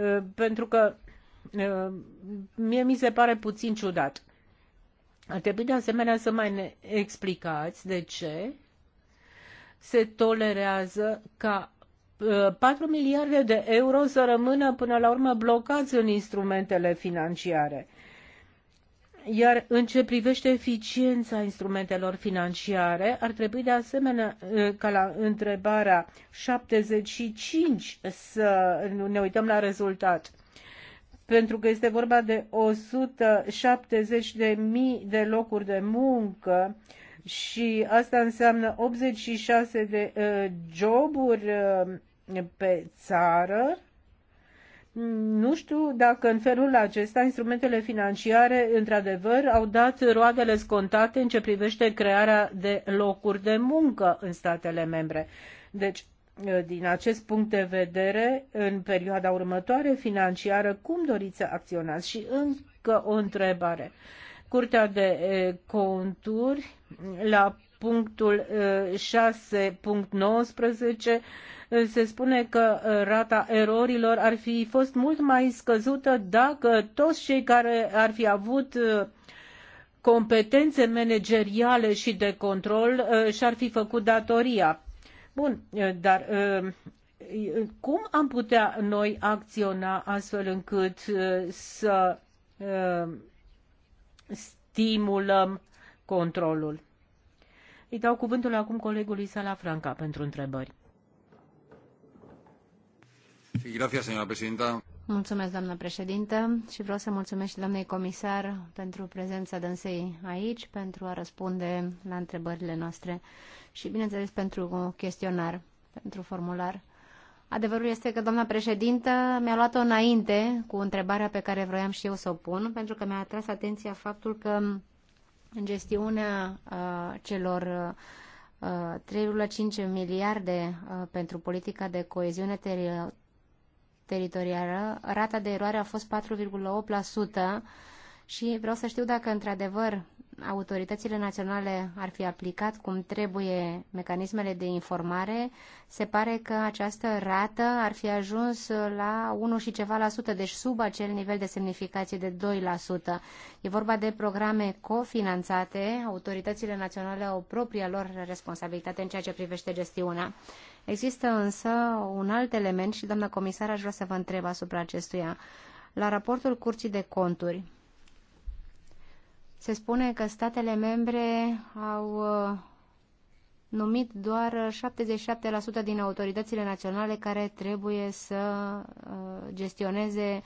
Uh, pentru că uh, mie mi se pare puțin ciudat. Ar trebui de asemenea să mai ne explicați de ce se tolerează ca 4 uh, miliarde de euro să rămână până la urmă blocați în instrumentele financiare. Iar în ce privește eficiența instrumentelor financiare, ar trebui de asemenea ca la întrebarea 75 să ne uităm la rezultat pentru că este vorba de 170.000 de de locuri de muncă și asta înseamnă 86 de joburi pe țară nu știu dacă în felul acesta instrumentele financiare, într-adevăr, au dat roadele scontate în ce privește crearea de locuri de muncă în statele membre. Deci, din acest punct de vedere, în perioada următoare financiară, cum doriți să acționați? Și încă o întrebare. Curtea de conturi, la punctul 6.19, se spune că uh, rata erorilor ar fi fost mult mai scăzută dacă toți cei care ar fi avut uh, competențe manageriale și de control uh, și-ar fi făcut datoria. Bun, dar cum am putea noi acționa astfel încât să stimulăm controlul? Îi dau cuvântul acum colegului Sala Franca pentru întrebări. Mulțumesc, doamnă președintă, și vreau să mulțumesc și doamnei comisar pentru prezența dânsei aici, pentru a răspunde la întrebările noastre și, bineînțeles, pentru chestionar, pentru formular. Adevărul este că doamna președintă mi-a luat-o înainte cu întrebarea pe care vroiam și eu să o pun, pentru că mi-a atras atenția faptul că în gestiunea uh, celor uh, 3,5 miliarde uh, pentru politica de coeziune teritorială, rata de eroare a fost 4,8% și vreau să știu dacă într-adevăr autoritățile naționale ar fi aplicat cum trebuie mecanismele de informare, se pare că această rată ar fi ajuns la 1 și ceva la sută, deci sub acel nivel de semnificație de 2%. E vorba de programe cofinanțate, autoritățile naționale au propria lor responsabilitate în ceea ce privește gestiunea. Există însă un alt element și, doamna comisar, aș vrea să vă întreb asupra acestuia. La raportul Curții de Conturi se spune că statele membre au uh, numit doar 77% din autoritățile naționale care trebuie să uh, gestioneze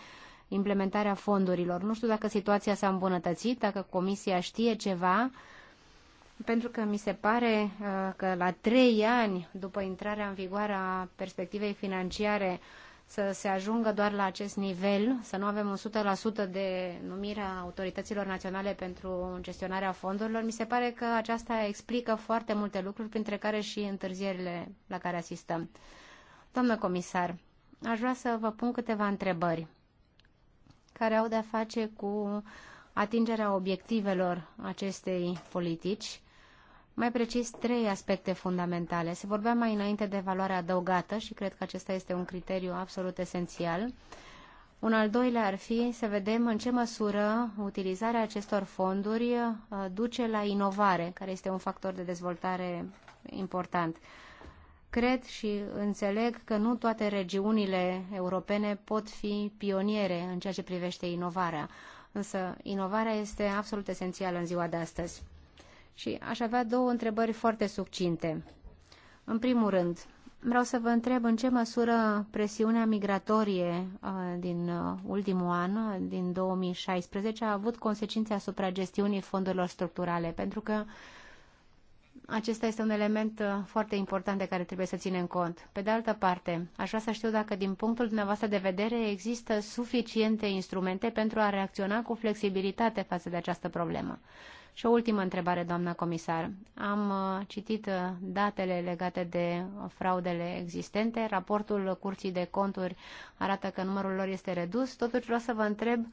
implementarea fondurilor. Nu știu dacă situația s-a îmbunătățit, dacă Comisia știe ceva pentru că mi se pare uh, că la trei ani după intrarea în vigoare a perspectivei financiare să se ajungă doar la acest nivel, să nu avem 100% de numirea autorităților naționale pentru gestionarea fondurilor, mi se pare că aceasta explică foarte multe lucruri, printre care și întârzierile la care asistăm. Doamnă comisar, aș vrea să vă pun câteva întrebări care au de-a face cu atingerea obiectivelor acestei politici mai precis trei aspecte fundamentale. Se vorbea mai înainte de valoarea adăugată și cred că acesta este un criteriu absolut esențial. Un al doilea ar fi să vedem în ce măsură utilizarea acestor fonduri uh, duce la inovare, care este un factor de dezvoltare important. Cred și înțeleg că nu toate regiunile europene pot fi pioniere în ceea ce privește inovarea, însă inovarea este absolut esențială în ziua de astăzi. Și aș avea două întrebări foarte succinte. În primul rând, vreau să vă întreb în ce măsură presiunea migratorie uh, din uh, ultimul an, uh, din 2016, a avut consecințe asupra gestiunii fondurilor structurale, pentru că acesta este un element foarte important de care trebuie să ținem cont. Pe de altă parte, aș vrea să știu dacă din punctul dumneavoastră de vedere există suficiente instrumente pentru a reacționa cu flexibilitate față de această problemă. Și o ultimă întrebare, doamna comisar. Am uh, citit uh, datele legate de fraudele existente. Raportul Curții de Conturi arată că numărul lor este redus. Totuși vreau să vă întreb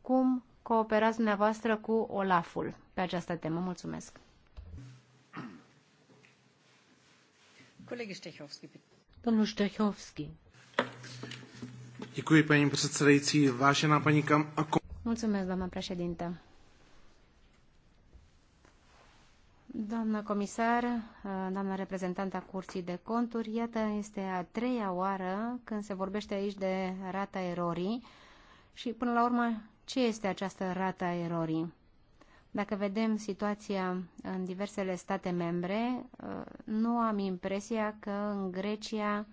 cum cooperați dumneavoastră cu Olaful pe această temă. Mulțumesc. Domnul Ștehovski. Děkuji, paní předsedající. Vážená paní kam... Mulțumesc, doamna președintă. Doamnă comisar, doamnă reprezentantă a Curții de Conturi, iată, este a treia oară când se vorbește aici de rata erorii și, până la urmă, ce este această rata erorii? Dacă vedem situația în diversele state membre, nu am impresia că în Grecia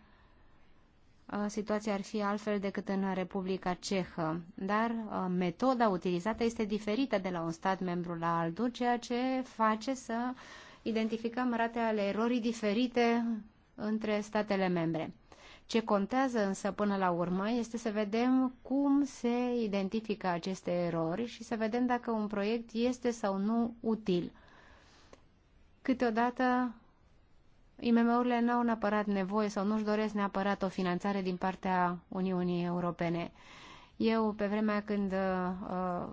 situația ar fi altfel decât în Republica Cehă, dar metoda utilizată este diferită de la un stat membru la altul, ceea ce face să identificăm rate ale erorii diferite între statele membre. Ce contează însă până la urmă este să vedem cum se identifică aceste erori și să vedem dacă un proiect este sau nu util. Câteodată IMM-urile nu au neapărat nevoie sau nu-și doresc neapărat o finanțare din partea Uniunii Europene. Eu, pe vremea când uh, uh,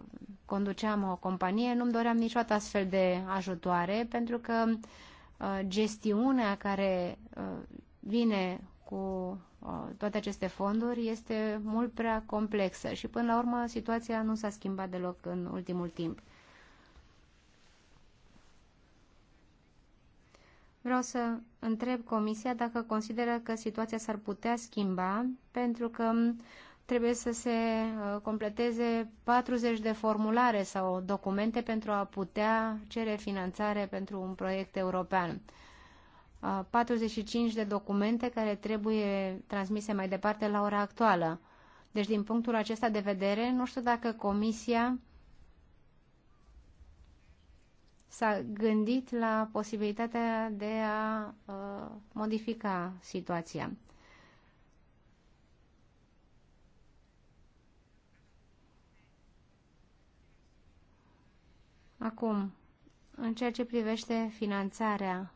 conduceam o companie, nu-mi doream niciodată astfel de ajutoare, pentru că uh, gestiunea care uh, vine cu uh, toate aceste fonduri este mult prea complexă și până la urmă situația nu s-a schimbat deloc în ultimul timp. Vreau să întreb Comisia dacă consideră că situația s-ar putea schimba, pentru că trebuie să se uh, completeze 40 de formulare sau documente pentru a putea cere finanțare pentru un proiect european. 45 uh, de documente care trebuie transmise mai departe la ora actuală. Deci, din punctul acesta de vedere, nu știu dacă Comisia s-a gândit la posibilitatea de a uh, modifica situația. Acum, în ceea ce privește finanțarea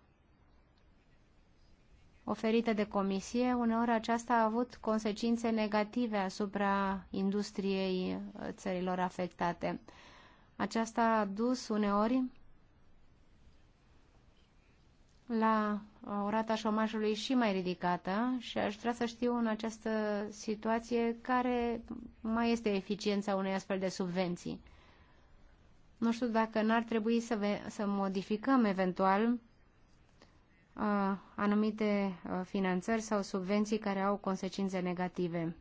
oferită de comisie, uneori aceasta a avut consecințe negative asupra industriei uh, țărilor afectate. Aceasta a dus uneori la o uh, rata șomajului și mai ridicată și aș vrea să știu în această situație care mai este eficiența unei astfel de subvenții. Nu știu dacă n-ar trebui să, să modificăm eventual uh, anumite uh, finanțări sau subvenții care au consecințe negative.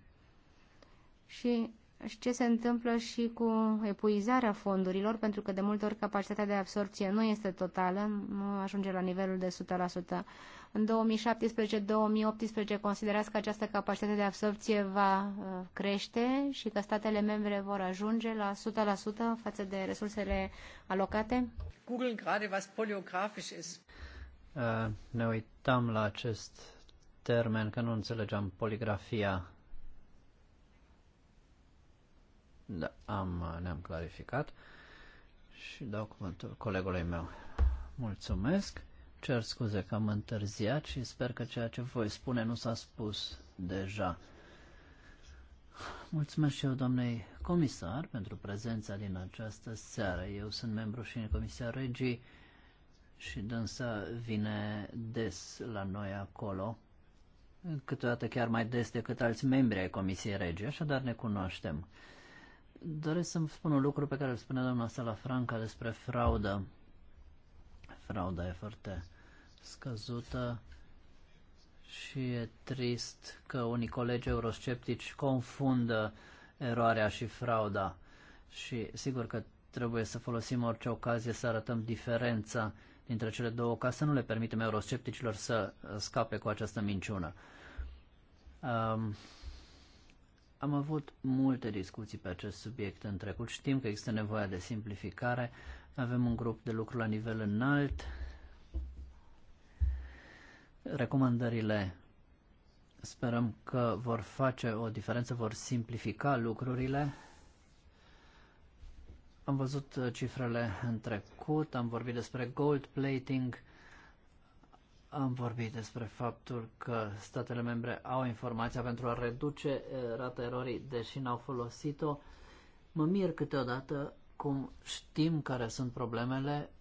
Și și ce se întâmplă și cu epuizarea fondurilor, pentru că de multe ori capacitatea de absorpție nu este totală, nu ajunge la nivelul de 100%. În 2017-2018 considerați că această capacitate de absorpție va uh, crește și că statele membre vor ajunge la 100% față de resursele alocate? Google grade was poliografisch ist. Uh, ne uitam la acest termen, că nu înțelegeam poligrafia Da, am, ne-am clarificat și dau cuvântul colegului meu. Mulțumesc, cer scuze că am întârziat și sper că ceea ce voi spune nu s-a spus deja. Mulțumesc și eu, doamnei comisar, pentru prezența din această seară. Eu sunt membru și în Comisia Regii și dânsa vine des la noi acolo, câteodată chiar mai des decât alți membri ai Comisiei Regii, așadar ne cunoaștem doresc să-mi spun un lucru pe care îl spune doamna Sala Franca despre fraudă. Frauda e foarte scăzută și e trist că unii colegi eurosceptici confundă eroarea și frauda. Și sigur că trebuie să folosim orice ocazie să arătăm diferența dintre cele două ca să nu le permitem euroscepticilor să scape cu această minciună. Um, am avut multe discuții pe acest subiect în trecut. Știm că există nevoia de simplificare. Avem un grup de lucru la nivel înalt. Recomandările sperăm că vor face o diferență, vor simplifica lucrurile. Am văzut uh, cifrele în trecut, am vorbit despre gold plating. Am vorbit despre faptul că statele membre au informația pentru a reduce eh, rata erorii, deși n-au folosit-o. Mă mir câteodată cum știm care sunt problemele,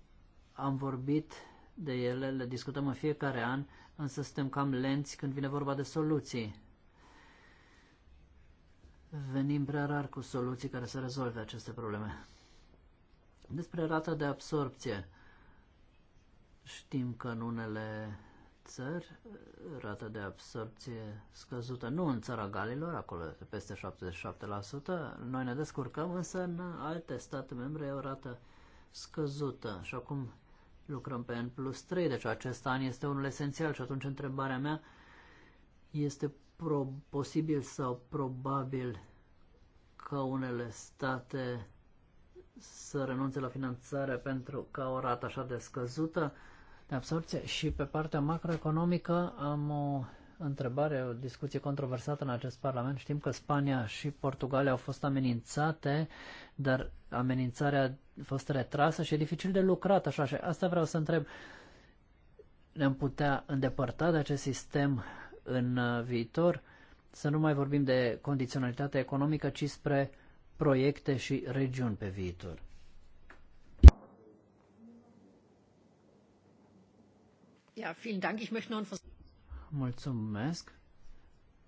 am vorbit de ele, le discutăm în fiecare an, însă suntem cam lenți când vine vorba de soluții. Venim prea rar cu soluții care să rezolve aceste probleme. Despre rata de absorpție. Știm că în unele țări uh, rata de absorpție scăzută, nu în țara Galilor, acolo peste 77%, noi ne descurcăm, însă în alte state membre e o rată scăzută și acum lucrăm pe N plus 3, deci acest an este unul esențial și atunci întrebarea mea este pro- posibil sau probabil ca unele state să renunțe la finanțare pentru ca o rată așa de scăzută? de absorție. Și pe partea macroeconomică am o întrebare, o discuție controversată în acest Parlament. Știm că Spania și Portugalia au fost amenințate, dar amenințarea a fost retrasă și e dificil de lucrat așa. Și asta vreau să întreb. Ne-am putea îndepărta de acest sistem în uh, viitor? Să nu mai vorbim de condiționalitate economică, ci spre proiecte și regiuni pe viitor. Ja, vielen Dank. Ich möchte noch einen Mulțumesc.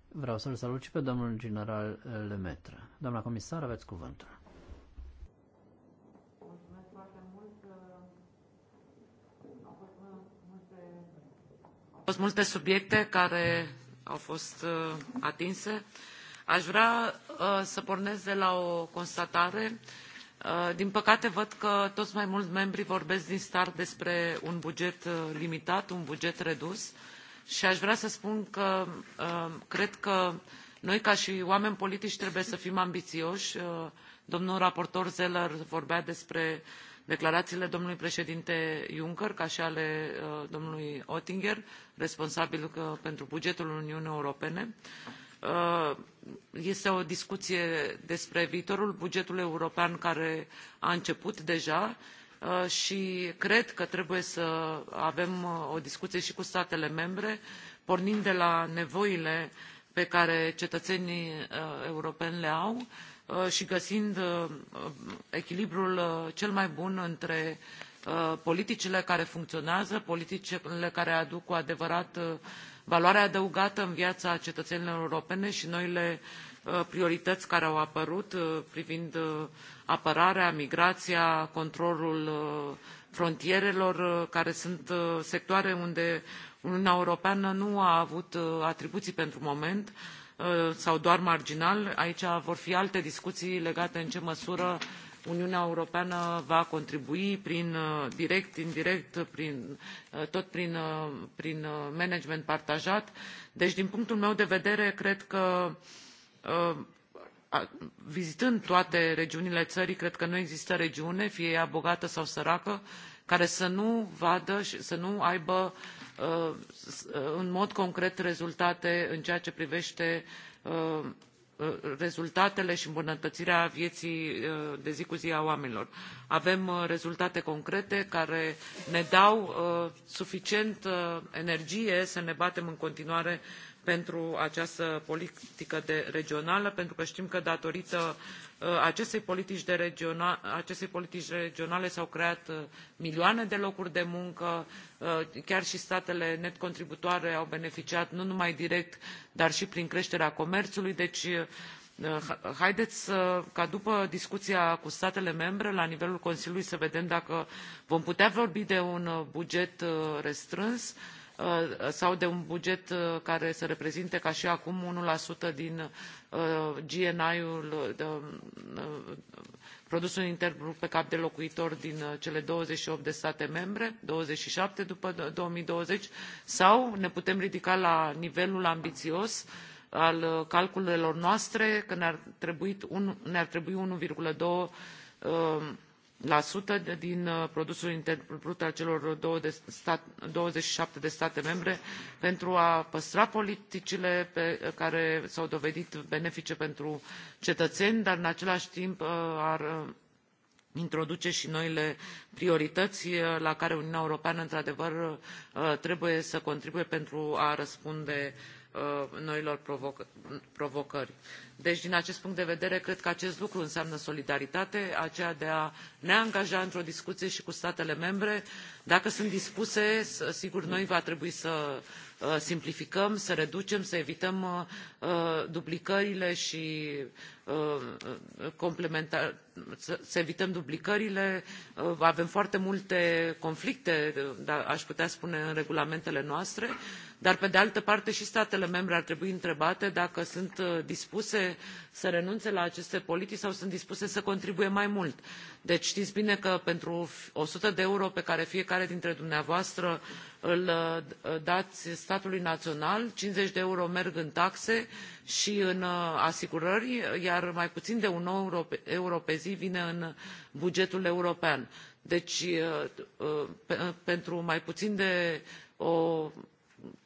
Vreau să-l salut și pe domnul general eh, Lemetre. Doamna comisar, aveți cuvântul. Eh, au fost multe subiecte care au fost eh, atinse. Aș vrea să pornesc de la o constatare uh, Uh, din păcate, văd că toți mai mulți membri vorbesc din start despre un buget uh, limitat, un buget redus și aș vrea să spun că uh, cred că noi, ca și oameni politici, trebuie să fim ambițioși. Domnul raportor Zeller vorbea despre declarațiile domnului președinte juncker ca și ale domnului oettinger responsabil pentru bugetul uniunii europene Uh, este o discuție despre viitorul bugetului european care a început deja uh, și cred că trebuie să avem uh, o discuție și cu statele membre pornind de la nevoile pe care cetățenii europeni le au și găsind echilibrul cel mai bun între politicile care funcționează politicile care aduc cu adevărat valoarea adăugată în viața cetățenilor europene și noile uh, priorități care au apărut uh, privind uh, apărarea, migrația, controlul frontierelor, care sunt sectoare unde Uniunea Europeană nu a avut atribuții pentru moment sau doar marginal. Aici vor fi alte discuții legate în ce măsură Uniunea Europeană va contribui prin uh, direct, indirect, uh, tot prin, uh, prin management partajat. Deci, din punctul meu de vedere, cred că vizitând toate regiunile țării, cred că nu există regiune, fie ea bogată sau săracă, care să nu vadă și să nu aibă în mod concret rezultate în ceea ce privește Uh, rezultatele și îmbunătățirea vieții uh, de zi cu zi a oamenilor. Avem uh, rezultate concrete care ne dau suficient energie să ne batem în continuare pentru această politică de regională, pentru că știm că datorită Uh, acestei politici, regionale s au creat uh, milioane de locuri de muncă uh, chiar și statele net contributoare au beneficiat nu numai direct dar și prin creșterea comerțului deci haidei ca după discuția cu statele membre la nivelul consiliului să vedem dacă vom putea vorbi de un buget restrâns Uh, sau de un buget uh, care să reprezinte ca și acum 1% din uh, GNI-ul, produsul intern brut pe cap de locuitor din cele 28 de state membre, 27 după 2020, sau ne putem ridica la nivelul ambițios al calculelor noastre, că ne-ar trebui 1,2 din uh, produsul intern brut al celor douăzeci și șapte de state membre pentru a păstra politicile uh, care s au dovedit benefice pentru cetățeni dar în același timp uh, ar introduce și noile priorități la care uniunea europeană într adevăr trebuie să contribuie pentru a răspunde Uh, noilor provocări. Deci, din acest punct de vedere, cred că acest lucru înseamnă solidaritate, aceea de a ne angaja într-o discuție și cu statele membre. Dacă sunt dispuse, sigur, noi va trebui să uh, simplificăm, să reducem, să evităm uh, duplicările și să evităm duplicările. Avem foarte multe conflicte, da, aș putea spune, în regulamentele noastre dar pe de altă parte și statele membre ar trebui întrebate dacă sunt uh, dispuse să renunțe la aceste politici sau sunt dispuse să contribuie mai mult. deci tii bine că pentru o sută de euro pe care fiecare dintre dumneavoastră îl uh, dai statului național cincizeci de euro merg în taxe și în uh, asigurări iar mai puțin de un euro pe zi vine în bugetul european deci pentru mai puțin de o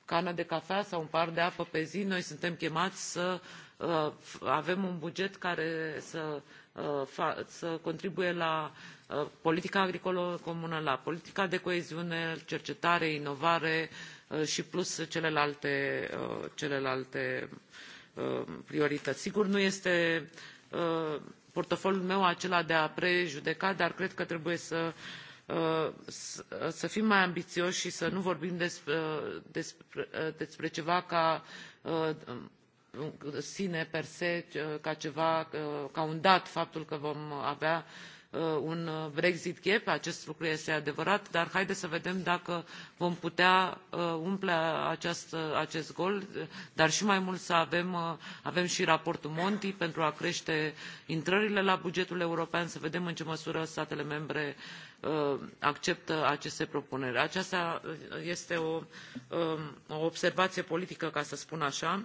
cană de cafea sau un pahar de apă pe zi noi suntem chemați să uh, avem un buget care să, uh, să contribuie la uh, politica agricolă comună la politica de coeziune cercetare inovare și plus celelalte, celelalte priorități. sigur nu este portofoliul meu acela de a prejudeca dar cred că trebuie să Uh, să fim mai ambiioi i să nu vorbim uh, uh, despre, ceva ca sine per se ca un dat faptul că vom avea Uh, un uh, brexit gap acest lucru este adevărat dar haideți să vedem dacă vom putea uh, umple acest, acest gol dar și mai mult să avem, avem și raportul monti pentru a crește intrările la bugetul european să vedem în ce măsură statele membre acceptă aceste propuneri. aceasta este o, um, o observație politică ca să spun așa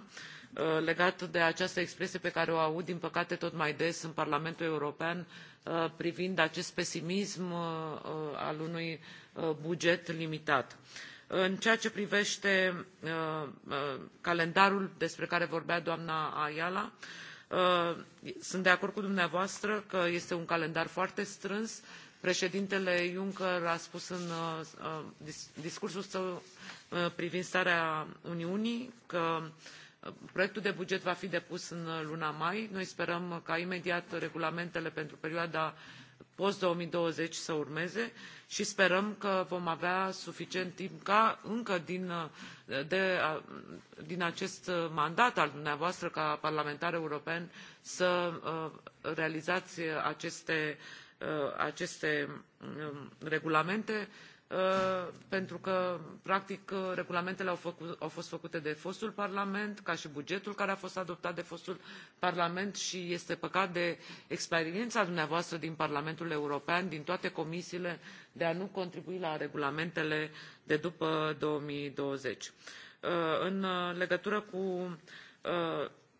legată de această expresie pe care o aud din păcate tot mai des în parlamentul european Uh, privind acest pesimism uh, uh, al unui buget limitat. În ceea ce privește calendarul despre care vorbea doamna Ayala, sunt de acord cu dumneavoastră că este un calendar foarte strâns. Președintele Juncker a spus în discursul său privind starea Uniunii că proiectul de buget va fi depus în luna mai noi sperăm ca imediat regulamentele pentru perioada post două mii douăzeci să urmeze și sperăm că vom avea suficient timp ca încă din, din acest mandat al dumneavoastră ca parlamentar european să uh, realizați aceste, uh, aceste um, regulamente și Uh, pentru că, practic, uh, regulamentele au, făcut, au fost făcute de fostul Parlament, ca și bugetul care a fost adoptat de fostul Parlament și este păcat de experiența dumneavoastră din Parlamentul European, din toate comisiile, de a nu contribui la regulamentele de după 2020. Uh, în legătură cu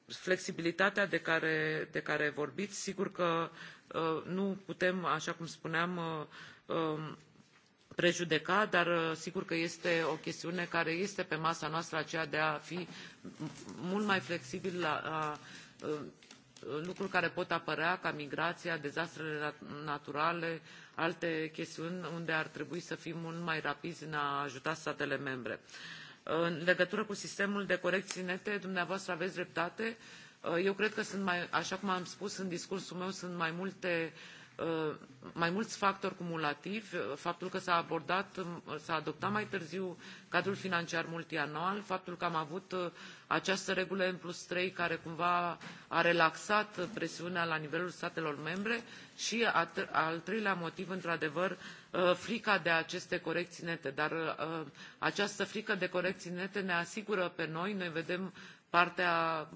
flexibilitatea de care, de care vorbiți, sigur că nu putem, așa cum spuneam, um, prejudeca dar uh, sigur că este o chestiune care este pe masa noastră aceea de a fi mult mai flexibili la uh, lucruri care pot apărea ca migrația dezastrele naturale alte chestiuni unde ar trebui să fim mult mai rapizi în a ajuta statele membre. Uh, în legătură cu sistemul de corecții nete dumneavoastră aveți dreptate eu cred că sunt mai așa cum am spus în discursul meu sunt mai multe uh, Uh, mai mulți factori cumulativi, uh, faptul că s-a abordat, um, s-a adoptat mai târziu cadrul financiar multianual, faptul că am avut uh, această regulă M plus 3 care cumva a relaxat presiunea la nivelul statelor membre și al treilea motiv, într-adevăr, frica de aceste corecții nete. Dar această frică de corecții nete ne asigură pe noi, noi vedem partea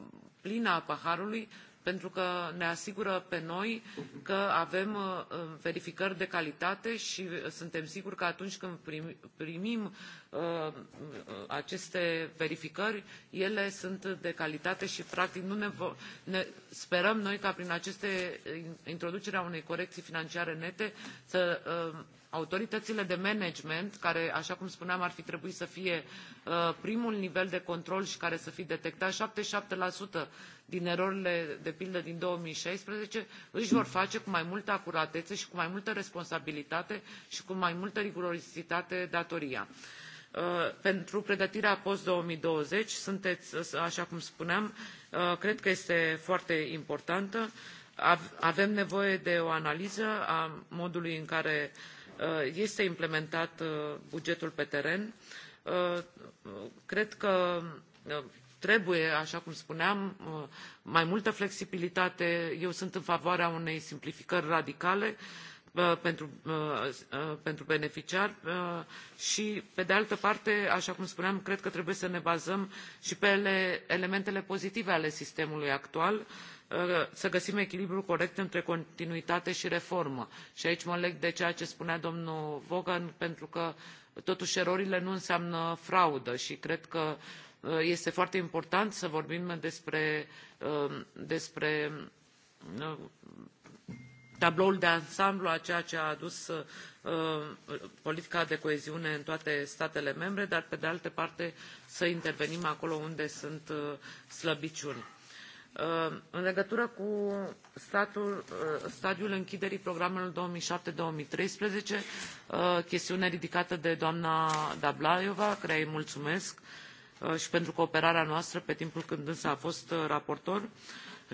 plină a paharului pentru că ne asigură pe noi că avem uh, verificări de calitate și suntem siguri că atunci când primim Uh, aceste verificări ele sunt de calitate și practic nu ne, ne sperăm noi ca prin aceste introducerea unei corecții financiare nete să uh, autoritățile de management care așa cum spuneam ar fi trebuit să fie uh, primul nivel de control și care să fi detectat șaptezeci și șapte din erorile de pildă din două mii șaisprezece își vor face cu mai multă acuratețe și cu mai multă responsabilitate și cu mai multă rigurozitate datoria. Uh, pentru pregătirea post două mii douăzeci sunteți uh, așa cum spuneam uh, cred că este foarte importantă avem nevoie de o analiză a modului în care este implementat bugetul pe teren cred că trebuie așa cum spuneam mai multă flexibilitate eu sunt în favoarea unei simplificări radicale și Uh, pentru, uh, uh, pentru beneficiari și pe de altă parte așa cum spuneam cred că trebuie să ne bazăm și pe elementele pozitive ale sistemului actual să găsim echilibrul corect între continuitate și reformă și aici mă leg de ceea ce spunea domnul vaughan pentru că totuși erorile nu înseamnă fraudă și cred că este foarte important să vorbim despre, despre tabloul de ansamblu a ceea ce a adus uh, politica de coeziune în toate statele membre, dar pe de altă parte să intervenim acolo unde sunt uh, slăbiciuni. Uh, în legătură cu statul, stadiul închiderii programelor mii treisprezece chestiune ridicată de doamna Dablaiova, care îi mulțumesc și pentru cooperarea noastră pe timpul când însă a fost raportor, uh,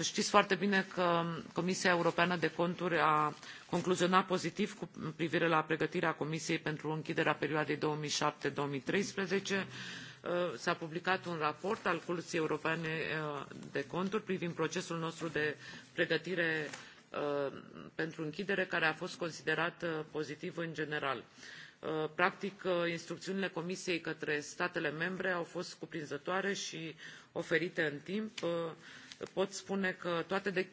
știți foarte bine că comisia europeană de conturi a concluzionat pozitiv cu privire la pregătirea comisiei pentru închiderea perioadei două mii șapte două mii treisprezece s a publicat un raport al curii europene uh, de conturi privind procesul nostru de pregătire uh, pentru închidere care a fost considerat uh, pozitiv în general practic instrucțiunile comisiei către statele membre au fost cuprinzătoare și oferite în timp pot spune că toate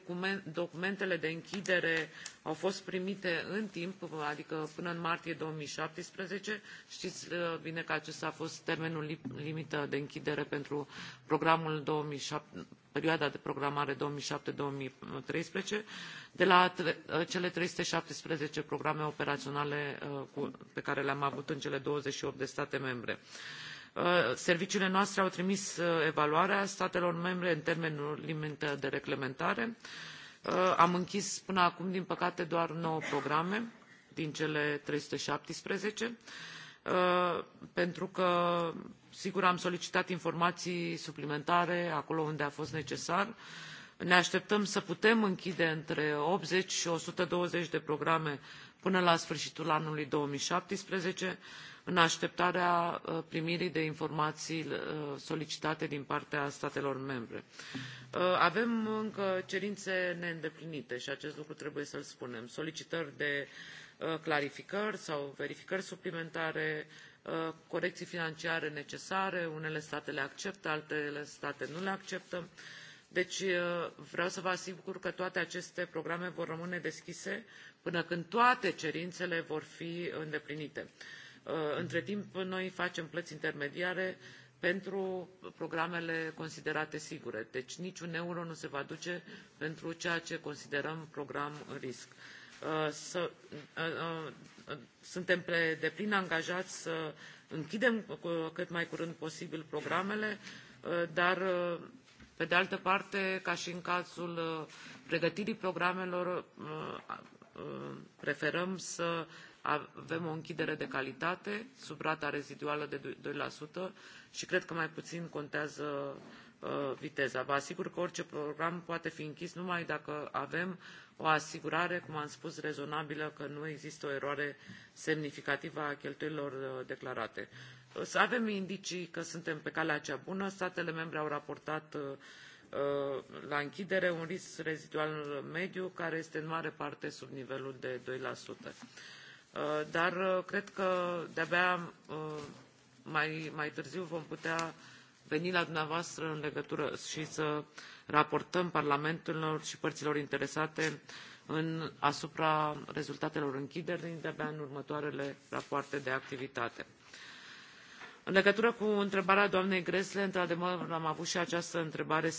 documentele de închidere au fost primite în timp, adică până în martie 2017. Știți uh, bine că acesta a fost termenul limită de închidere pentru programul 2007, perioada de programare 2007-2013. De la uh, cele 317 programe operaționale uh, pe care le-am avut în cele 28 de state membre. Uh, serviciile noastre au trimis uh, evaluarea statelor membre în termenul limită de reglementare uh, am închis până acum din păcate doar nouă programe din cele trei sute șaptesprezece pentru că sigur am solicitat informații suplimentare acolo unde a fost necesar ne așteptăm să putem închide între optzeci și o sută douăzeci de programe până la sfârșitul anului două mii șaptesprezece în ateptarea uh, primirii de informații uh, solicitate din partea statelor membre. Uh, avem încă cerințe neîndeplinite și acest lucru trebuie să-l spunem. Solicitări de clarificări sau verificări suplimentare, corecții financiare necesare, unele state le acceptă, altele state nu le acceptă. Deci vreau să vă asigur că toate aceste programe vor rămâne deschise până când toate cerințele vor fi îndeplinite. Uh, între timp, noi facem plăți intermediare pentru programele considerate sigure. Deci niciun euro nu se va duce pentru ceea ce considerăm program risc. Uh, să, uh, suntem pe deplin angajați să închidem cât mai curând posibil programele, dar pe de altă parte, ca și în cazul pregătirii programelor, preferăm să avem o închidere de calitate sub rata reziduală de 2% și cred că mai puțin contează uh, viteza. Vă asigur că orice program poate fi închis numai dacă avem o asigurare, cum am spus, rezonabilă că nu există o eroare semnificativă a cheltuielilor uh, declarate. Să avem indicii că suntem pe calea cea bună. Statele membre au raportat uh, la închidere un risc rezidual mediu care este în mare parte sub nivelul de 2%. Uh, dar uh, cred că de-abia uh, mai, mai târziu vom putea veni la dumneavoastră în legătură și să raportăm parlamentelor și părților interesate în, asupra rezultatelor închiderii de abia în următoarele rapoarte de activitate. În legătură cu întrebarea doamnei Gresle, într-adevăr am avut și această întrebare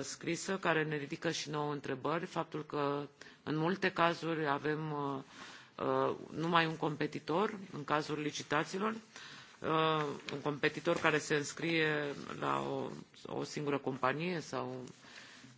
scrisă care ne ridică și nouă întrebări. Faptul că în multe cazuri avem uh, Uh, numai un competitor în cazul licitațiilor, uh, un competitor care se înscrie la o, o singură companie sau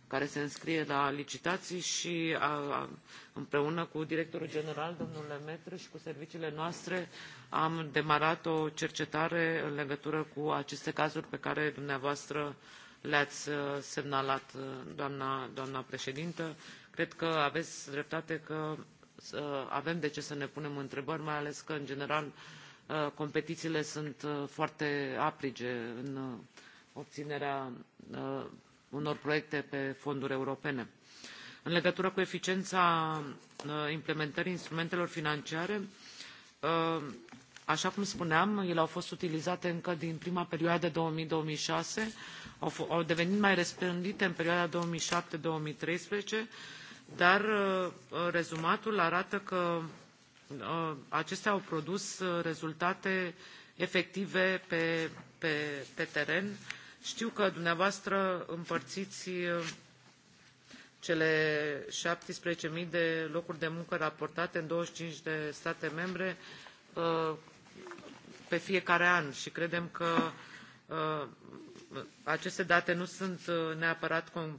care se înscrie la licitații și a, a, împreună cu directorul general, domnul Lemetru, și cu serviciile noastre am demarat o cercetare în legătură cu aceste cazuri pe care dumneavoastră le-ați uh, semnalat, doamna, doamna președintă. Cred că aveți dreptate că avem de ce să ne punem întrebări, mai ales că, în general, uh, competițiile sunt uh, foarte aprige în uh, obținerea unor proiecte pe fonduri europene. În legătură cu eficiența implementării instrumentelor financiare, așa cum spuneam, ele au fost utilizate încă din prima perioadă 2000-2006, au, au devenit mai răspândite în perioada 2007-2013 dar uh, uh, rezumatul arată că uh, acestea au produs rezultate efective pe, pe, pe teren. Știu că dumneavoastră împărțiți cele 17.000 de locuri de muncă raportate în 25 de state membre pe fiecare an și credem că aceste date nu sunt uh, neapărat uh,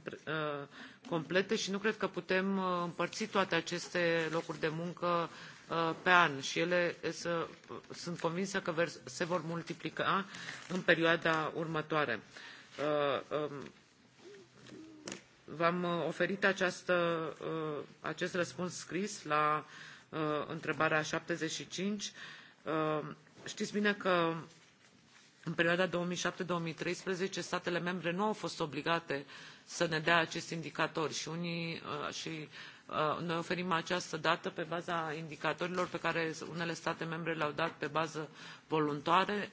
complete și nu cred că putem uh, împărți toate aceste locuri de muncă pe an și ele să, sunt convinsă că se vor multiplica în perioada următoare. Um, v-am oferit această, acest răspuns scris la întrebarea 75. Știți bine că în perioada două mii șapte două mii treisprezece statele membre nu au fost obligate să ne dea acești indicatori și, uh, și uh, noi oferim această dată pe baza indicatorilor pe care unele state membre le au dat pe bază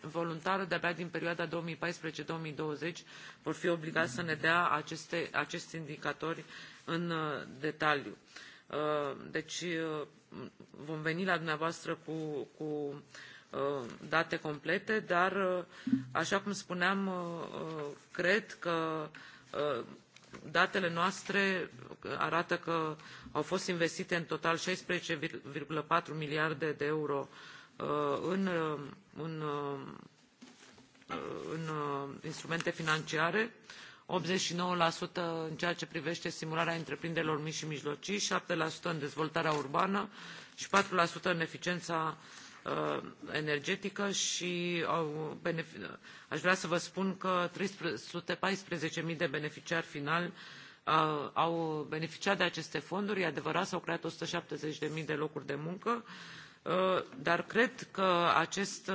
voluntară de abia din perioada două mii paisprezece două mii douăzeci vor fi obligați să ne dea aceste, acești indicatori în uh, detaliu. deci vom veni la dumneavoastră cu, cu Uh, date complete, dar, uh, așa cum spuneam, uh, cred că datele noastre arată că au fost investite în total 16,4 miliarde de euro în, în, în instrumente financiare, 89% în ceea ce privește stimularea întreprinderilor mici și mijlocii, 7% în dezvoltarea urbană și 4% în eficiența Uh, energetică și uh, aș vrea să vă spun că 314.000 de beneficiari finali uh, au beneficiat de aceste fonduri. E adevărat, s-au creat 170.000 de locuri de muncă, dar cred că acest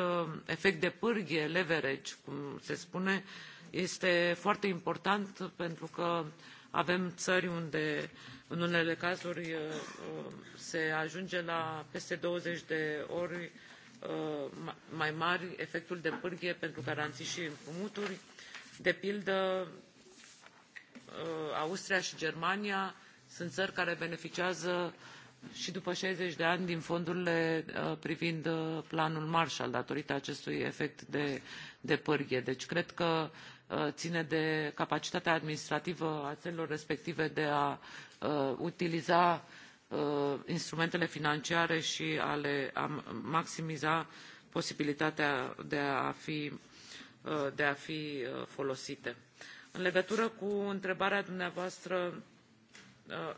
efect de pârghie, leverage, cum se spune, este foarte important pentru că avem țări unde uh, în unele cazuri uh, uh, se ajunge la peste 20 de ori uh, mai mari efectul de pârghie pentru garanții și împrumuturi. De pildă, Austria și Germania sunt țări care beneficiază și după 60 de ani din fondurile privind planul Marshall datorită acestui efect de, de pârghie. Deci cred că ține de capacitatea administrativă a țărilor respective de a Uh, utiliza uh, instrumentele financiare și ale, a maximiza posibilitatea de a fi, uh, de a fi folosite. În legătură cu întrebarea dumneavoastră,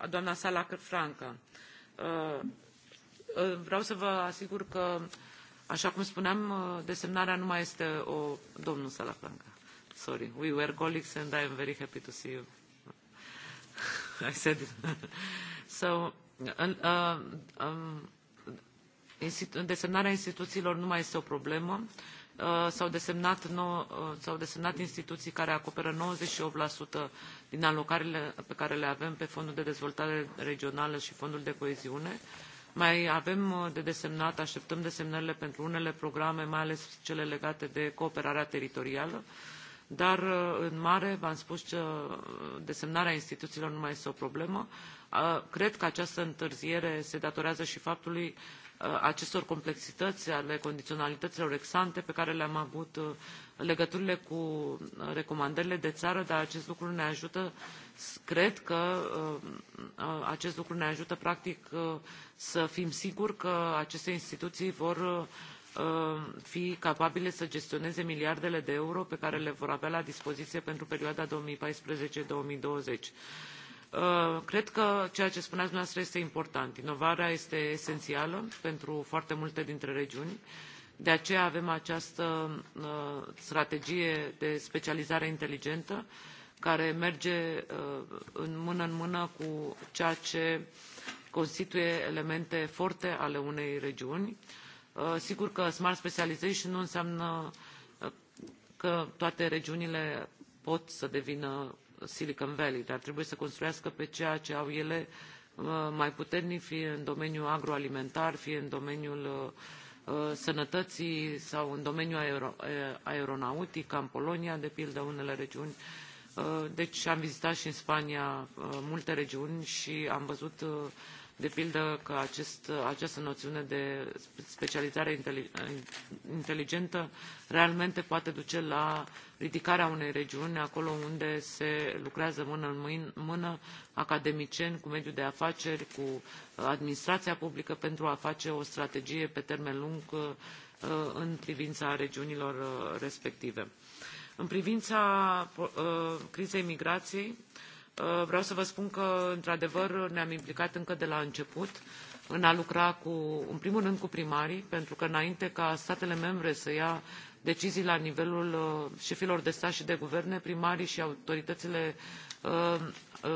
doamna Sala Franca, vreau să vă asigur că, așa cum spuneam, desemnarea nu mai este o... Domnul Franca, sorry, we were colleagues and I am very happy to see you. I said it. so, în, uh, um, desemnarea instituțiilor nu mai este o problemă. Uh, s-au desemnat, no, uh, desemnat instituții care acoperă 98% din alocările pe care le avem pe Fondul de Dezvoltare Regională și Fondul de Coeziune. Mai avem uh, de desemnat, așteptăm desemnările pentru unele programe, mai ales cele legate de cooperarea teritorială. Uh, dar uh, în mare, v-am spus că uh, desemnarea instituțiilor nu mai este o problemă. Uh, cred că această întârziere se datorează și faptului acestor complexități ale condiționalităților ex ante pe care le-am avut legăturile cu recomandările de țară, dar acest lucru ne ajută, cred că acest lucru ne ajută practic să fim siguri că aceste instituții vor Uh, fi capabile să gestioneze miliardele de euro pe care le vor avea la dispoziție pentru perioada două mii paisprezece două mii douăzeci uh, cred că ceea ce spuneați dumneavoastră este important inovarea este esențială pentru foarte multe dintre regiuni de aceea avem această uh, strategie de specializare inteligentă care merge în mână în mână cu ceea ce constituie elemente forte ale unei regiuni Uh, sigur că smart specialization nu înseamnă uh, că toate regiunile pot să devină silicon valley dar trebuie să construiască pe ceea ce au ele uh, mai puternic fie în domeniul agroalimentar fie în domeniul sănătății sau în domeniul aeronautic ca în polonia de pildă unele regiuni deci am vizitat și în spania multe regiuni și am văzut de pildă că acest, această noțiune de specializare inteligentă realmente poate duce la ridicarea unei regiuni acolo unde se lucrează mână în mână academicieni cu mediul de afaceri, cu administrația publică pentru a face o strategie pe termen lung uh, în privința regiunilor uh, respective. În privința uh, crizei migrației, Uh, vreau să vă spun că, într-adevăr, ne-am implicat încă de la început în a lucra, cu, în primul rând, cu primarii, pentru că înainte ca statele membre să ia decizii la nivelul uh, șefilor de stat și de guverne, primarii și autoritățile uh,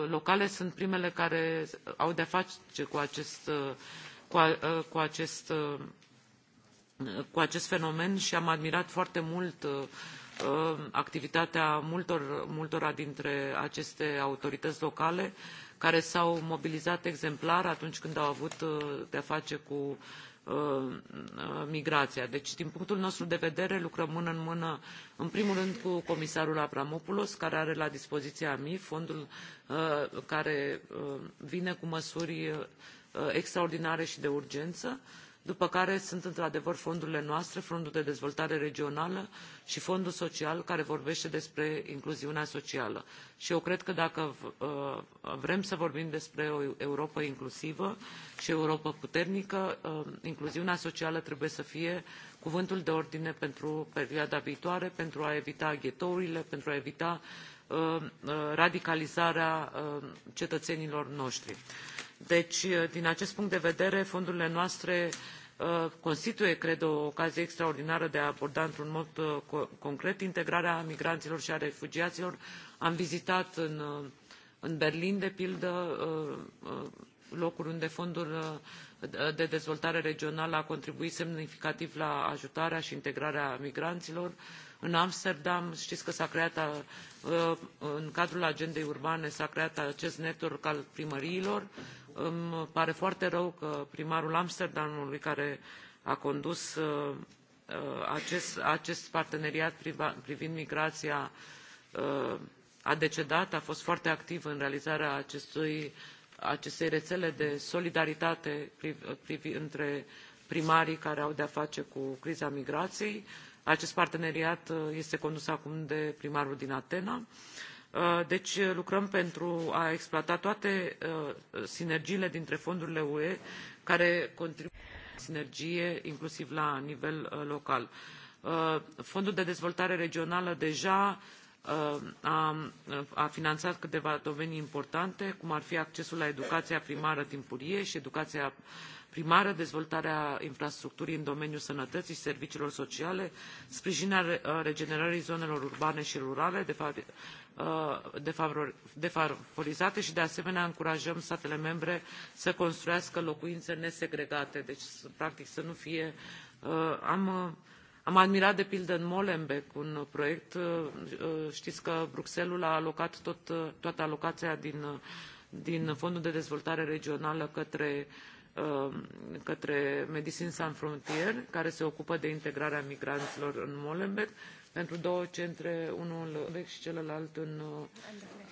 locale sunt primele care au de-a face cu acest, cu, cu acest, cu acest fenomen și am admirat foarte mult uh, Uh, activitatea multor, multora dintre aceste autorități locale care s-au mobilizat exemplar atunci când au avut uh, de-a face cu uh, migrația. Deci, din punctul nostru de vedere, lucrăm mână în mână, în primul rând, cu comisarul Abramopoulos, care are la dispoziție AMI, fondul care vine cu măsuri extraordinare și de urgență, uh, după care sunt într adevăr fondurile noastre fondul de dezvoltare regională și fondul social care vorbete despre incluziunea socială și eu cred că dacă uh, vrem să vorbim despre o europă inclusivă și o europă puternică uh, incluziunea socială trebuie să fie cuvântul de ordine pentru perioada viitoare pentru a evita ghetourile pentru a evita uh, radicalizarea cetățenilor noștri deci uh, din acest punct de vedere fondurile noastre uh, constituie cred o ocazie extraordinară de a aborda într un mod uh, concret integrarea migranților și a refugiaților. am vizitat în, berlin de pildă locuri unde fondul de dezvoltare regională a contribuit semnificativ la ajutarea și integrarea migranților în amsterdam știți că s a creat în cadrul agendei urbane s a creat acest network al primăriilor care îmi pare foarte rău că primarul amsterdamului care a condus uh, uh, acest, acest parteneriat privind migrația uh, a decedat a fost foarte activ în realizarea acestui, acestei rețele de solidaritate priv, priv, între primarii care au de a face cu criza migrației. acest parteneriat este condus acum de primarul din atena Uh, deci uh, lucrăm pentru a exploata toate uh, sinergiile dintre fondurile ue care contribuie la sinergie inclusiv la nivel local. fondul de dezvoltare regională deja a, a finanțat câteva domenii importante cum ar fi accesul la educația primară timpurie și educația primară dezvoltarea infrastructurii în domeniul sănătății și serviciilor sociale sprijinirea regenerării zonelor urbane și rurale Uh, defavorizate și de asemenea încurajăm statele membre să construiască locuințe nesegregate, deci practic să nu fie... Uh, uh, am, admirat de pildă în Molenbeek un proiect, știți că Bruxelles a alocat tot, toată alocaia din, din Fondul de Dezvoltare Regională către către Medicine Sans Frontier, care se ocupă de integrarea migranților în Molenbeek pentru două centre, unul în vechi și celălalt în uh,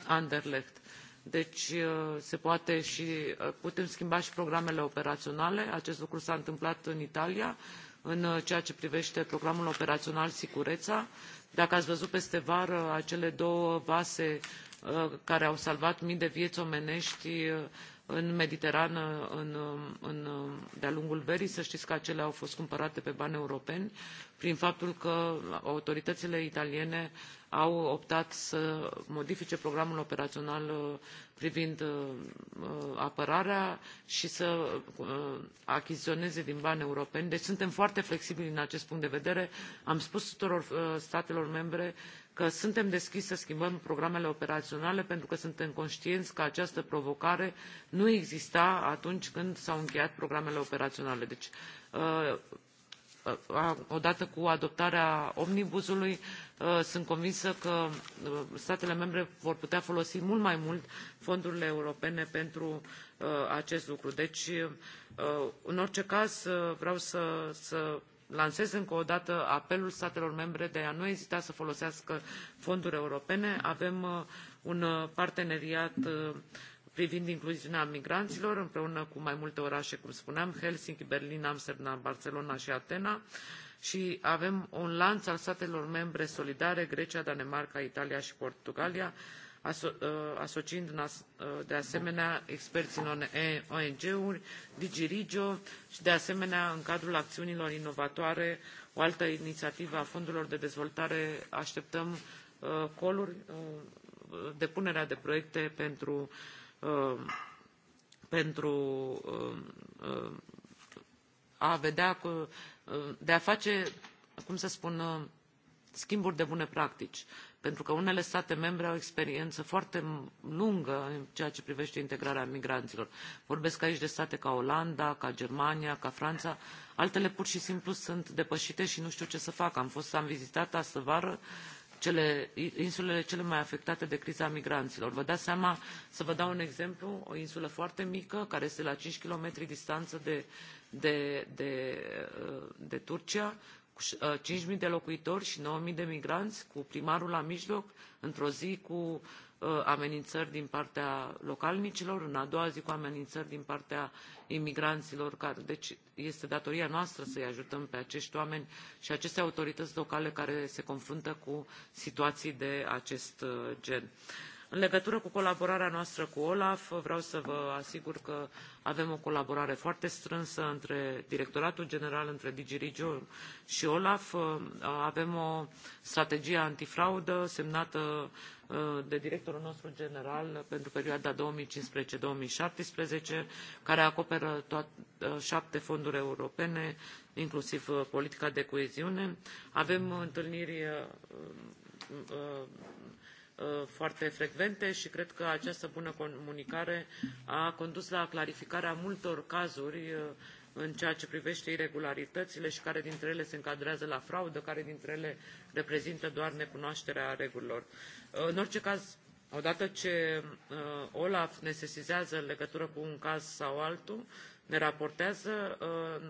Anderlecht. Deci uh, se poate și uh, putem schimba și programele operaționale. Acest lucru s-a întâmplat în Italia, în ceea ce privește programul operațional Sicureța. Dacă ați văzut peste vară acele două vase care au salvat mii de vieți omenești în Mediterană de-a lungul verii. Să știți că acelea au fost cumpărate pe bani europeni prin faptul că autoritățile italiene au optat să modifice programul operațional uh, privind uh, apărarea și să uh, achiziționeze din bani europeni. Deci suntem foarte flexibili în acest punct de vedere. Am spus tuturor statelor membre că suntem deschiși să schimbăm programele operaționale pentru că suntem conștienți că această provocare nu exista atunci când s au încheiat programele operaționale. deci uh, uh, uh, odată cu adoptarea ului sunt convinsă că statele membre vor putea folosi mult mai mult fondurile europene pentru acest lucru. deci în orice caz vreau să, să lansez încă o dată apelul statelor membre de a nu ezita să folosească fonduri europene. Avem uh, un uh, parteneriat uh, privind incluziunea migranților împreună cu mai multe orașe, cum spuneam, Helsinki, Berlin, Amsterdam, Barcelona și Atena și avem un lanț al statelor membre solidare, Grecia, Danemarca, Italia și Portugalia, Uh, asociind uh, de asemenea experții în ong uri dg regio și de asemenea în cadrul acțiunilor inovatoare o altă inițiativă a fondurilor de dezvoltare așteptăm uh, call depunerea de proiecte pentru, pentru a vedea de a face cum să spun schimburi de bune practici pentru că unele state membre au experiență foarte lungă în ceea ce privește integrarea migranților. Vorbesc aici de state ca Olanda, ca Germania, ca Franța. Altele pur și simplu sunt depășite și nu știu ce să facă. Am fost, am vizitat astă vară cele, insulele cele mai afectate de criza migranților. Vă dați seama, să vă dau un exemplu, o insulă foarte mică, care este la 5 km distanță de, de, de, de Turcia, cu uh, cinci zero de locuitori și nouă zero de migranți cu primarul la mijloc într o zi cu uh, amenințări din partea localnicilor în a doua zi cu amenințări din partea imigranților care, deci este datoria noastră să i ajutăm pe acești oameni și aceste autorități locale care se confruntă cu situații de acest uh, gen. Uh, în legătură cu colaborarea noastră cu olaf vreau să vă asigur că avem o colaborare foarte strânsă între directoratul general între dg regio și olaf uh, avem o strategie antifraudă semnată uh, de directorul nostru general pentru perioada două mii cincisprezece două mii șaptesprezece care acoperă uh, șapte fonduri europene inclusiv politica de coeziune avem întâlniri Uh, foarte frecvente și cred că această bună comunicare a condus la clarificarea multor cazuri uh, în ceea ce privește irregularitățile și care dintre ele se încadrează la fraudă, care dintre ele reprezintă doar necunoașterea regulilor. Uh, în orice caz, odată ce Olaf ne sesizează în legătură cu un caz sau altul, ne raportează,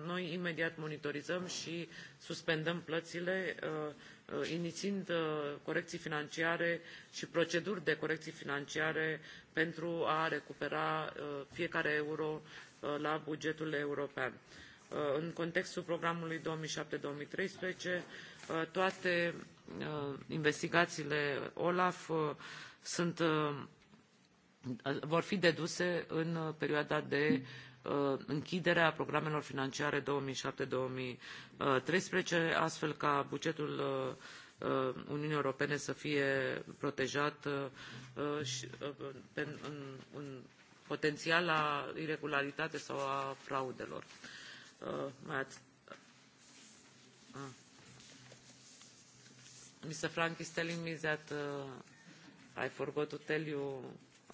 noi imediat monitorizăm și suspendăm plățile Uh, inițiind uh, corecții financiare și proceduri de corecții financiare pentru a recupera uh, fiecare euro la bugetul european. În contextul programului 2007-2013, toate investigațiile OLAF sunt, vor fi deduse în perioada de Uh, închiderea programelor financiare 2007-2013, astfel ca bugetul uh, uh, Uniunii Europene să fie protejat în potențiala irregularitate sau a fraudelor. Mr. Frank is telling me that I forgot to tell you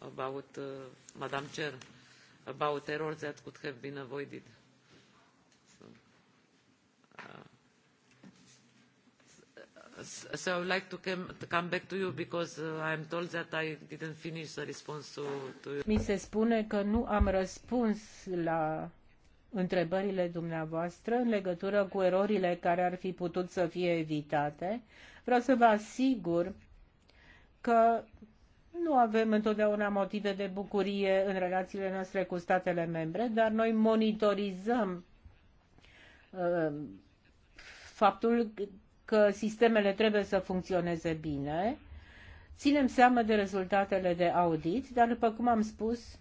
about Madam Chair about errors that could have been avoided. So, uh, uh, so I would like to come, to come back to you because uh, I am told that I didn't finish the response to, to you. Mi se spune că nu am răspuns la întrebările dumneavoastră în legătură cu erorile care ar fi putut să fie evitate. Vreau să vă asigur că nu avem întotdeauna motive de bucurie în relațiile noastre cu statele membre, dar noi monitorizăm uh, faptul că sistemele trebuie să funcționeze bine, ținem seama de rezultatele de audit, dar după cum am spus,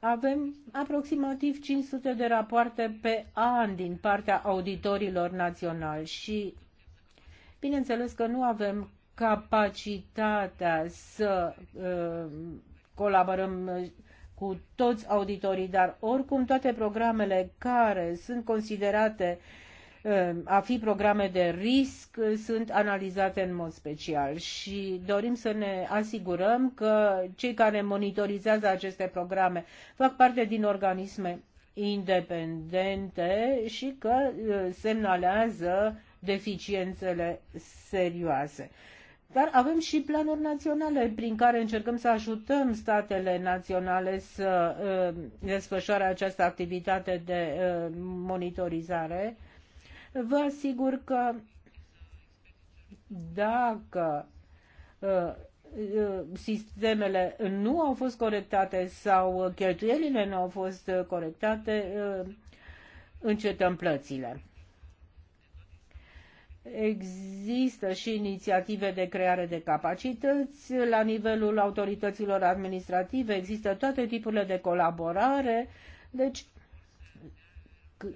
avem aproximativ 500 de rapoarte pe an din partea auditorilor naționali și bineînțeles că nu avem capacitatea să uh, colaborăm cu toți auditorii, dar oricum toate programele care sunt considerate uh, a fi programe de risc sunt analizate în mod special și dorim să ne asigurăm că cei care monitorizează aceste programe fac parte din organisme independente și că uh, semnalează deficiențele serioase. Dar avem și planuri naționale prin care încercăm să ajutăm statele naționale să uh, desfășoare această activitate de uh, monitorizare. Vă asigur că dacă uh, sistemele nu au fost corectate sau cheltuielile nu au fost corectate, încetăm plățile. Există și inițiative de creare de capacități la nivelul autorităților administrative, există toate tipurile de colaborare, deci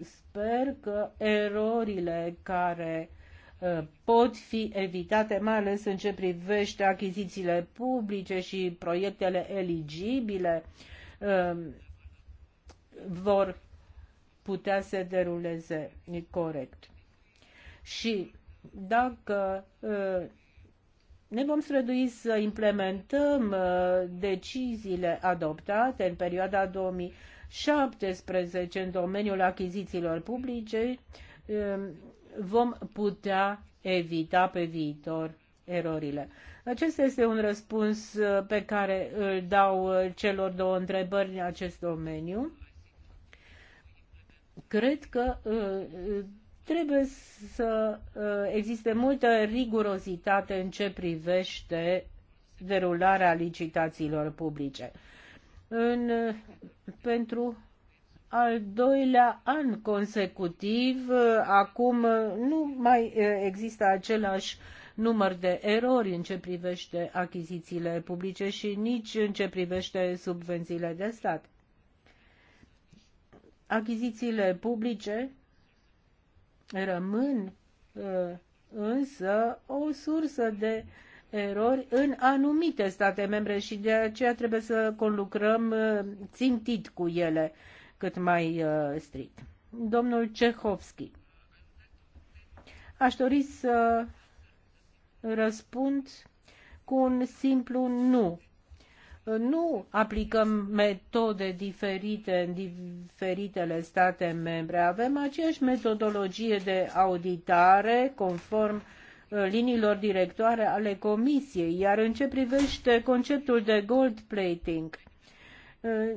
sper că erorile care uh, pot fi evitate, mai ales în ce privește achizițiile publice și proiectele eligibile, uh, vor putea să deruleze corect. Și dacă uh, ne vom strădui să implementăm uh, deciziile adoptate în perioada 2017 în domeniul achizițiilor publice, um, vom putea evita pe viitor erorile. Acesta este un răspuns uh, pe care îl dau celor două întrebări în acest domeniu. Cred că Trebuie să uh, existe multă rigurozitate în ce privește derularea licitațiilor publice. În, uh, pentru al doilea an consecutiv, uh, acum nu mai există același număr de erori în ce privește achizițiile publice și nici în ce privește subvențiile de stat. Achizițiile publice rămân uh, însă o sursă de erori în anumite state membre și de aceea trebuie să conlucrăm uh, țintit cu ele cât mai uh, strict. Domnul Cehovski, aș dori să răspund cu un simplu nu nu aplicăm metode diferite în diferitele state membre. Avem aceeași metodologie de auditare conform uh, liniilor directoare ale Comisiei, iar în ce privește conceptul de gold plating, uh,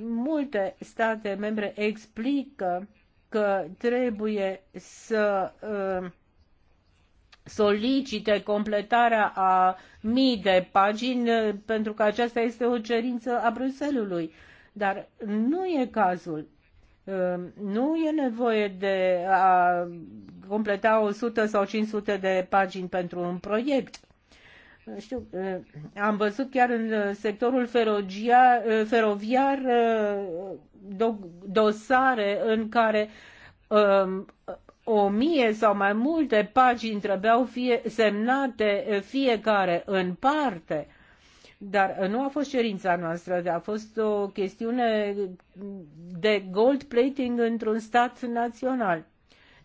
multe state membre explică că trebuie să uh, solicite completarea a mii de pagini, eh, pentru că aceasta este o cerință a Bruselului. Dar nu e cazul. Eh, nu e nevoie de a completa 100 sau 500 de pagini pentru un proiect. Eh, știu, am văzut chiar în sectorul ferogia, feroviar dosare în care o mie sau mai multe pagini trebuiau fie semnate eh, fiecare în parte. Dar eh, nu a fost cerința noastră, a fost o chestiune de gold plating într-un stat național.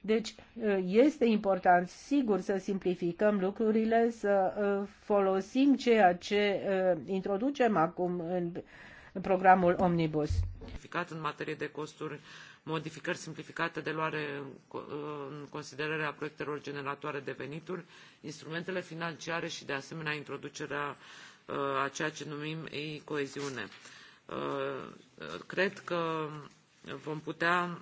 Deci eh, este important, sigur, să simplificăm lucrurile, să folosim ceea ce introducem acum în programul Omnibus. În materie de costuri modificări simplificate de luare în considerare a proiectelor generatoare de venituri, instrumentele financiare și, de asemenea, introducerea uh, a ceea ce numim ei coeziune. Uh, uh, cred că vom putea,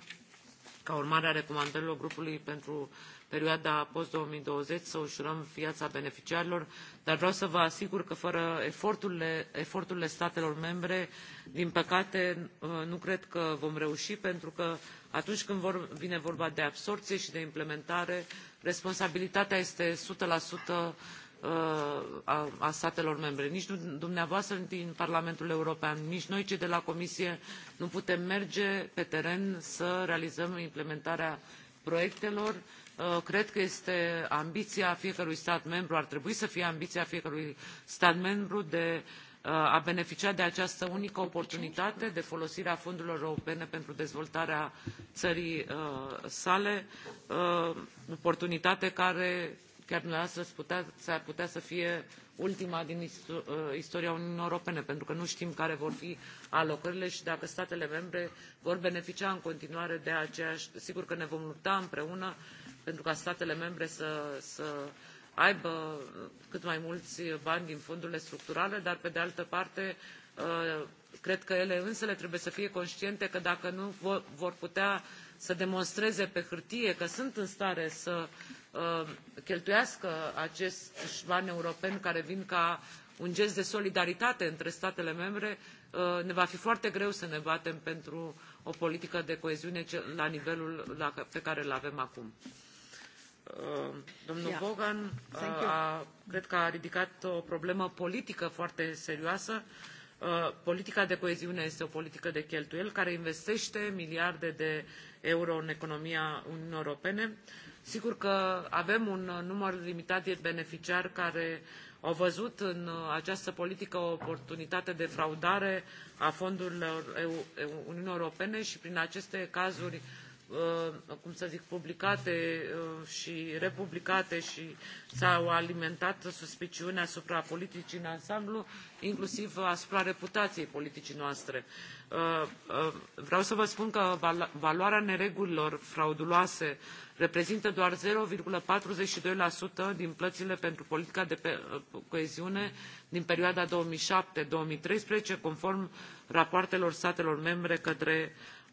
ca urmare a recomandărilor grupului pentru perioada post-2020 să ușurăm viața beneficiarilor, dar vreau să vă asigur că fără eforturile, eforturile statelor membre, din păcate, uh, nu cred că vom reuși, pentru că atunci când vor, vine vorba de absorție și de implementare, responsabilitatea este 100% uh, a, a statelor membre. Nici dumneavoastră din Parlamentul European, nici noi cei de la Comisie nu putem merge pe teren să realizăm implementarea proiectelor uh, Uh, cred că este ambiția fiecărui stat membru, ar trebui să fie ambiția fiecărui stat membru de uh, a beneficia de această unică oportunitate de folosire a fondurilor europene pentru dezvoltarea țării uh, sale, oportunitate care chiar dumneavoastră s-ar putea să fie ultima din istoria Uniunii Europene, pentru că nu știm care vor fi alocările și dacă statele membre vor beneficia în continuare de aceeași... Sigur că ne vom lupta împreună pentru ca statele membre să, să aibă cât mai mulți bani din fondurile structurale, dar pe de altă parte uh, cred că ele însele trebuie să fie conștiente că dacă nu vor putea să demonstreze pe hârtie că sunt în stare să uh, cheltuiască acești bani europeni care vin ca un gest de solidaritate între statele membre, uh, ne va fi foarte greu să ne batem pentru o politică de coeziune la nivelul pe care îl avem acum. Uh, domnul Bogan, uh, a, cred că a ridicat o problemă politică foarte serioasă. Uh, politica de coeziune este o politică de cheltuieli care investește miliarde de euro în economia Uniunii Europene. Sigur că avem un număr limitat de beneficiari care au văzut în această politică o oportunitate de fraudare a fondurilor Uniunii Europene și prin aceste cazuri Uh, cum să zic, publicate uh, și republicate și s-au alimentat suspiciunea asupra politicii în ansamblu, inclusiv asupra reputației politicii noastre. Uh, vreau să vă spun că valoarea neregulilor frauduloase reprezintă doar 0,42% din plățile pentru politica de coeziune din perioada 2007-2013, conform rapoartelor statelor membre către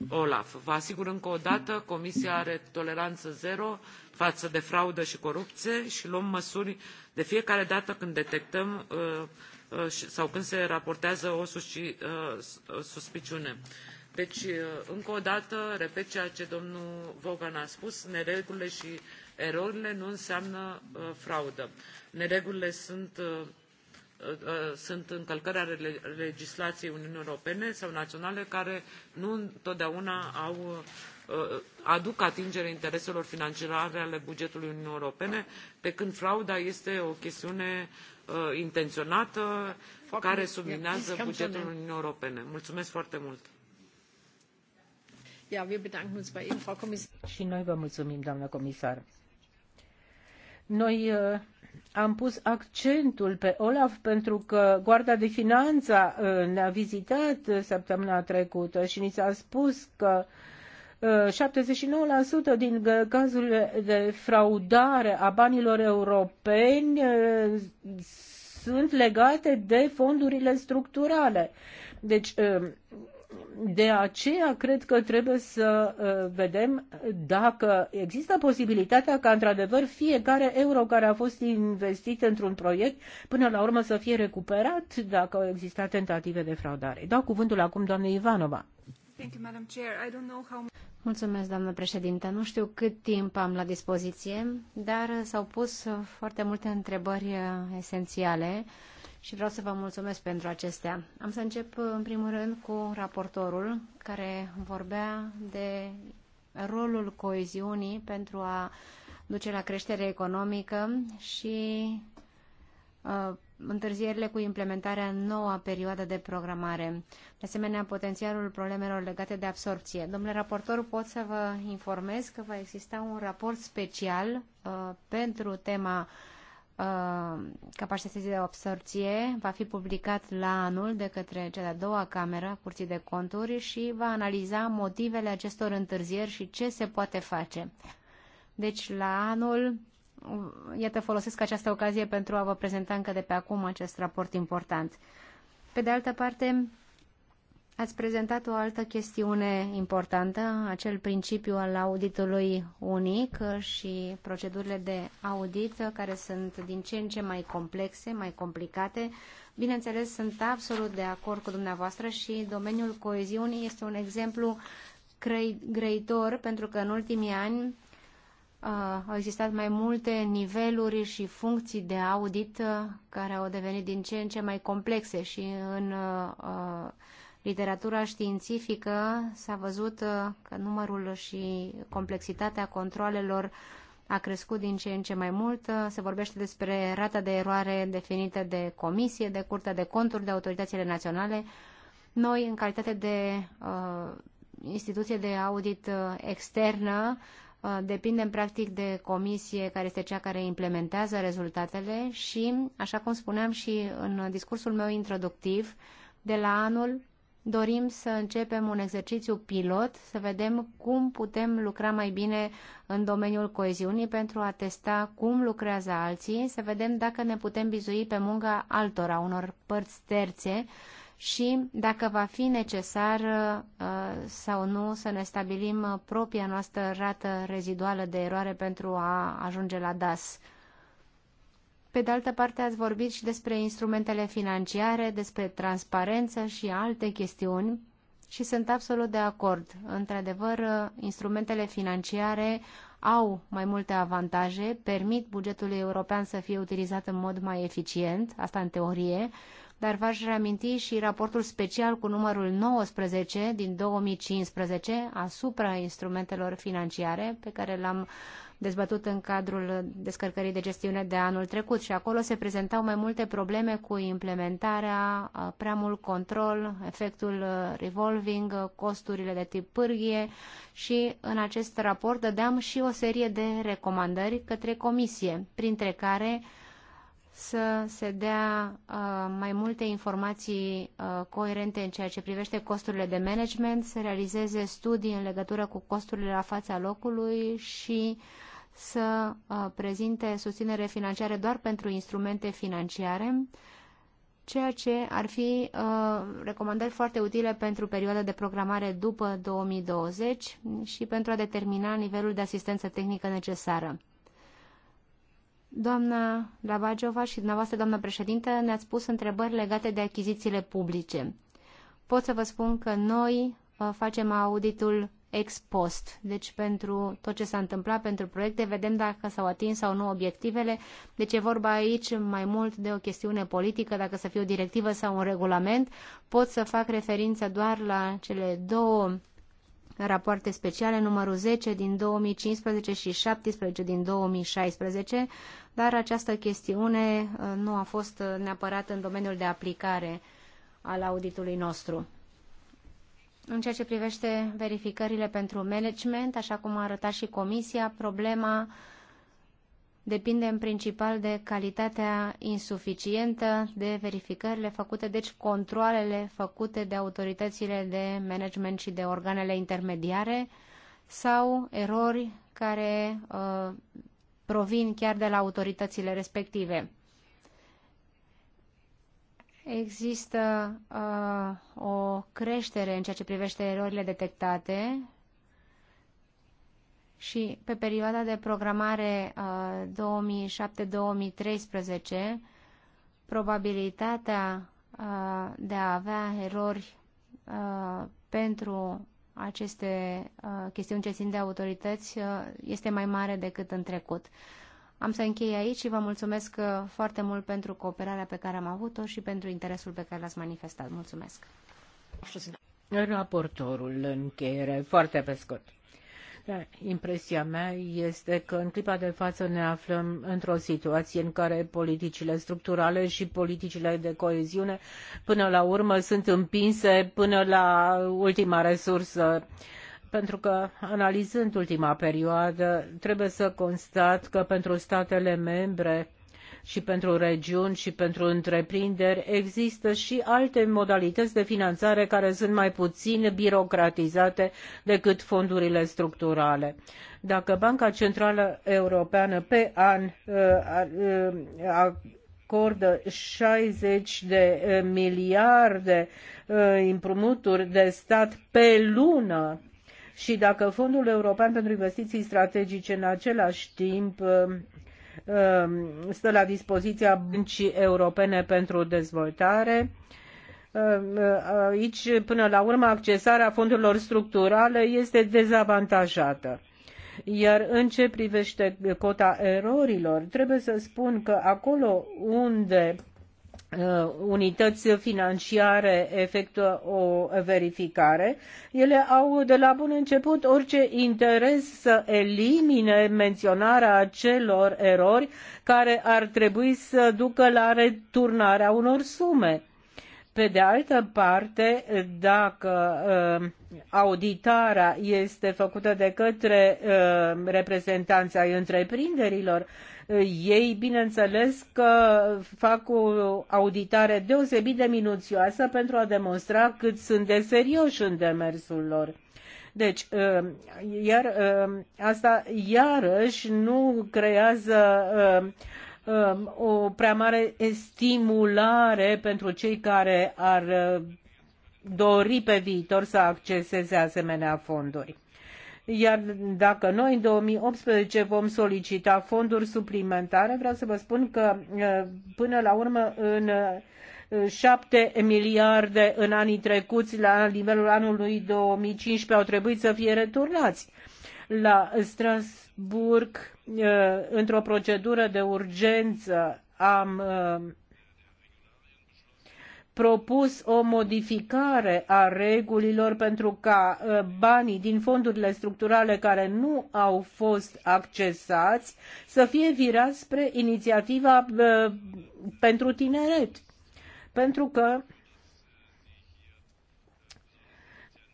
olaf. vă asigur încă o dată comisia are toleranță zero față de fraudă și corupție și luăm măsuri de fiecare dată când detectăm uh, uh, sau când se raportează o uh, suspiciune. Deci, încă o dată, repet ceea ce domnul Vogan a spus, neregulile și erorile nu înseamnă fraudă. Neregulile sunt Ă, ă, sunt încălcări ale legislației Uniunii Europene sau naționale care nu întotdeauna au, ă, aduc atingere intereselor financiare ale bugetului Uniunii Europene, pe când frauda este o chestiune intenționată care subminează bugetul Uniunii Europene. Mulțumesc foarte mult! Ja, wir bedanken uns bei Ihnen, Frau Kommissarin. Și noi vă mulțumim, doamnă comisar. Noi uh, am pus accentul pe Olaf pentru că Guarda de Finanță uh, ne-a vizitat uh, săptămâna trecută și ni s-a spus că 79% din cazurile de fraudare a banilor europeni sunt legate de fondurile structurale. Deci de aceea cred că trebuie să uh, vedem dacă există posibilitatea ca într-adevăr fiecare euro care a fost investit într-un proiect până la urmă să fie recuperat dacă au existat tentative de fraudare. Dau cuvântul acum doamnei Ivanova. Mulțumesc, doamnă președinte. Nu știu cât timp am la dispoziție, dar s-au pus foarte multe întrebări uh, esențiale. Uh, și vreau să vă mulțumesc pentru acestea. Am să încep în primul rând cu raportorul care vorbea de rolul coeziunii pentru a duce la creștere economică și uh, întârzierile cu implementarea în noua perioadă de programare. De asemenea, potențialul problemelor legate de absorpție. Domnule raportor, pot să vă informez că va exista un raport special uh, pentru tema uh, Uh, capacității de absorție va fi publicat la anul de către cea de-a doua cameră a Curții de Conturi și va analiza motivele acestor întârzieri și ce se poate face. Deci la anul, uh, iată, folosesc această ocazie pentru a vă prezenta încă de pe acum acest raport important. Pe de altă parte, Ați prezentat o altă chestiune importantă, acel principiu al auditului unic și procedurile de audit care sunt din ce în ce mai complexe, mai complicate. Bineînțeles, sunt absolut de acord cu dumneavoastră și domeniul coeziunii este un exemplu greitor pentru că în ultimii ani uh, au existat mai multe niveluri și funcții de audit uh, care au devenit din ce în ce mai complexe și în uh, literatura științifică s-a văzut uh, că numărul și complexitatea controlelor a crescut din ce în ce mai mult. Uh, se vorbește despre rata de eroare definită de comisie, de curtea de conturi, de autoritățile naționale. Noi, în calitate de uh, instituție de audit uh, externă, depindem practic de comisie care este cea care implementează rezultatele și, așa cum spuneam și în discursul meu introductiv, de la anul dorim să începem un exercițiu pilot, să vedem cum putem lucra mai bine în domeniul coeziunii pentru a testa cum lucrează alții, să vedem dacă ne putem bizui pe munca altora, unor părți terțe și dacă va fi necesar uh, sau nu să ne stabilim propria noastră rată reziduală de eroare pentru a ajunge la DAS pe de altă parte, ați vorbit și despre instrumentele financiare, despre transparență și alte chestiuni și sunt absolut de acord. Într-adevăr, instrumentele financiare au mai multe avantaje, permit bugetului european să fie utilizat în mod mai eficient, asta în teorie, dar v-aș reaminti și raportul special cu numărul 19 din 2015 asupra instrumentelor financiare pe care l-am dezbătut în cadrul descărcării de gestiune de anul trecut și acolo se prezentau mai multe probleme cu implementarea, prea mult control, efectul revolving, costurile de tip pârghie și în acest raport dădeam și o serie de recomandări către comisie, printre care uh, să se dea uh, mai multe informații uh, coerente în ceea ce privește costurile de management, să realizeze studii în legătură cu costurile la fața locului și să uh, prezinte susținere financiară doar pentru instrumente financiare, ceea ce ar fi uh, recomandări foarte utile pentru perioada de programare după 2020 și pentru a determina nivelul de asistență tehnică necesară. Doamna Labajova și dumneavoastră, doamna președinte, ne-ați pus întrebări legate de achizițiile publice. Pot să vă spun că noi uh, facem auditul ex post, deci pentru tot ce s-a întâmplat, pentru proiecte, vedem dacă s-au atins sau nu obiectivele. Deci e vorba aici mai mult de o chestiune politică, dacă să fie o directivă sau un regulament. Pot să fac referință doar la cele două rapoarte speciale numărul 10 din 2015 și 17 din 2016 dar această chestiune uh, nu a fost uh, neapărat în domeniul de aplicare al auditului nostru. În ceea ce privește verificările pentru management, așa cum a arătat și Comisia, problema depinde în principal de calitatea insuficientă de verificările făcute, deci controlele făcute de autoritățile de management și de organele intermediare sau erori care uh, provin chiar de la autoritățile respective. Există uh, o creștere în ceea ce privește erorile detectate și pe perioada de programare uh, 2007-2013 probabilitatea uh, de a avea erori uh, pentru aceste uh, chestiuni ce țin de autorități uh, este mai mare decât în trecut. Am să închei aici și vă mulțumesc uh, foarte mult pentru cooperarea pe care am avut-o și pentru interesul pe care l-ați manifestat. Mulțumesc! Raportorul încheiere, foarte pe scurt impresia mea este că în clipa de față ne aflăm într-o situație în care politicile structurale și politicile de coeziune până la urmă sunt împinse până la ultima resursă pentru că analizând ultima perioadă trebuie să constat că pentru statele membre și pentru regiuni și pentru întreprinderi, există și alte modalități de finanțare care sunt mai puțin birocratizate decât fondurile structurale. Dacă Banca Centrală Europeană pe an uh, uh, acordă 60 de uh, miliarde împrumuturi de stat pe lună și dacă Fondul European pentru Investiții Strategice în același timp Um, stă la dispoziția Băncii Europene pentru Dezvoltare. Um, uh, aici, până la urmă, accesarea fondurilor structurale este dezavantajată. Iar în ce privește cota erorilor, trebuie să spun că acolo unde Uh, unități financiare efectuă o verificare, ele au de la bun început orice interes să elimine menționarea acelor erori care ar trebui să ducă la returnarea unor sume. Pe de altă parte, dacă uh, auditarea este făcută de către uh, reprezentanții ai întreprinderilor, ei, bineînțeles, că fac o auditare deosebit de minuțioasă pentru a demonstra cât sunt de serioși în demersul lor. Deci, uh, iar uh, asta iarăși nu creează uh, um, o prea mare stimulare pentru cei care ar dori pe viitor să acceseze asemenea fonduri. Iar dacă noi în 2018 vom solicita fonduri suplimentare, vreau să vă spun că uh, până la urmă în 7 uh, miliarde în anii trecuți la nivelul anului 2015 au trebuit să fie returnați. La Strasburg, uh, într-o procedură de urgență, am propus o modificare a regulilor pentru ca ă, banii din fondurile structurale care nu au fost accesați să fie virați spre inițiativa ă, pentru tineret. Pentru că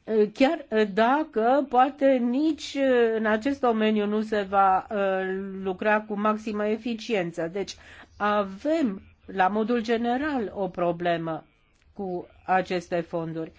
ă, chiar dacă poate nici în acest domeniu nu se va lucra cu maximă eficiență. Deci avem la modul general o problemă cu aceste fonduri.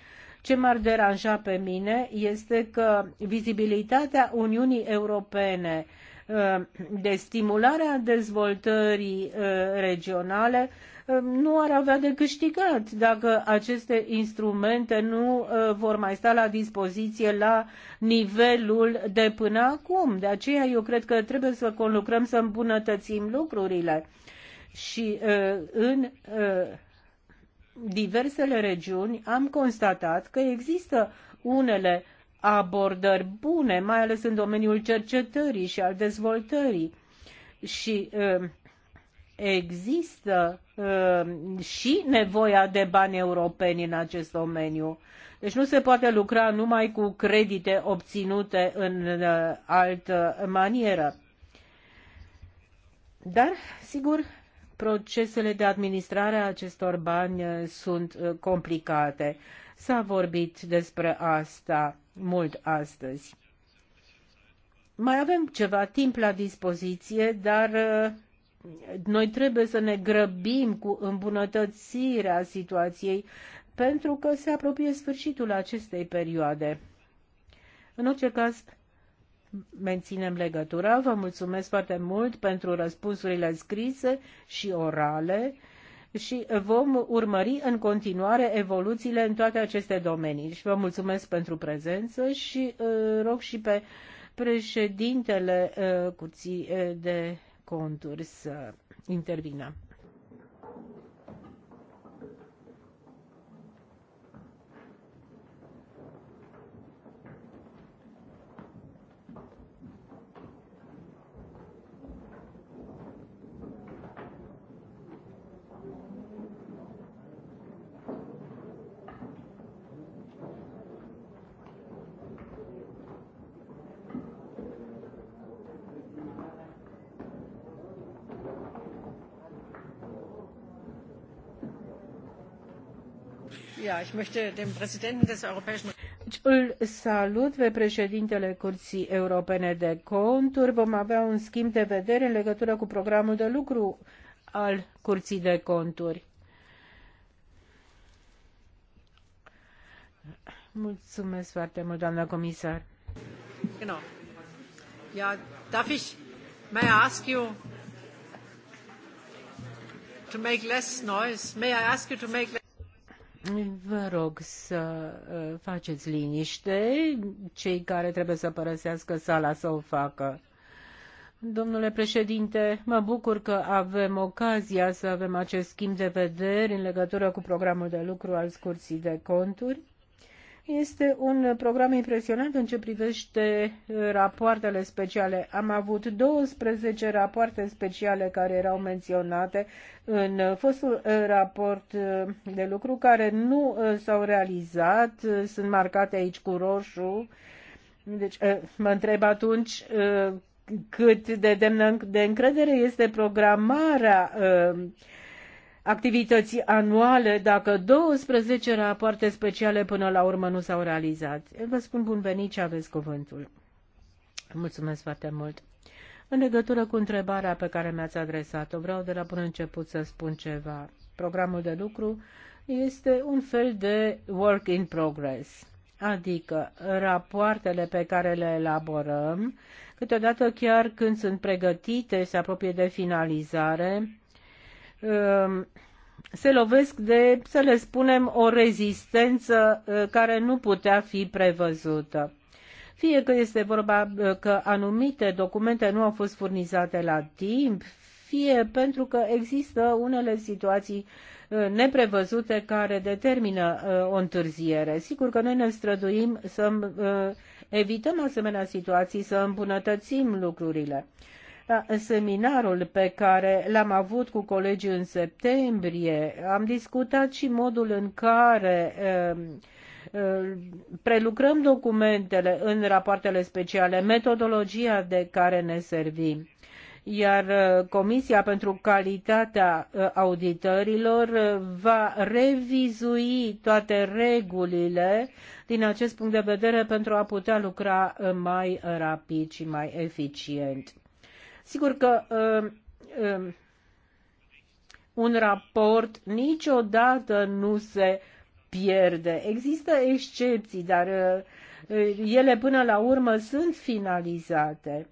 Ce m-ar deranja pe mine este că vizibilitatea Uniunii Europene uh, de stimulare a dezvoltării uh, regionale uh, nu ar avea de câștigat dacă aceste instrumente nu vor mai sta la dispoziție la nivelul de până acum. De aceea eu cred că trebuie să conlucrăm să îmbunătățim lucrurile. Și în diversele regiuni am constatat că există unele abordări bune, mai ales în domeniul cercetării și al dezvoltării. Și uh, există uh, și nevoia de bani europeni în acest domeniu. Deci nu se poate lucra numai cu credite obținute în uh, altă manieră. Dar, sigur, procesele de administrare a acestor bani uh, sunt uh, complicate. S-a vorbit despre asta mult astăzi. Mai avem ceva timp la dispoziție, dar uh, noi trebuie să ne grăbim cu îmbunătățirea situației pentru că se apropie sfârșitul acestei perioade. În orice caz, menținem legătura. Vă mulțumesc foarte mult pentru răspunsurile scrise și orale și vom urmări în continuare evoluțiile în toate aceste domenii. Și vă mulțumesc pentru prezență și uh, rog și pe președintele uh, Curții uh, de Conturi să intervină. Deci îl salut pe președintele Curții Europene de Conturi. Vom avea un schimb de vedere în legătură cu programul de lucru al Curții de Conturi. Mulțumesc foarte mult, doamna comisar. Genau. Ja, darf ich, may I ask you to make less noise? May I ask you to make less Vă rog să uh, faceți liniște. Cei care trebuie să părăsească sala să o facă. Domnule președinte, mă bucur că avem ocazia să avem acest schimb de vederi în legătură cu programul de lucru al scurții de Conturi. Este un program impresionant în ce privește rapoartele speciale. Am avut 12 rapoarte speciale care erau menționate în fostul uh, raport uh, de lucru care nu uh, s-au realizat, sunt marcate aici cu roșu. Deci mă întreb atunci cât de demnă de încredere este programarea uh, Activități anuale dacă 12 rapoarte speciale până la urmă nu s-au realizat. Vă spun bun venit și aveți cuvântul. Mulțumesc foarte mult. În legătură cu întrebarea pe care mi-ați adresat-o, vreau de la bun început să spun ceva. Programul de lucru este un fel de work in progress, adică rapoartele pe care le elaborăm, câteodată chiar când sunt pregătite, se apropie de finalizare, Um, se lovesc de, să le spunem, o rezistență uh, care nu putea fi prevăzută. Fie că este vorba uh, că anumite documente nu au fost furnizate la timp, fie pentru că există unele situații uh, neprevăzute care determină o întârziere. Sigur că noi ne străduim să evităm asemenea situații, să îmbunătățim lucrurile. La seminarul pe care l-am avut cu colegii în septembrie, am discutat și modul în care ehm, ehm, prelucrăm documentele în rapoartele speciale, metodologia de care ne servim. Iar eh, Comisia pentru Calitatea eh, Auditorilor eh, va revizui toate regulile din acest punct de vedere pentru a putea lucra mai rapid și mai eficient. Sigur că uh, uh, un raport niciodată nu se pierde. Există excepții, dar uh, ele până la urmă sunt finalizate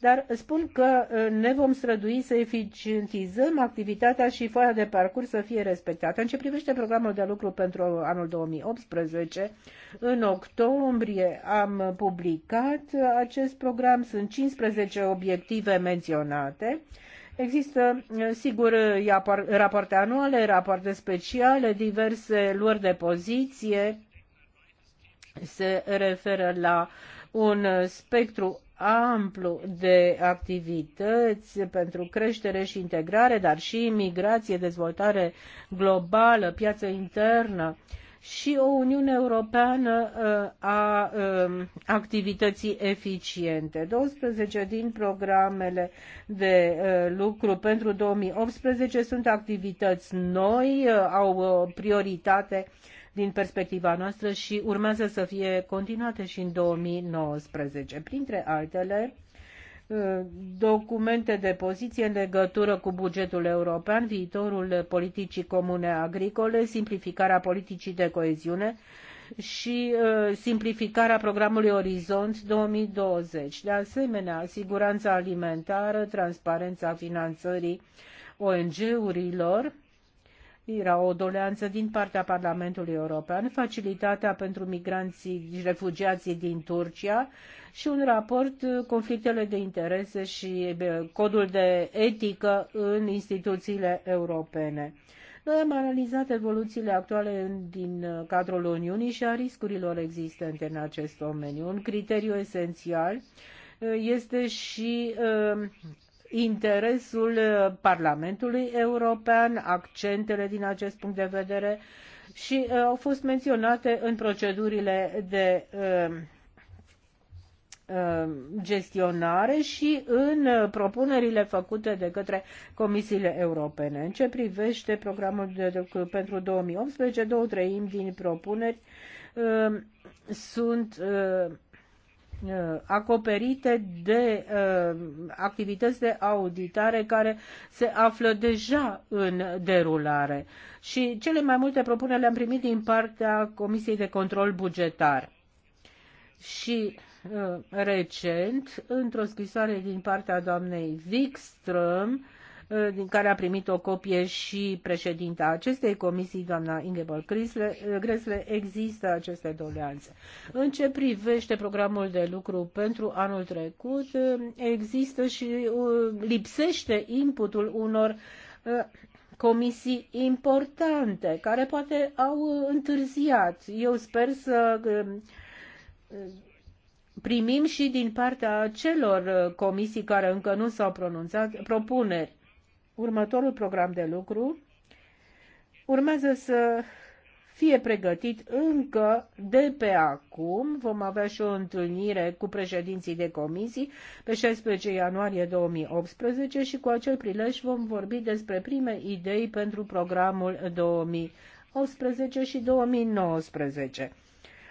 dar spun că uh, ne vom strădui să eficientizăm activitatea și foaia de parcurs să fie respectată. În ce privește programul de lucru pentru anul 2018, în octombrie am publicat acest program, sunt 15 obiective menționate. Există, uh, sigur, rapoarte anuale, rapoarte speciale, diverse luări de poziție, se referă la uh, un uh, spectru amplu de activități pentru creștere și integrare, dar și migrație, dezvoltare globală, piață internă și o Uniune Europeană uh, a um, activității eficiente. 12 din programele de uh, lucru pentru 2018 sunt activități noi, au prioritate din perspectiva noastră și urmează să fie continuate și în 2019. Printre altele, uh, documente de poziție în legătură cu bugetul european, viitorul politicii comune agricole, simplificarea politicii de coeziune și uh, simplificarea programului Orizont 2020. De asemenea, siguranța alimentară, transparența finanțării ONG-urilor, era o doleanță din partea Parlamentului European, facilitatea pentru migranții și refugiații din Turcia și un raport uh, conflictele de interese și uh, codul de etică în instituțiile europene. Noi am analizat evoluțiile actuale din uh, cadrul Uniunii și a riscurilor existente în acest domeniu. Un criteriu esențial este și interesul uh, Parlamentului European, accentele din acest punct de vedere și uh, au fost menționate în procedurile de uh, uh gestionare și în uh, propunerile făcute de către comisiile europene. În ce privește programul de, de, pentru 2018, două treimi din propuneri uh, sunt uh, Uh, acoperite de uh, activități de auditare care se află deja în derulare. Și cele mai multe propuneri le-am primit din partea Comisiei de Control Bugetar. Și uh, recent, într-o scrisoare din partea doamnei Wikström, Uh, din care a primit o copie și președinta acestei comisii, doamna Ingeborg uh, Gresle, există aceste doleanțe. În ce privește programul de lucru pentru anul trecut, uh, există și lipsește inputul unor comisii importante care poate au întârziat. Eu sper să primim și din partea celor comisii care încă nu s-au pronunțat propuneri următorul program de lucru urmează să fie pregătit încă de pe acum. Vom avea și o întâlnire cu președinții de comisii pe 16 ianuarie 2018 și cu acel prilej vom vorbi despre prime idei pentru programul 2018 și 2019.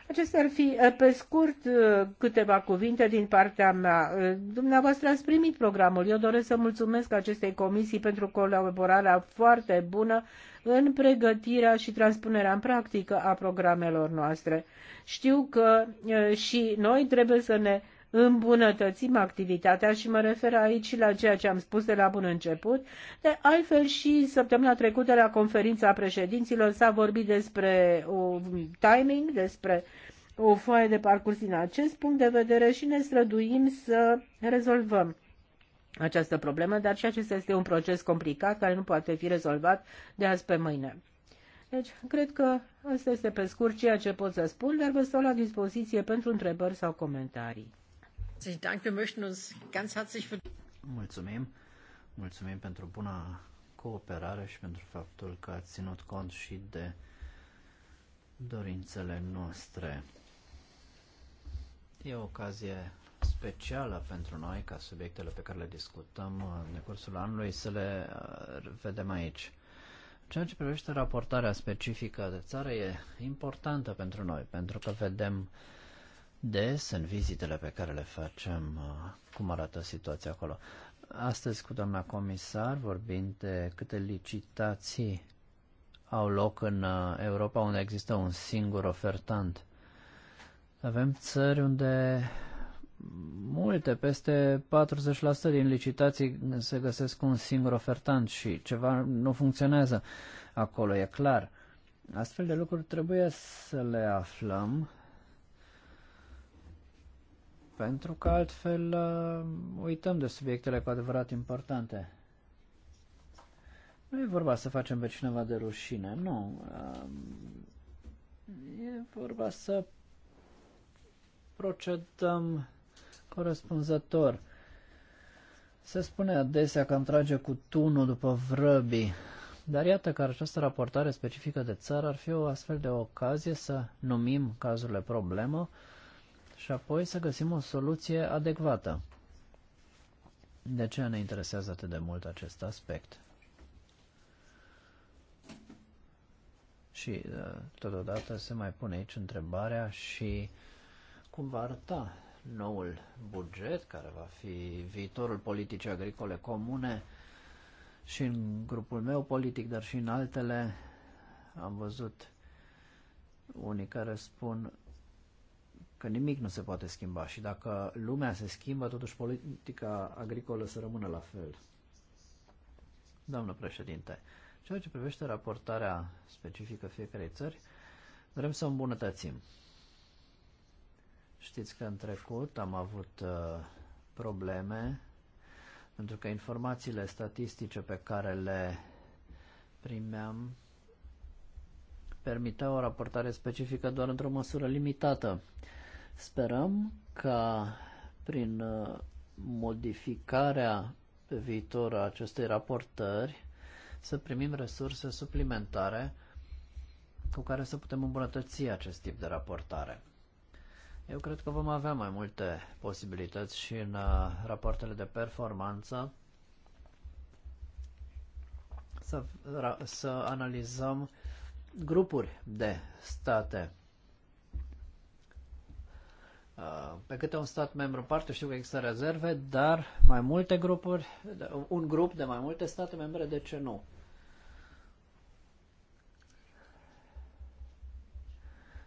Acestea ar fi, eh, pe scurt, eh, câteva cuvinte din partea mea. Eh, dumneavoastră ați primit programul. Eu doresc să mulțumesc acestei comisii pentru colaborarea foarte bună în pregătirea și transpunerea în practică a programelor noastre. Știu că și noi trebuie să ne îmbunătățim activitatea și mă refer aici și la ceea ce am spus de la bun început. De altfel și săptămâna trecută la conferința președinților s-a vorbit despre un timing, despre o foaie de parcurs din acest punct de vedere și ne străduim să rezolvăm această problemă, dar și acesta este un proces complicat care nu poate fi rezolvat de azi pe mâine. Deci, cred că asta este pe scurt ceea ce pot să spun, dar vă stau la dispoziție pentru întrebări sau comentarii. Mulțumim. Mulțumim pentru buna cooperare și pentru faptul că ați ținut cont și de dorințele noastre. E o ocazie specială pentru noi ca subiectele pe care le discutăm în cursul anului să le uh, vedem aici. Ceea ce privește raportarea specifică de țară e importantă pentru noi, pentru că vedem uh, des în vizitele pe care le facem, uh, cum arată situația acolo. Astăzi cu doamna comisar vorbim de câte licitații au loc în uh, Europa unde există un singur ofertant. Avem țări unde multe, peste 40% din licitații se găsesc cu un singur ofertant și ceva nu funcționează acolo, e clar. Astfel de lucruri trebuie să le aflăm pentru că altfel uh, uităm de subiectele cu adevărat importante. Nu e vorba să facem pe cineva de rușine, nu. Uh, e vorba să procedăm corespunzător. Se spune adesea că am trage cu tunul după vrăbii, dar iată că această raportare specifică de țară ar fi o astfel de ocazie să numim cazurile problemă, și apoi să găsim o soluție adecvată. De ce ne interesează atât de mult acest aspect? Și uh, totodată se mai pune aici întrebarea și cum va arăta noul buget, care va fi viitorul politicii agricole comune și în grupul meu politic, dar și în altele am văzut unii care spun că nimic nu se poate schimba și dacă lumea se schimbă, totuși politica agricolă să rămână la fel. Doamnă președinte, ceea ce privește raportarea specifică fiecarei țări, vrem să o îmbunătățim. Știți că în trecut am avut uh, probleme pentru că informațiile statistice pe care le primeam permiteau o raportare specifică doar într-o măsură limitată. Sperăm ca prin uh, modificarea pe viitor a acestei raportări să primim resurse suplimentare cu care să putem îmbunătăți acest tip de raportare. Eu cred că vom avea mai multe posibilități și în uh, rapoartele de performanță să, să analizăm grupuri de state Uh, pe câte un stat membru parte știu că există rezerve, dar mai multe grupuri, un grup de mai multe state membre, de ce nu?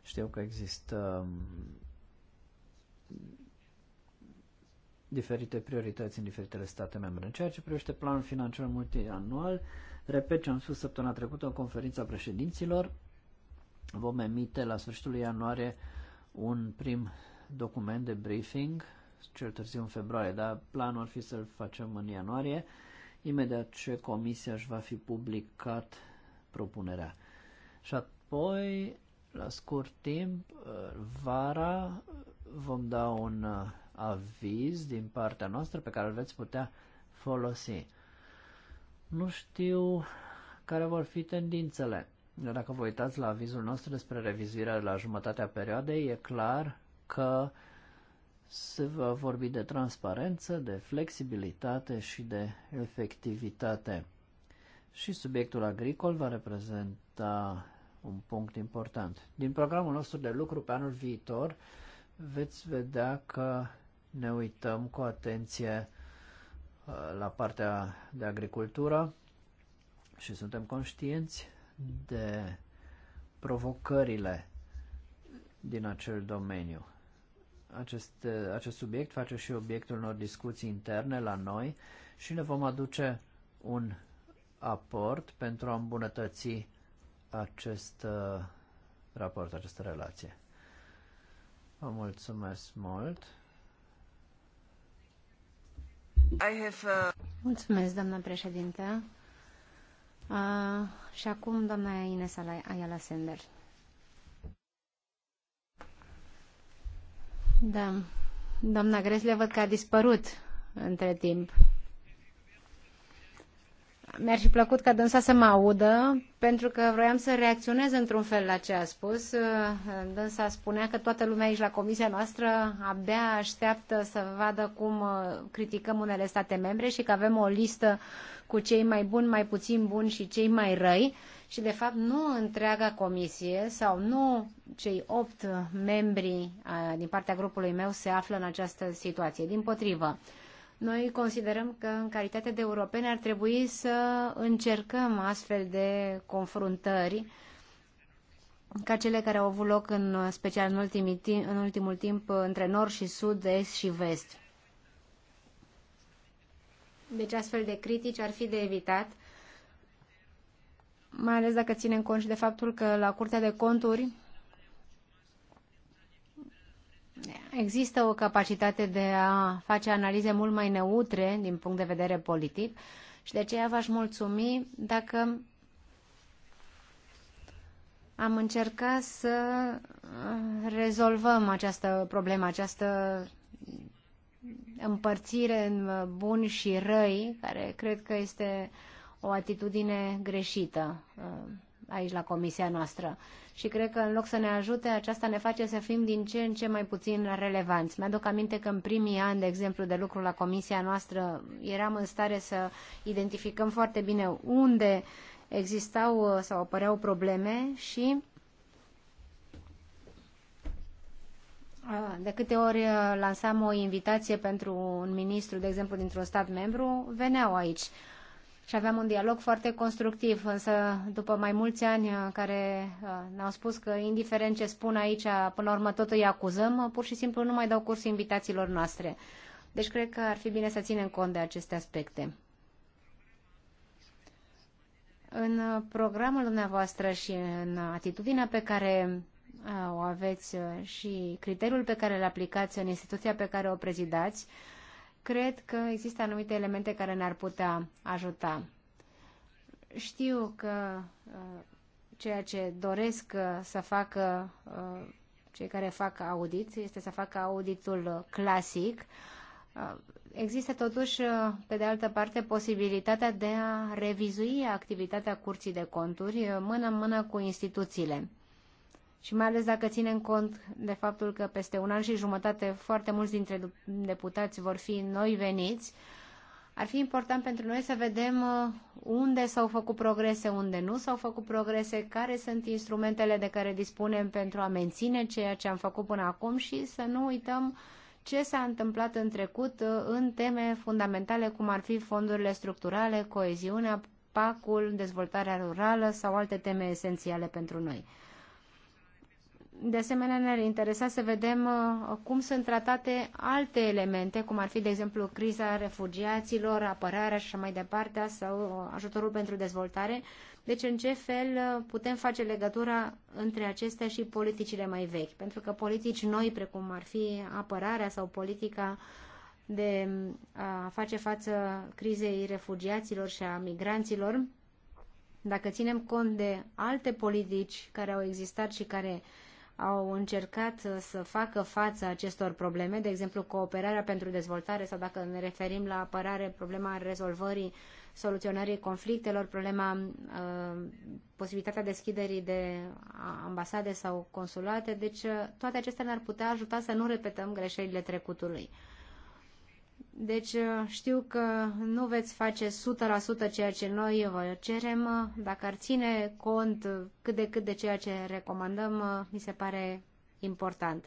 Știu că există um, diferite priorități în diferitele state membre. În ceea ce privește planul financiar multianual, repet ce am spus săptămâna trecută în conferința președinților, vom emite la sfârșitul ianuarie un prim document de briefing, cel târziu în februarie, dar planul ar fi să-l facem în ianuarie, imediat ce comisia își va fi publicat propunerea. Și apoi, la scurt timp, vara, vom da un uh, aviz din partea noastră pe care îl veți putea folosi. Nu știu care vor fi tendințele. Dacă vă uitați la avizul nostru despre revizuirea de la jumătatea perioadei, e clar că se va vorbi de transparență, de flexibilitate și de efectivitate. Și subiectul agricol va reprezenta un punct important. Din programul nostru de lucru pe anul viitor veți vedea că ne uităm cu atenție uh, la partea de agricultură și suntem conștienți de provocările din acel domeniu acest, uh, acest subiect face și obiectul unor discuții interne la noi și ne vom aduce un aport pentru a îmbunătăți acest uh, raport, această relație. Vă mulțumesc mult! I have, a... Uh, mulțumesc, doamna președinte. Uh, și acum, doamna Ines Ayala Sender. Da. Doamna Gresle, văd că a dispărut între timp. Mi-ar fi plăcut ca dânsa să mă audă, pentru că vroiam să reacționez într-un fel la ce a spus. Dânsa spunea că toată lumea aici la comisia noastră abia așteaptă să vadă cum uh, criticăm unele state membre și că avem o listă cu cei mai buni, mai puțin buni și cei mai răi. Uh, și, de fapt, nu întreaga comisie sau nu cei opt membri din partea grupului meu se află în această situație. Din potrivă, noi considerăm că, în calitate de europeni, ar trebui să încercăm astfel de confruntări ca cele care au avut loc în special în, ultimul timp, în ultimul timp între nord și sud, est și vest. Deci astfel de critici ar fi de evitat mai ales dacă ținem cont și de faptul că la Curtea de Conturi există o capacitate de a face analize mult mai neutre din punct de vedere politic și de aceea v-aș mulțumi dacă am încercat să rezolvăm această problemă, această împărțire în buni și răi, care cred că este uh, o atitudine greșită uh, aici la comisia noastră. Și cred că în loc să ne ajute, aceasta ne face să fim din ce în ce mai puțin relevanți. Mi-aduc aminte că în primii ani, de exemplu, de lucru la comisia noastră, eram în stare să identificăm foarte bine unde existau uh, sau apăreau probleme și uh, De câte ori lansam o invitație pentru un ministru, de exemplu, dintr-un stat membru, veneau aici și aveam un dialog foarte constructiv, însă după mai mulți ani uh, care uh, ne-au spus că indiferent ce spun aici, până la urmă tot îi acuzăm, uh, pur și simplu nu mai dau curs invitațiilor noastre. Deci cred că ar fi bine să ținem cont de aceste aspecte. În programul dumneavoastră și în atitudinea pe care o aveți și criteriul pe care îl aplicați în instituția pe care o prezidați, cred că există anumite elemente care ne-ar putea ajuta. Știu că uh, ceea ce doresc uh, să facă uh, cei care fac audit este să facă auditul clasic. Există totuși, pe de altă parte, posibilitatea de a revizui activitatea curții de conturi mână-mână cu instituțiile. Și mai ales dacă ținem cont de faptul că peste un an și jumătate foarte mulți dintre deputați vor fi noi veniți, ar fi important pentru noi să vedem uh, unde s-au făcut progrese, unde nu s-au făcut progrese, care sunt instrumentele de care dispunem pentru a menține ceea ce am făcut până acum și să nu uităm ce s-a întâmplat în trecut uh, în teme fundamentale cum ar fi fondurile structurale, coeziunea, pacul, dezvoltarea rurală sau alte teme esențiale pentru noi. De asemenea, ne-ar interesa să vedem uh, cum sunt tratate alte elemente, cum ar fi, de exemplu, criza refugiaților, apărarea și așa mai departe, sau uh, ajutorul pentru dezvoltare. Deci, în ce fel uh, putem face legătura între acestea și politicile mai vechi? Pentru că politici noi, precum ar fi apărarea sau politica de mm, a face față crizei refugiaților și a migranților, dacă ținem cont de alte politici care au existat și care uh, au încercat să facă față acestor probleme, de exemplu cooperarea pentru dezvoltare sau dacă ne referim la apărare, problema rezolvării, soluționării conflictelor, problema uh, posibilitatea deschiderii de ambasade sau consulate. Deci uh, toate acestea ne-ar putea ajuta să nu repetăm greșelile trecutului. Deci uh, știu că nu veți face 100% ceea ce noi vă cerem. Uh, dacă ar ține cont cât de cât de ceea ce recomandăm, uh, mi se pare important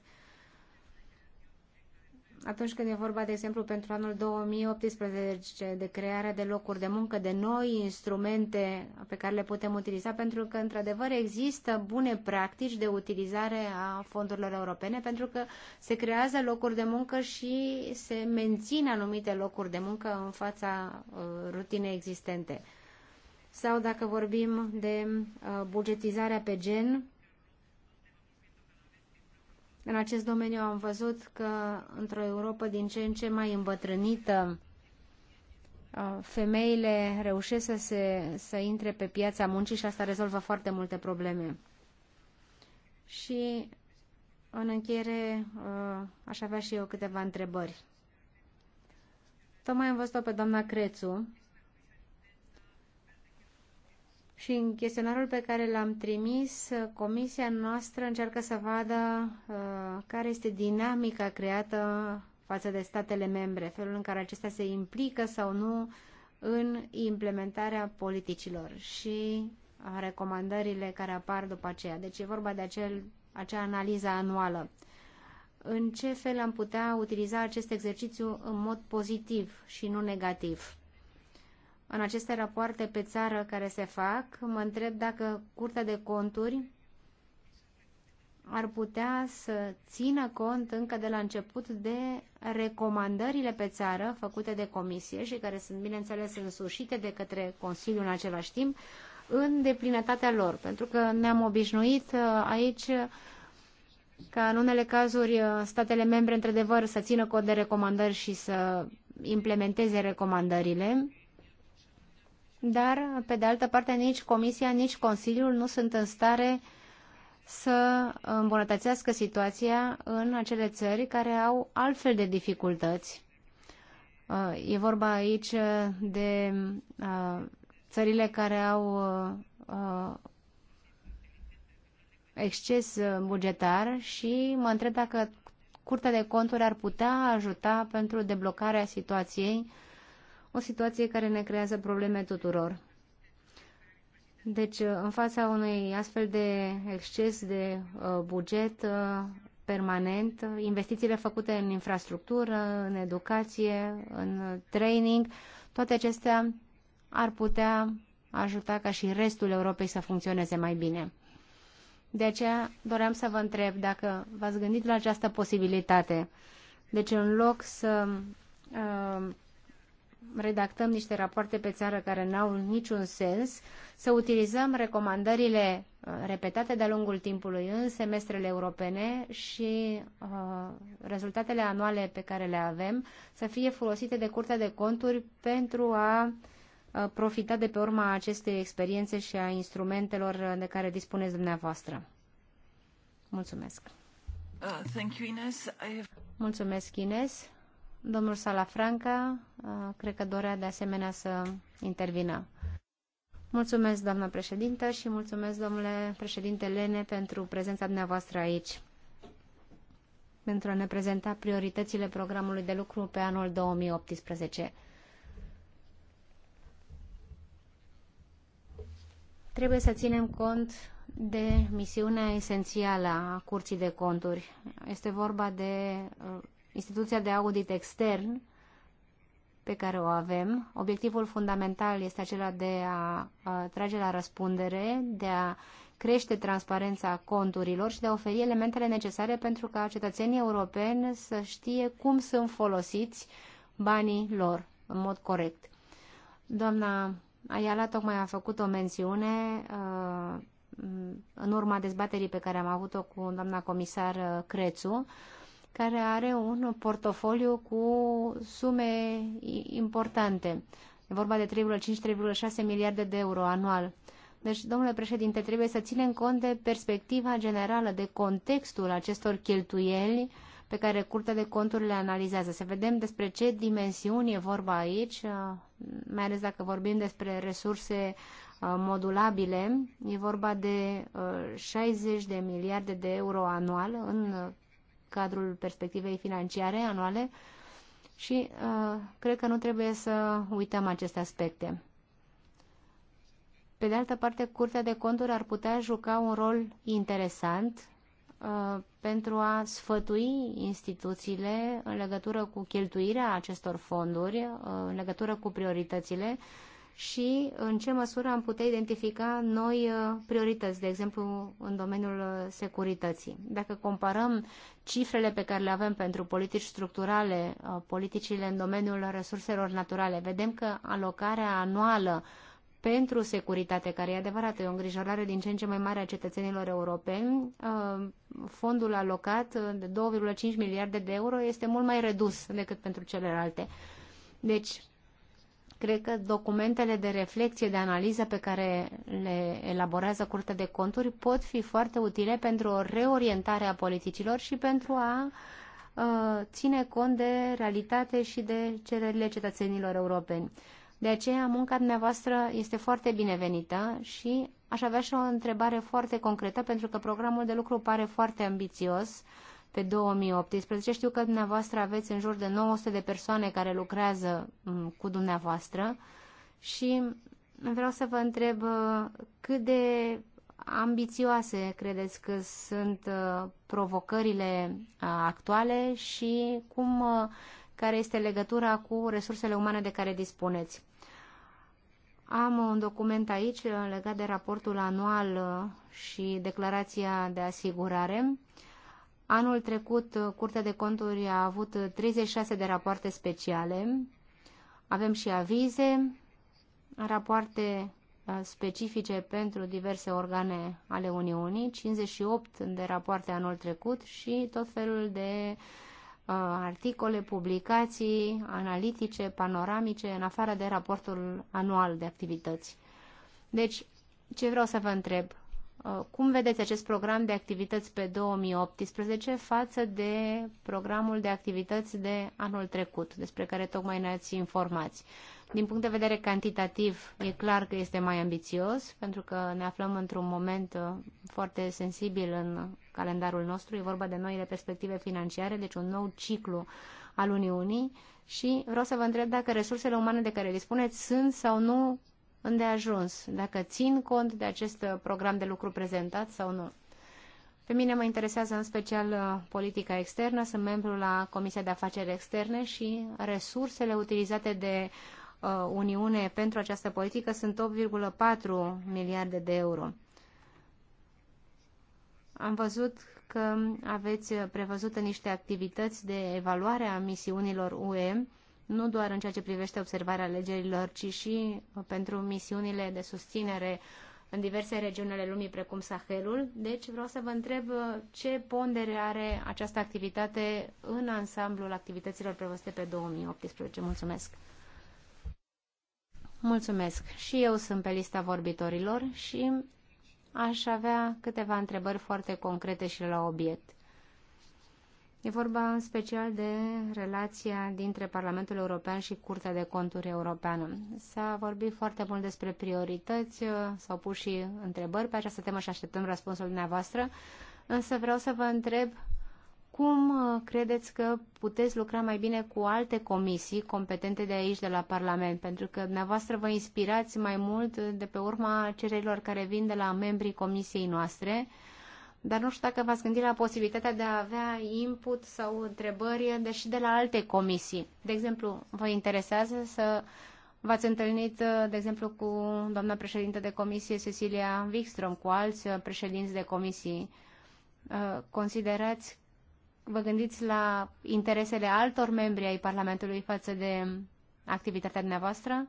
atunci când e vorba, de exemplu, pentru anul 2018, de crearea de locuri de muncă, de noi instrumente pe care le putem utiliza, pentru că, într-adevăr, există bune practici de utilizare a fondurilor europene, pentru că se creează locuri de muncă și se mențin anumite locuri de muncă în fața uh, rutinei existente. Sau dacă vorbim de uh, bugetizarea pe gen, în acest domeniu am văzut că într-o Europa din ce în ce mai îmbătrânită, uh, femeile reușesc să, se, să intre pe piața muncii și asta rezolvă foarte multe probleme. Și în încheiere uh, aș avea și eu câteva întrebări. Tocmai am văzut-o pe doamna Crețu, și în chestionarul pe care l-am trimis, uh, comisia noastră încearcă să vadă uh, care este dinamica creată față de statele membre, felul în care acestea se implică sau nu în implementarea politicilor și recomandările care apar după aceea. Deci e vorba de acel, acea analiză anuală. În ce fel am putea utiliza acest exercițiu în mod pozitiv și nu negativ? în aceste rapoarte pe țară care se fac, mă întreb dacă Curtea de Conturi ar putea să țină cont încă de la început de recomandările pe țară făcute de comisie și care sunt, bineînțeles, însușite de către Consiliul în același timp, în deplinătatea lor. Pentru că ne-am obișnuit uh, aici ca în unele cazuri uh, statele membre, într-adevăr, să țină cont de recomandări și să implementeze recomandările, dar, pe de altă parte, nici Comisia, nici Consiliul nu sunt în stare să îmbunătățească situația în acele țări care au altfel de dificultăți. Uh, e vorba aici de uh, țările care au uh, exces bugetar și mă întreb dacă Curtea de Conturi ar putea ajuta pentru deblocarea situației o situație care ne creează probleme tuturor. Deci, în fața unui astfel de exces de uh, buget uh, permanent, investițiile făcute în infrastructură, în educație, în training, toate acestea ar putea ajuta ca și restul Europei să funcționeze mai bine. De aceea doream să vă întreb dacă v-ați gândit la această posibilitate. Deci în loc să uh, redactăm niște rapoarte pe țară care n-au niciun sens, să utilizăm recomandările uh, repetate de-a lungul timpului în semestrele europene și uh, rezultatele anuale pe care le avem să fie folosite de Curtea de Conturi pentru a uh, profita de pe urma acestei experiențe și a instrumentelor de care dispuneți dumneavoastră. Mulțumesc! Uh, thank you, Ines. I have... Mulțumesc, Ines. Domnul Salafranca, uh, cred că dorea de asemenea să intervină. Mulțumesc, doamna președintă, și mulțumesc, domnule președinte Lene, pentru prezența dumneavoastră aici, pentru a ne prezenta prioritățile programului de lucru pe anul 2018. Trebuie să ținem cont de misiunea esențială a Curții de Conturi. Este vorba de uh, instituția de audit extern pe care o avem. Obiectivul fundamental este acela de a, a trage la răspundere, de a crește transparența conturilor și de a oferi elementele necesare pentru ca cetățenii europeni să știe cum sunt folosiți banii lor în mod corect. Doamna Ayala tocmai a făcut o mențiune în urma dezbaterii pe care am avut-o cu doamna comisar Crețu care are un portofoliu cu sume importante. E vorba de 3,5-3,6 miliarde de euro anual. Deci, domnule președinte, trebuie să ținem cont de perspectiva generală, de contextul acestor cheltuieli pe care Curtea de Conturi le analizează. Să vedem despre ce dimensiuni e vorba aici, uh, mai ales dacă vorbim despre resurse uh, modulabile. E vorba de 60 uh, de miliarde de euro anual în cadrul perspectivei financiare anuale și uh, cred că nu trebuie să uităm aceste aspecte. Pe de altă parte, Curtea de Conturi ar putea juca un rol interesant uh, pentru a sfătui instituțiile în legătură cu cheltuirea acestor fonduri, uh, în legătură cu prioritățile, uh, și în ce măsură am putea identifica noi uh, priorități, de exemplu în domeniul uh, securității. Dacă comparăm cifrele pe care le avem pentru politici structurale, uh, politicile în domeniul resurselor naturale, vedem că alocarea anuală pentru securitate, care e adevărat, e o îngrijorare din ce în ce mai mare a cetățenilor europeni, fondul alocat de 2,5 miliarde de euro este mult mai redus decât pentru celelalte. Deci, Cred că documentele de reflexie, de analiză pe care le elaborează Curtea de Conturi pot fi foarte utile pentru o reorientare a politicilor și pentru a uh, ține cont de realitate și de cererile cetățenilor europeni. De aceea, munca dumneavoastră este foarte binevenită și aș avea și o întrebare foarte concretă, pentru că programul de lucru pare foarte ambițios. Uh, pe 2018. Știu că dumneavoastră aveți în jur de 900 de persoane care lucrează mm, cu dumneavoastră și vreau să vă întreb uh, cât de ambițioase credeți că sunt uh, provocările uh, actuale și cum, care este legătura cu resursele umane de care dispuneți. Am un document aici legat de raportul anual și declarația de asigurare. Uh, Anul trecut, uh, Curtea de Conturi a avut 36 uh, de rapoarte speciale. Avem și avize, rapoarte uh, specifice pentru diverse organe ale Uniunii, 58 de rapoarte anul trecut și tot felul de articole, publicații analitice, panoramice, în afară de raportul anual de activități. Deci, ce vreau să vă întreb? Uh, cum vedeți acest program de activități pe 2018 față de programul de activități de anul trecut, despre care tocmai ne-ați informați? Din punct de vedere cantitativ, e clar că este mai ambițios, pentru că ne aflăm într-un moment uh, foarte sensibil în calendarul nostru. E vorba de noile perspective financiare, deci un nou ciclu al Uniunii. Și vreau să vă întreb dacă resursele umane de care dispuneți sunt sau nu îndeajuns, dacă țin cont de acest program de lucru prezentat sau nu. Pe mine mă interesează în special uh, politica externă, sunt membru la Comisia de Afaceri Externe și resursele utilizate de uh, Uniune pentru această politică sunt 8,4 miliarde de euro. Am văzut că aveți prevăzute niște activități de evaluare a misiunilor UE nu doar în ceea ce privește observarea alegerilor, ci și pentru misiunile de susținere în diverse regiuni ale lumii, precum Sahelul. Deci vreau să vă întreb ce pondere are această activitate în ansamblul activităților prevăzute pe 2018. Mulțumesc! Mulțumesc! Și eu sunt pe lista vorbitorilor și aș avea câteva întrebări foarte concrete și la obiect. E vorba în special de relația dintre Parlamentul European și Curtea de Conturi Europeană. S-a vorbit foarte mult despre priorități, uh, s-au pus și întrebări pe această temă și așteptăm răspunsul dumneavoastră, însă vreau să vă întreb cum uh, credeți că puteți lucra mai bine cu alte comisii competente de aici, de la Parlament? Pentru că dumneavoastră vă inspirați mai mult de pe urma cererilor care vin de la membrii comisiei noastre, dar nu știu dacă v-ați gândit la posibilitatea de a avea input sau întrebări, deși de la alte comisii. De exemplu, vă interesează să V-ați întâlnit, de exemplu, cu doamna președintă de comisie Cecilia Wikström, cu alți președinți de comisii. Uh, considerați, vă gândiți la interesele altor membri ai Parlamentului față de activitatea dumneavoastră?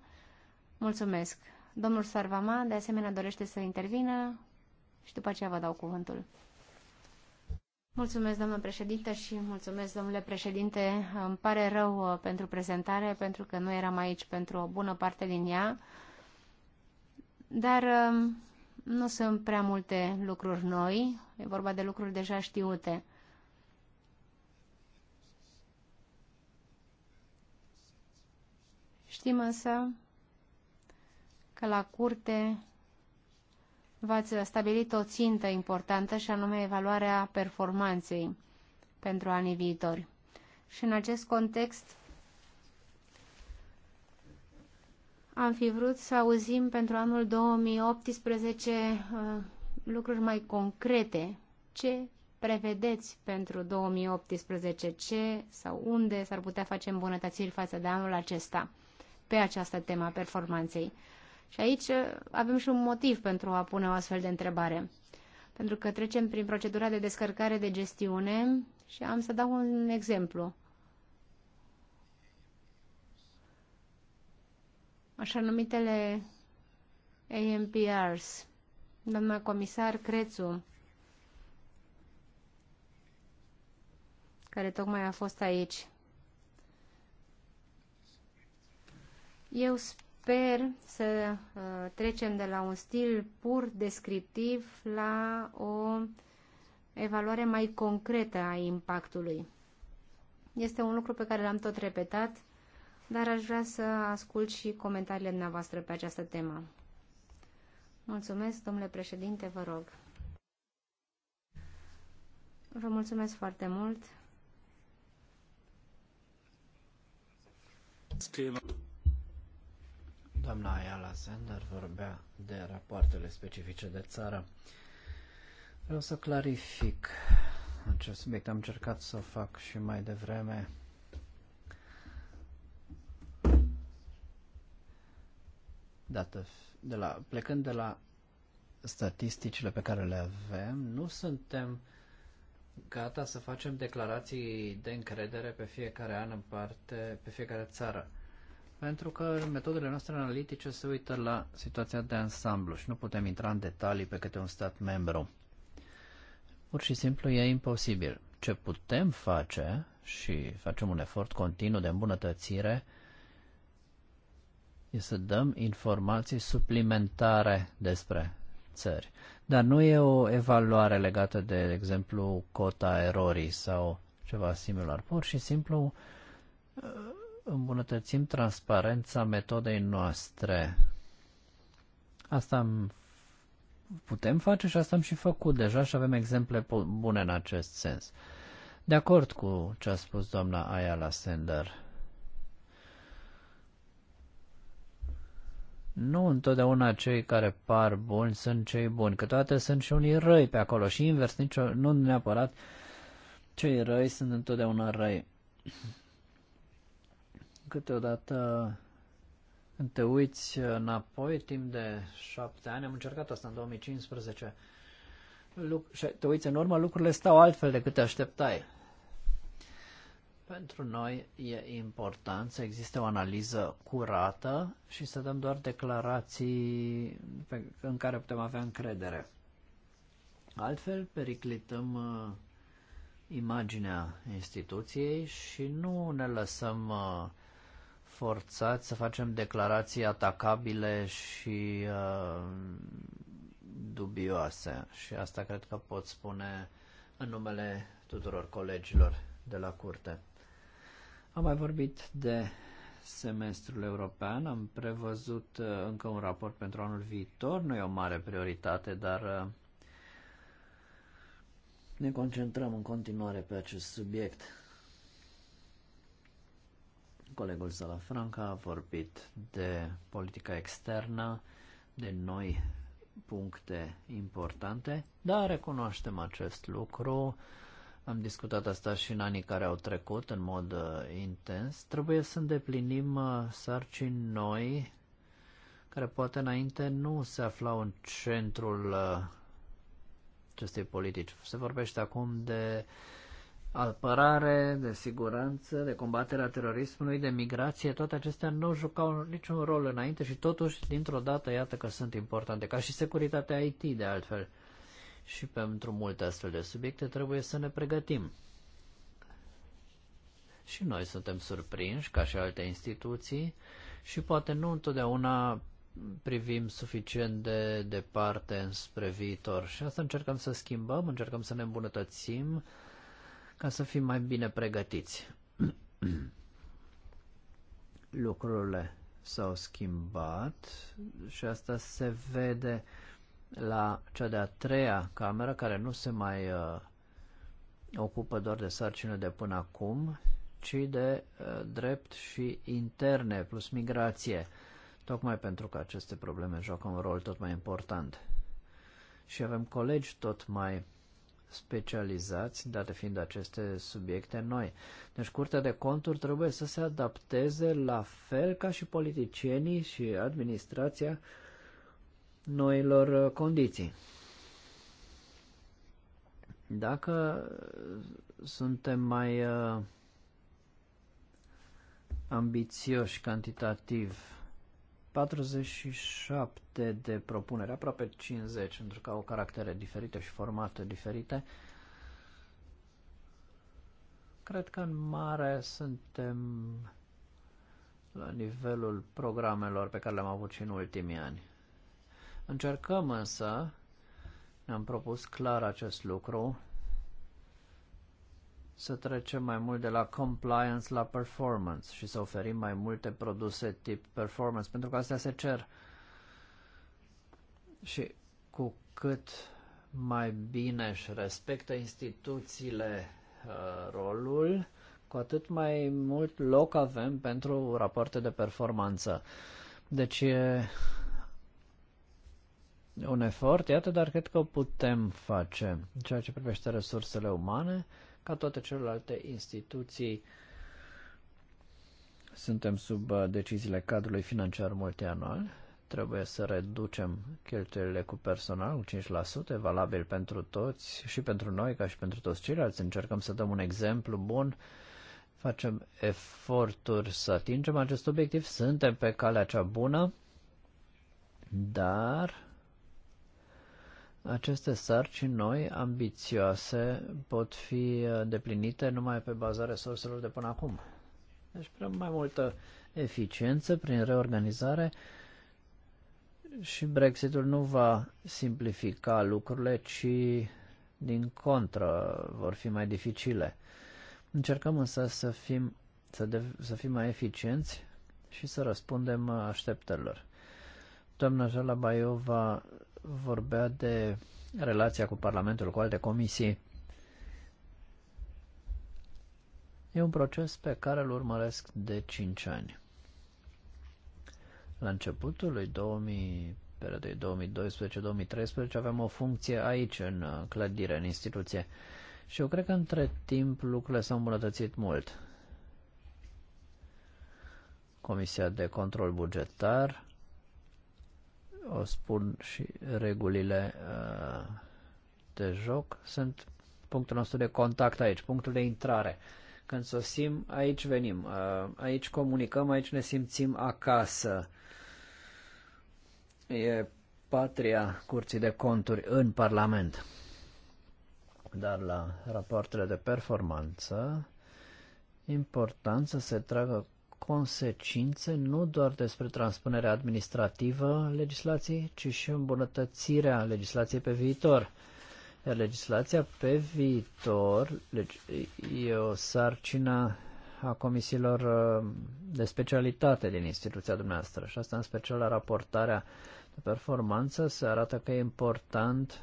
Mulțumesc. Domnul Sarvama, de asemenea, dorește să intervină și după aceea vă dau cuvântul. Mulțumesc, doamnă președinte, și mulțumesc, domnule președinte. Îmi pare rău uh, pentru prezentare, pentru că nu eram aici pentru o bună parte din ea, dar um, nu sunt prea multe lucruri noi, e vorba de lucruri deja știute. Știm însă că la curte v-ați stabilit o țintă importantă și anume evaluarea performanței pentru anii viitori. Și în acest context am fi vrut să auzim pentru anul 2018 uh, lucruri mai concrete. Ce prevedeți pentru 2018? Ce sau unde s-ar putea face îmbunătățiri față de anul acesta pe această temă a performanței? Și aici uh, avem și un motiv pentru a pune o astfel de întrebare. Pentru că trecem prin procedura de descărcare de gestiune și am să dau un exemplu. Așa numitele AMPRs. Doamna comisar Crețu, care tocmai a fost aici. Eu sper sper să uh, trecem de la un stil pur descriptiv la o evaluare mai concretă a impactului. Este un lucru pe care l-am tot repetat, dar aș vrea să ascult și comentariile dumneavoastră pe această temă. Mulțumesc, domnule președinte, vă rog. Vă mulțumesc foarte mult. Stima. Doamna Ayala Sender vorbea de rapoartele specifice de țară. Vreau să clarific acest subiect. Am încercat să o fac și mai devreme. Dată de la, plecând de la statisticile pe care le avem, nu suntem gata să facem declarații de încredere pe fiecare an în parte, pe fiecare țară pentru că metodele noastre analitice se uită la situația de ansamblu și nu putem intra în detalii pe câte un stat membru. Pur și simplu e imposibil. Ce putem face și facem un efort continuu de îmbunătățire e să dăm informații suplimentare despre țări. Dar nu e o evaluare legată de, de exemplu, cota erorii sau ceva similar. Pur și simplu îmbunătățim transparența metodei noastre. Asta am putem face și asta am și făcut deja și avem exemple bune în acest sens. De acord cu ce a spus doamna Ayala Sender. Nu întotdeauna cei care par buni sunt cei buni, că toate sunt și unii răi pe acolo și invers, nicio, nu neapărat cei răi sunt întotdeauna răi câteodată când te uiți înapoi timp de șapte ani, am încercat asta în 2015, și te uiți în urmă, lucrurile stau altfel decât te așteptai. Pentru noi e important să existe o analiză curată și să dăm doar declarații pe, în care putem avea încredere. Altfel, periclităm uh, imaginea instituției și nu ne lăsăm uh, forțați să facem declarații atacabile și uh, dubioase. Și asta cred că pot spune în numele tuturor colegilor de la curte. Am mai vorbit de semestrul european, am prevăzut uh, încă un raport pentru anul viitor, nu e o mare prioritate, dar uh, ne concentrăm în continuare pe acest subiect. Colegul Zalafranca a vorbit de politica externă, de noi puncte importante, dar recunoaștem acest lucru. Am discutat asta și în anii care au trecut în mod uh, intens. Trebuie să îndeplinim uh, sarcini noi care poate înainte nu se aflau în centrul uh, acestei politici. Se vorbește acum de uh, apărare, de siguranță, de combaterea terorismului, de migrație, toate acestea nu jucau niciun rol înainte și totuși, dintr-o dată, iată că sunt importante, ca și securitatea IT, de altfel. Și pentru multe astfel de subiecte trebuie să ne pregătim. Și noi suntem surprinși, ca și alte instituții, și poate nu întotdeauna privim suficient de departe înspre viitor. Și asta încercăm să schimbăm, încercăm să ne îmbunătățim, ca să fim mai bine pregătiți. Lucrurile s-au schimbat și asta se vede la cea de-a treia cameră care nu se mai uh, ocupă doar de sarcină de până acum, ci de uh, drept și interne plus migrație, tocmai pentru că aceste probleme joacă un rol tot mai important. Și avem colegi tot mai specializați, dar fiind aceste subiecte noi. Deci Curtea de Conturi trebuie să se adapteze la fel ca și politicienii și administrația noilor condiții. Dacă suntem mai uh, ambițioși cantitativ 47 de propuneri, aproape 50, pentru că au caractere diferite și formate diferite. Cred că în mare suntem la nivelul programelor pe care le-am avut și în ultimii ani. Încercăm însă, ne-am propus clar acest lucru, să trecem mai mult de la compliance la performance și să oferim mai multe produse tip performance, pentru că astea se cer. Și cu cât mai bine își respectă instituțiile uh, rolul, cu atât mai mult loc avem pentru rapoarte de performanță. Deci e un efort, iată, dar cred că o putem face. În ceea ce privește resursele umane, ca toate celelalte instituții. Suntem sub uh, deciziile cadrului financiar multianual. Trebuie să reducem cheltuielile cu personal cu 5%, valabil pentru toți și pentru noi ca și pentru toți ceilalți. Încercăm să dăm un exemplu bun facem eforturi să atingem acest obiectiv, suntem pe calea cea bună, dar aceste sarcini noi, ambițioase, pot fi uh, deplinite numai pe baza resurselor de până acum. Deci prea mai multă eficiență prin reorganizare și Brexitul nu va simplifica lucrurile, ci din contră vor fi mai dificile. Încercăm însă să fim, să, de, să fim mai eficienți și să răspundem așteptărilor. Doamna Jala Baiova vorbea de relația cu Parlamentul, cu alte comisii. E un proces pe care îl urmăresc de 5 ani. La începutul lui 2012-2013 aveam o funcție aici, în uh, clădire, în instituție. Și eu cred că între timp lucrurile s-au îmbunătățit mult. Comisia de control bugetar o spun și regulile uh, de joc, sunt punctul nostru de contact aici, punctul de intrare. Când sosim, aici venim, uh, aici comunicăm, aici ne simțim acasă. E patria curții de conturi în Parlament. Dar la rapoartele de performanță, important să se tragă consecințe nu doar despre transpunerea administrativă a legislației, ci și îmbunătățirea legislației pe viitor. Iar legislația pe viitor legi, e o sarcină a comisiilor uh, de specialitate din instituția dumneavoastră și asta în special la raportarea de performanță se arată că e important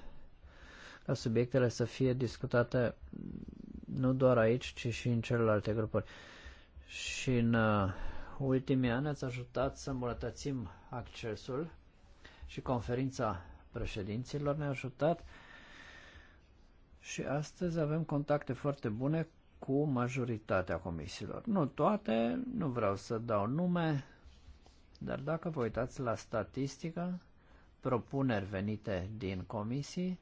ca subiectele să fie discutate nu doar aici, ci și în celelalte grupuri și în uh, ultimii ani ați ajutat să îmbunătățim accesul și conferința președinților ne-a ajutat și astăzi avem contacte foarte bune cu majoritatea comisiilor. Nu toate, nu vreau să dau nume, dar dacă vă uitați la statistică, propuneri venite din comisii,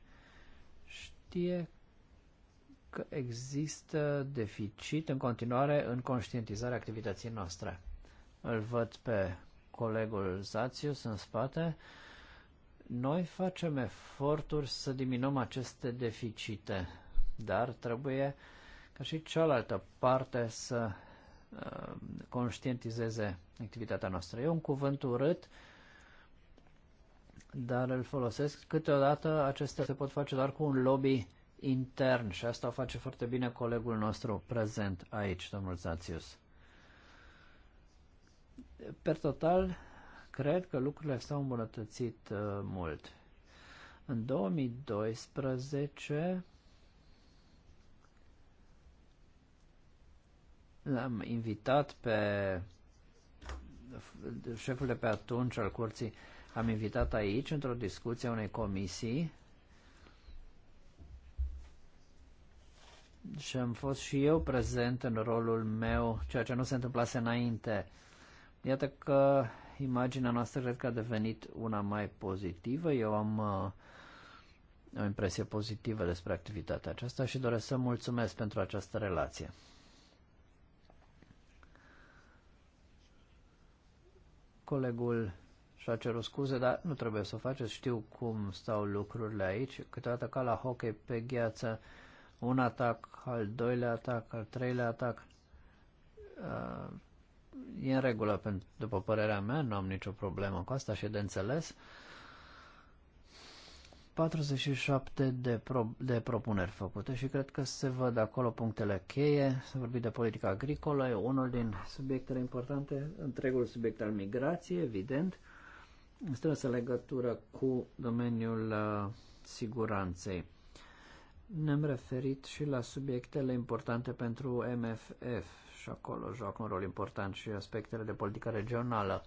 știe că există deficit în continuare în conștientizarea activității noastre. Îl văd pe colegul Zațius în spate. Noi facem eforturi să diminuăm aceste deficite, dar trebuie ca și cealaltă parte să uh, conștientizeze activitatea noastră. E un cuvânt urât, dar îl folosesc. Câteodată acestea se pot face doar cu un lobby intern și asta o face foarte bine colegul nostru prezent aici, domnul Zațius. Per total, cred că lucrurile s-au îmbunătățit uh, mult. În 2012 l-am invitat pe șeful de pe atunci al curții, am invitat aici într-o discuție a unei comisii și am fost și eu prezent în rolul meu, ceea ce nu se întâmplase înainte. Iată că imaginea noastră cred că a devenit una mai pozitivă. Eu am uh, o impresie pozitivă despre activitatea aceasta și doresc să mulțumesc pentru această relație. Colegul și-a cerut scuze, dar nu trebuie să o faceți. Știu cum stau lucrurile aici. Câteodată ca la hockey pe gheață, un atac, al doilea atac, al treilea atac. Uh, e în regulă, după părerea mea, nu am nicio problemă cu asta și de înțeles. 47 de, pro- de propuneri făcute și cred că se văd acolo punctele cheie. Să a vorbit de politică agricolă, e unul din subiectele importante, întregul subiect al migrației, evident. Strânsă legătură cu domeniul uh, siguranței ne-am referit și la subiectele importante pentru MFF și acolo joacă un rol important și aspectele de politică regională.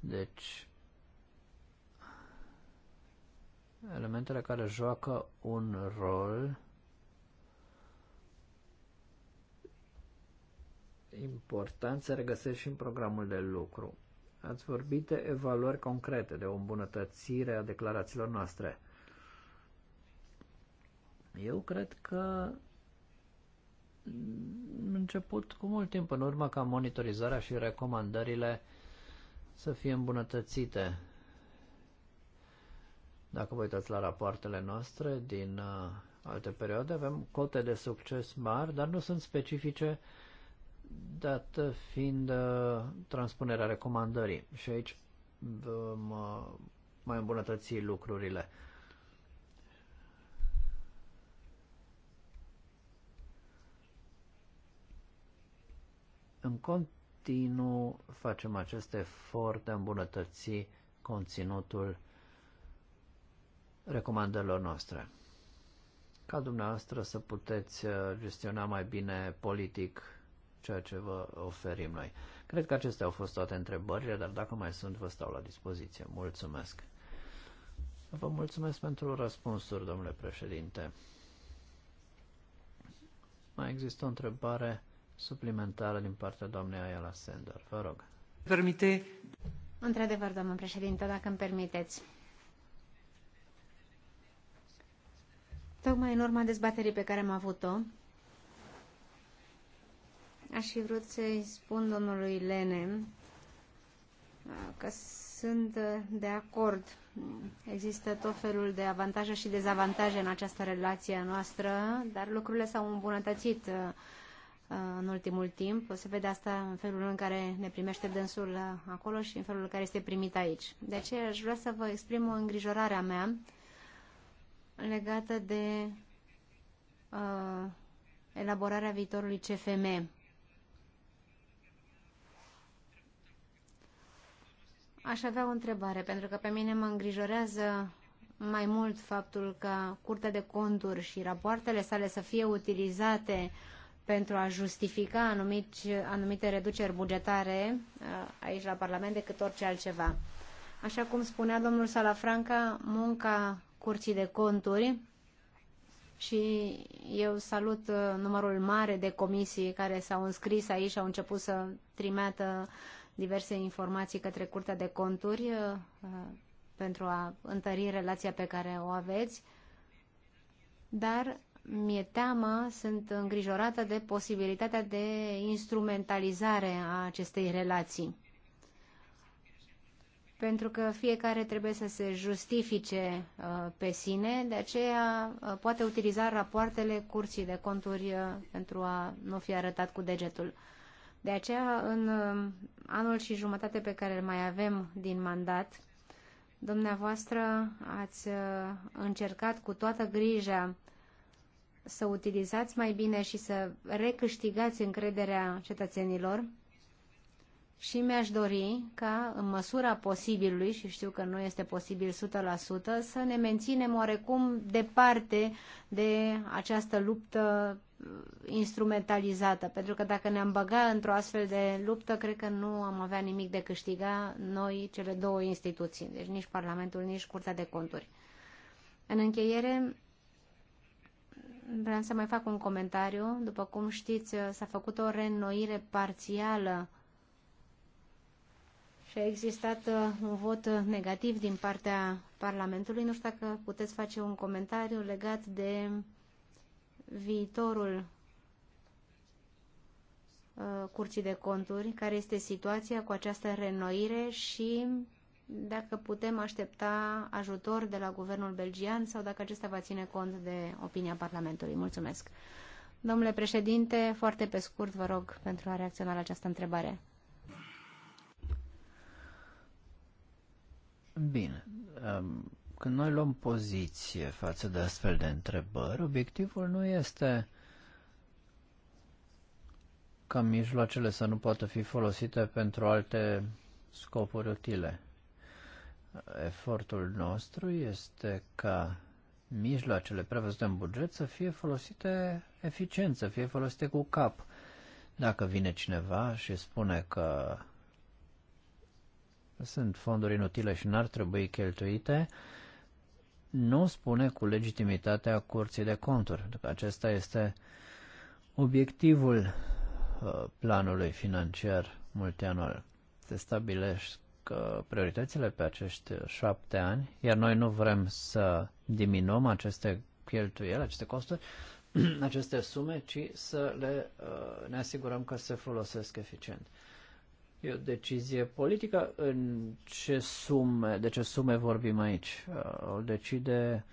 Deci, elementele care joacă un rol important se regăsesc și în programul de lucru. Ați vorbit de evaluări concrete, de o îmbunătățire a declarațiilor noastre. Eu cred că început cu mult timp în urmă ca monitorizarea și recomandările să fie îmbunătățite. Dacă vă uitați la rapoartele noastre din uh, alte perioade, avem cote de succes mari, dar nu sunt specifice dată fiind uh, transpunerea recomandării. Și aici vom uh, mai îmbunătăți lucrurile. În continuu facem acest efort de a îmbunătăți conținutul recomandărilor noastre. Ca dumneavoastră să puteți uh, gestiona mai bine politic ceea ce vă oferim noi. Cred că acestea au fost toate întrebările, dar dacă mai sunt, vă stau la dispoziție. Mulțumesc! Vă mulțumesc pentru răspunsuri, domnule președinte. Mai există o întrebare suplimentară din partea doamnei Ayala Sender. Vă rog. Permite? Într-adevăr, domnul președinte, dacă îmi permiteți. Tocmai în urma dezbaterii pe care am avut-o, aș fi vrut să-i spun domnului Lene uh, că sunt uh, de acord. Există tot felul de avantaje și dezavantaje în această relație noastră, dar lucrurile s-au îmbunătățit uh, Uh, în ultimul timp. Se vede asta în felul în care ne primește dânsul uh, acolo și în felul în care este primit aici. De aceea aș vrea să vă exprim o îngrijorare a mea legată de uh, elaborarea viitorului CFM. Aș avea o întrebare, pentru că pe mine mă îngrijorează mai mult faptul că Curtea de Conturi și rapoartele sale să fie utilizate uh, pentru a justifica anumici, anumite reduceri bugetare uh, aici la Parlament decât orice altceva. Așa cum spunea domnul Salafranca, munca Curții de Conturi și eu salut uh, numărul mare de comisii care s-au înscris aici și au început să trimeată diverse informații către Curtea de Conturi uh, pentru a întări relația pe care o aveți. Dar mi-e teamă, sunt îngrijorată de posibilitatea de instrumentalizare a acestei relații. Pentru că fiecare trebuie să se justifice uh, pe sine, de aceea uh, poate utiliza rapoartele curții de conturi uh, pentru a nu fi arătat cu degetul. De aceea, în uh, anul și jumătate pe care îl mai avem din mandat, dumneavoastră ați uh, încercat cu toată grija să utilizați mai bine și să recâștigați încrederea cetățenilor și mi-aș dori ca, în măsura posibilului, și știu că nu este posibil 100%, să ne menținem oarecum departe de această luptă instrumentalizată. Pentru că dacă ne-am băga într-o astfel de luptă, cred că nu am avea nimic de câștiga noi, cele două instituții, deci nici Parlamentul, nici Curtea de Conturi. În încheiere, vreau să mai fac un comentariu. După cum știți, s-a făcut o reînnoire parțială și a existat uh, un vot negativ din partea Parlamentului. Nu știu dacă puteți face un comentariu legat de viitorul uh, Curții de Conturi, care este situația cu această reînnoire și dacă putem aștepta ajutor de la guvernul belgian sau dacă acesta va ține cont de opinia Parlamentului. Mulțumesc. Domnule președinte, foarte pe scurt, vă rog, pentru a reacționa la această întrebare. Bine. Când noi luăm poziție față de astfel de întrebări, obiectivul nu este ca mijloacele să nu poată fi folosite pentru alte scopuri utile efortul nostru este ca mijloacele prevăzute în buget să fie folosite eficient, să fie folosite cu cap. Dacă vine cineva și spune că sunt fonduri inutile și n-ar trebui cheltuite, nu spune cu legitimitatea curții de conturi. Acesta este obiectivul uh, planului financiar multianual. Se stabilește prioritățile pe acești șapte ani, iar noi nu vrem să diminuăm aceste cheltuieli, aceste costuri, aceste sume, ci să le, uh, ne asigurăm că se folosesc eficient. E o decizie politică în ce sume, de ce sume vorbim aici. Uh, o decide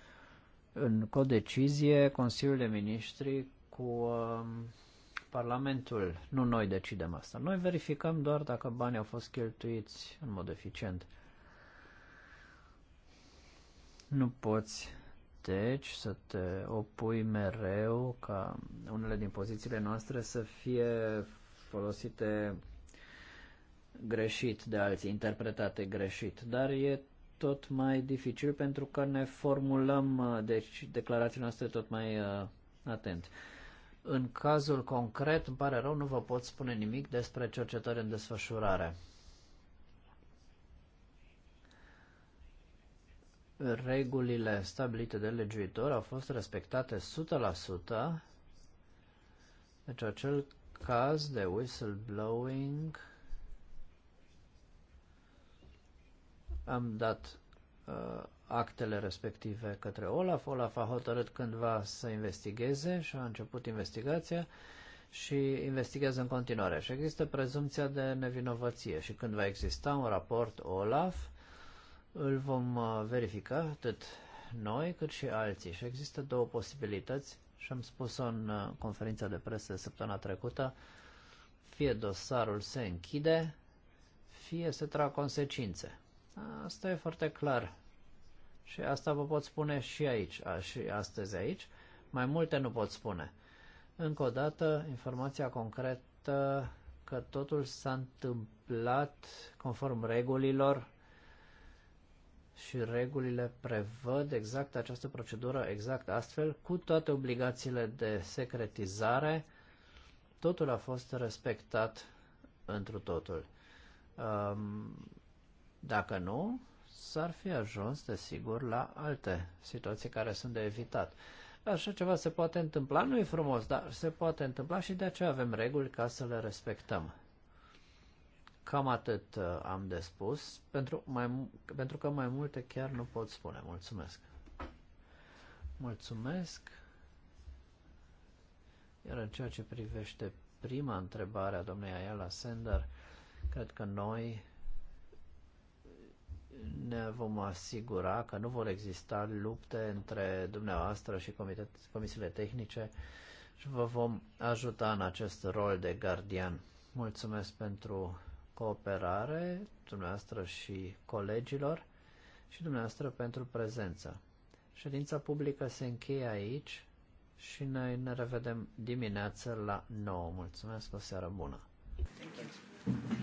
în codecizie Consiliul de Ministri cu um, Parlamentul, nu noi decidem asta. Noi verificăm doar dacă banii au fost cheltuiți în mod eficient. Nu poți, deci, să te opui mereu ca unele din pozițiile noastre să fie folosite greșit de alții, interpretate greșit, dar e tot mai dificil pentru că ne formulăm uh, deci, declarațiile noastre tot mai uh, atent. În cazul concret, îmi pare rău, nu vă pot spune nimic despre cercetări în desfășurare. Regulile stabilite de legiuitor au fost respectate 100%, deci acel caz de whistleblowing am dat Uh, actele respective către Olaf. Olaf a hotărât cândva să investigheze și a început investigația și investigează în continuare. Și există prezumția de nevinovăție și când va exista un raport OLAF, îl vom uh, verifica atât noi cât și alții. Și există două posibilități și am spus-o în uh, conferința de presă de săptămâna trecută, fie dosarul se închide, fie se trag consecințe. Asta e foarte clar. Și asta vă pot spune și aici, a, și astăzi aici. Mai multe nu pot spune. Încă o dată, informația concretă că totul s-a întâmplat conform regulilor și regulile prevăd exact această procedură, exact astfel, cu toate obligațiile de secretizare, totul a fost respectat întru totul. Um, dacă nu, s-ar fi ajuns, desigur, la alte situații care sunt de evitat. Așa ceva se poate întâmpla, nu e frumos, dar se poate întâmpla și de aceea avem reguli ca să le respectăm. Cam atât uh, am de spus, pentru, mai, pentru că mai multe chiar nu pot spune. Mulțumesc! Mulțumesc! Iar în ceea ce privește prima întrebare a domnului Ayala Sender, cred că noi ne vom asigura că nu vor exista lupte între dumneavoastră și comisiile tehnice și vă vom ajuta în acest rol de gardian. Mulțumesc pentru cooperare dumneavoastră și colegilor și dumneavoastră pentru prezență. Ședința publică se încheie aici și noi ne revedem dimineață la 9. Mulțumesc, o seară bună! Thank you.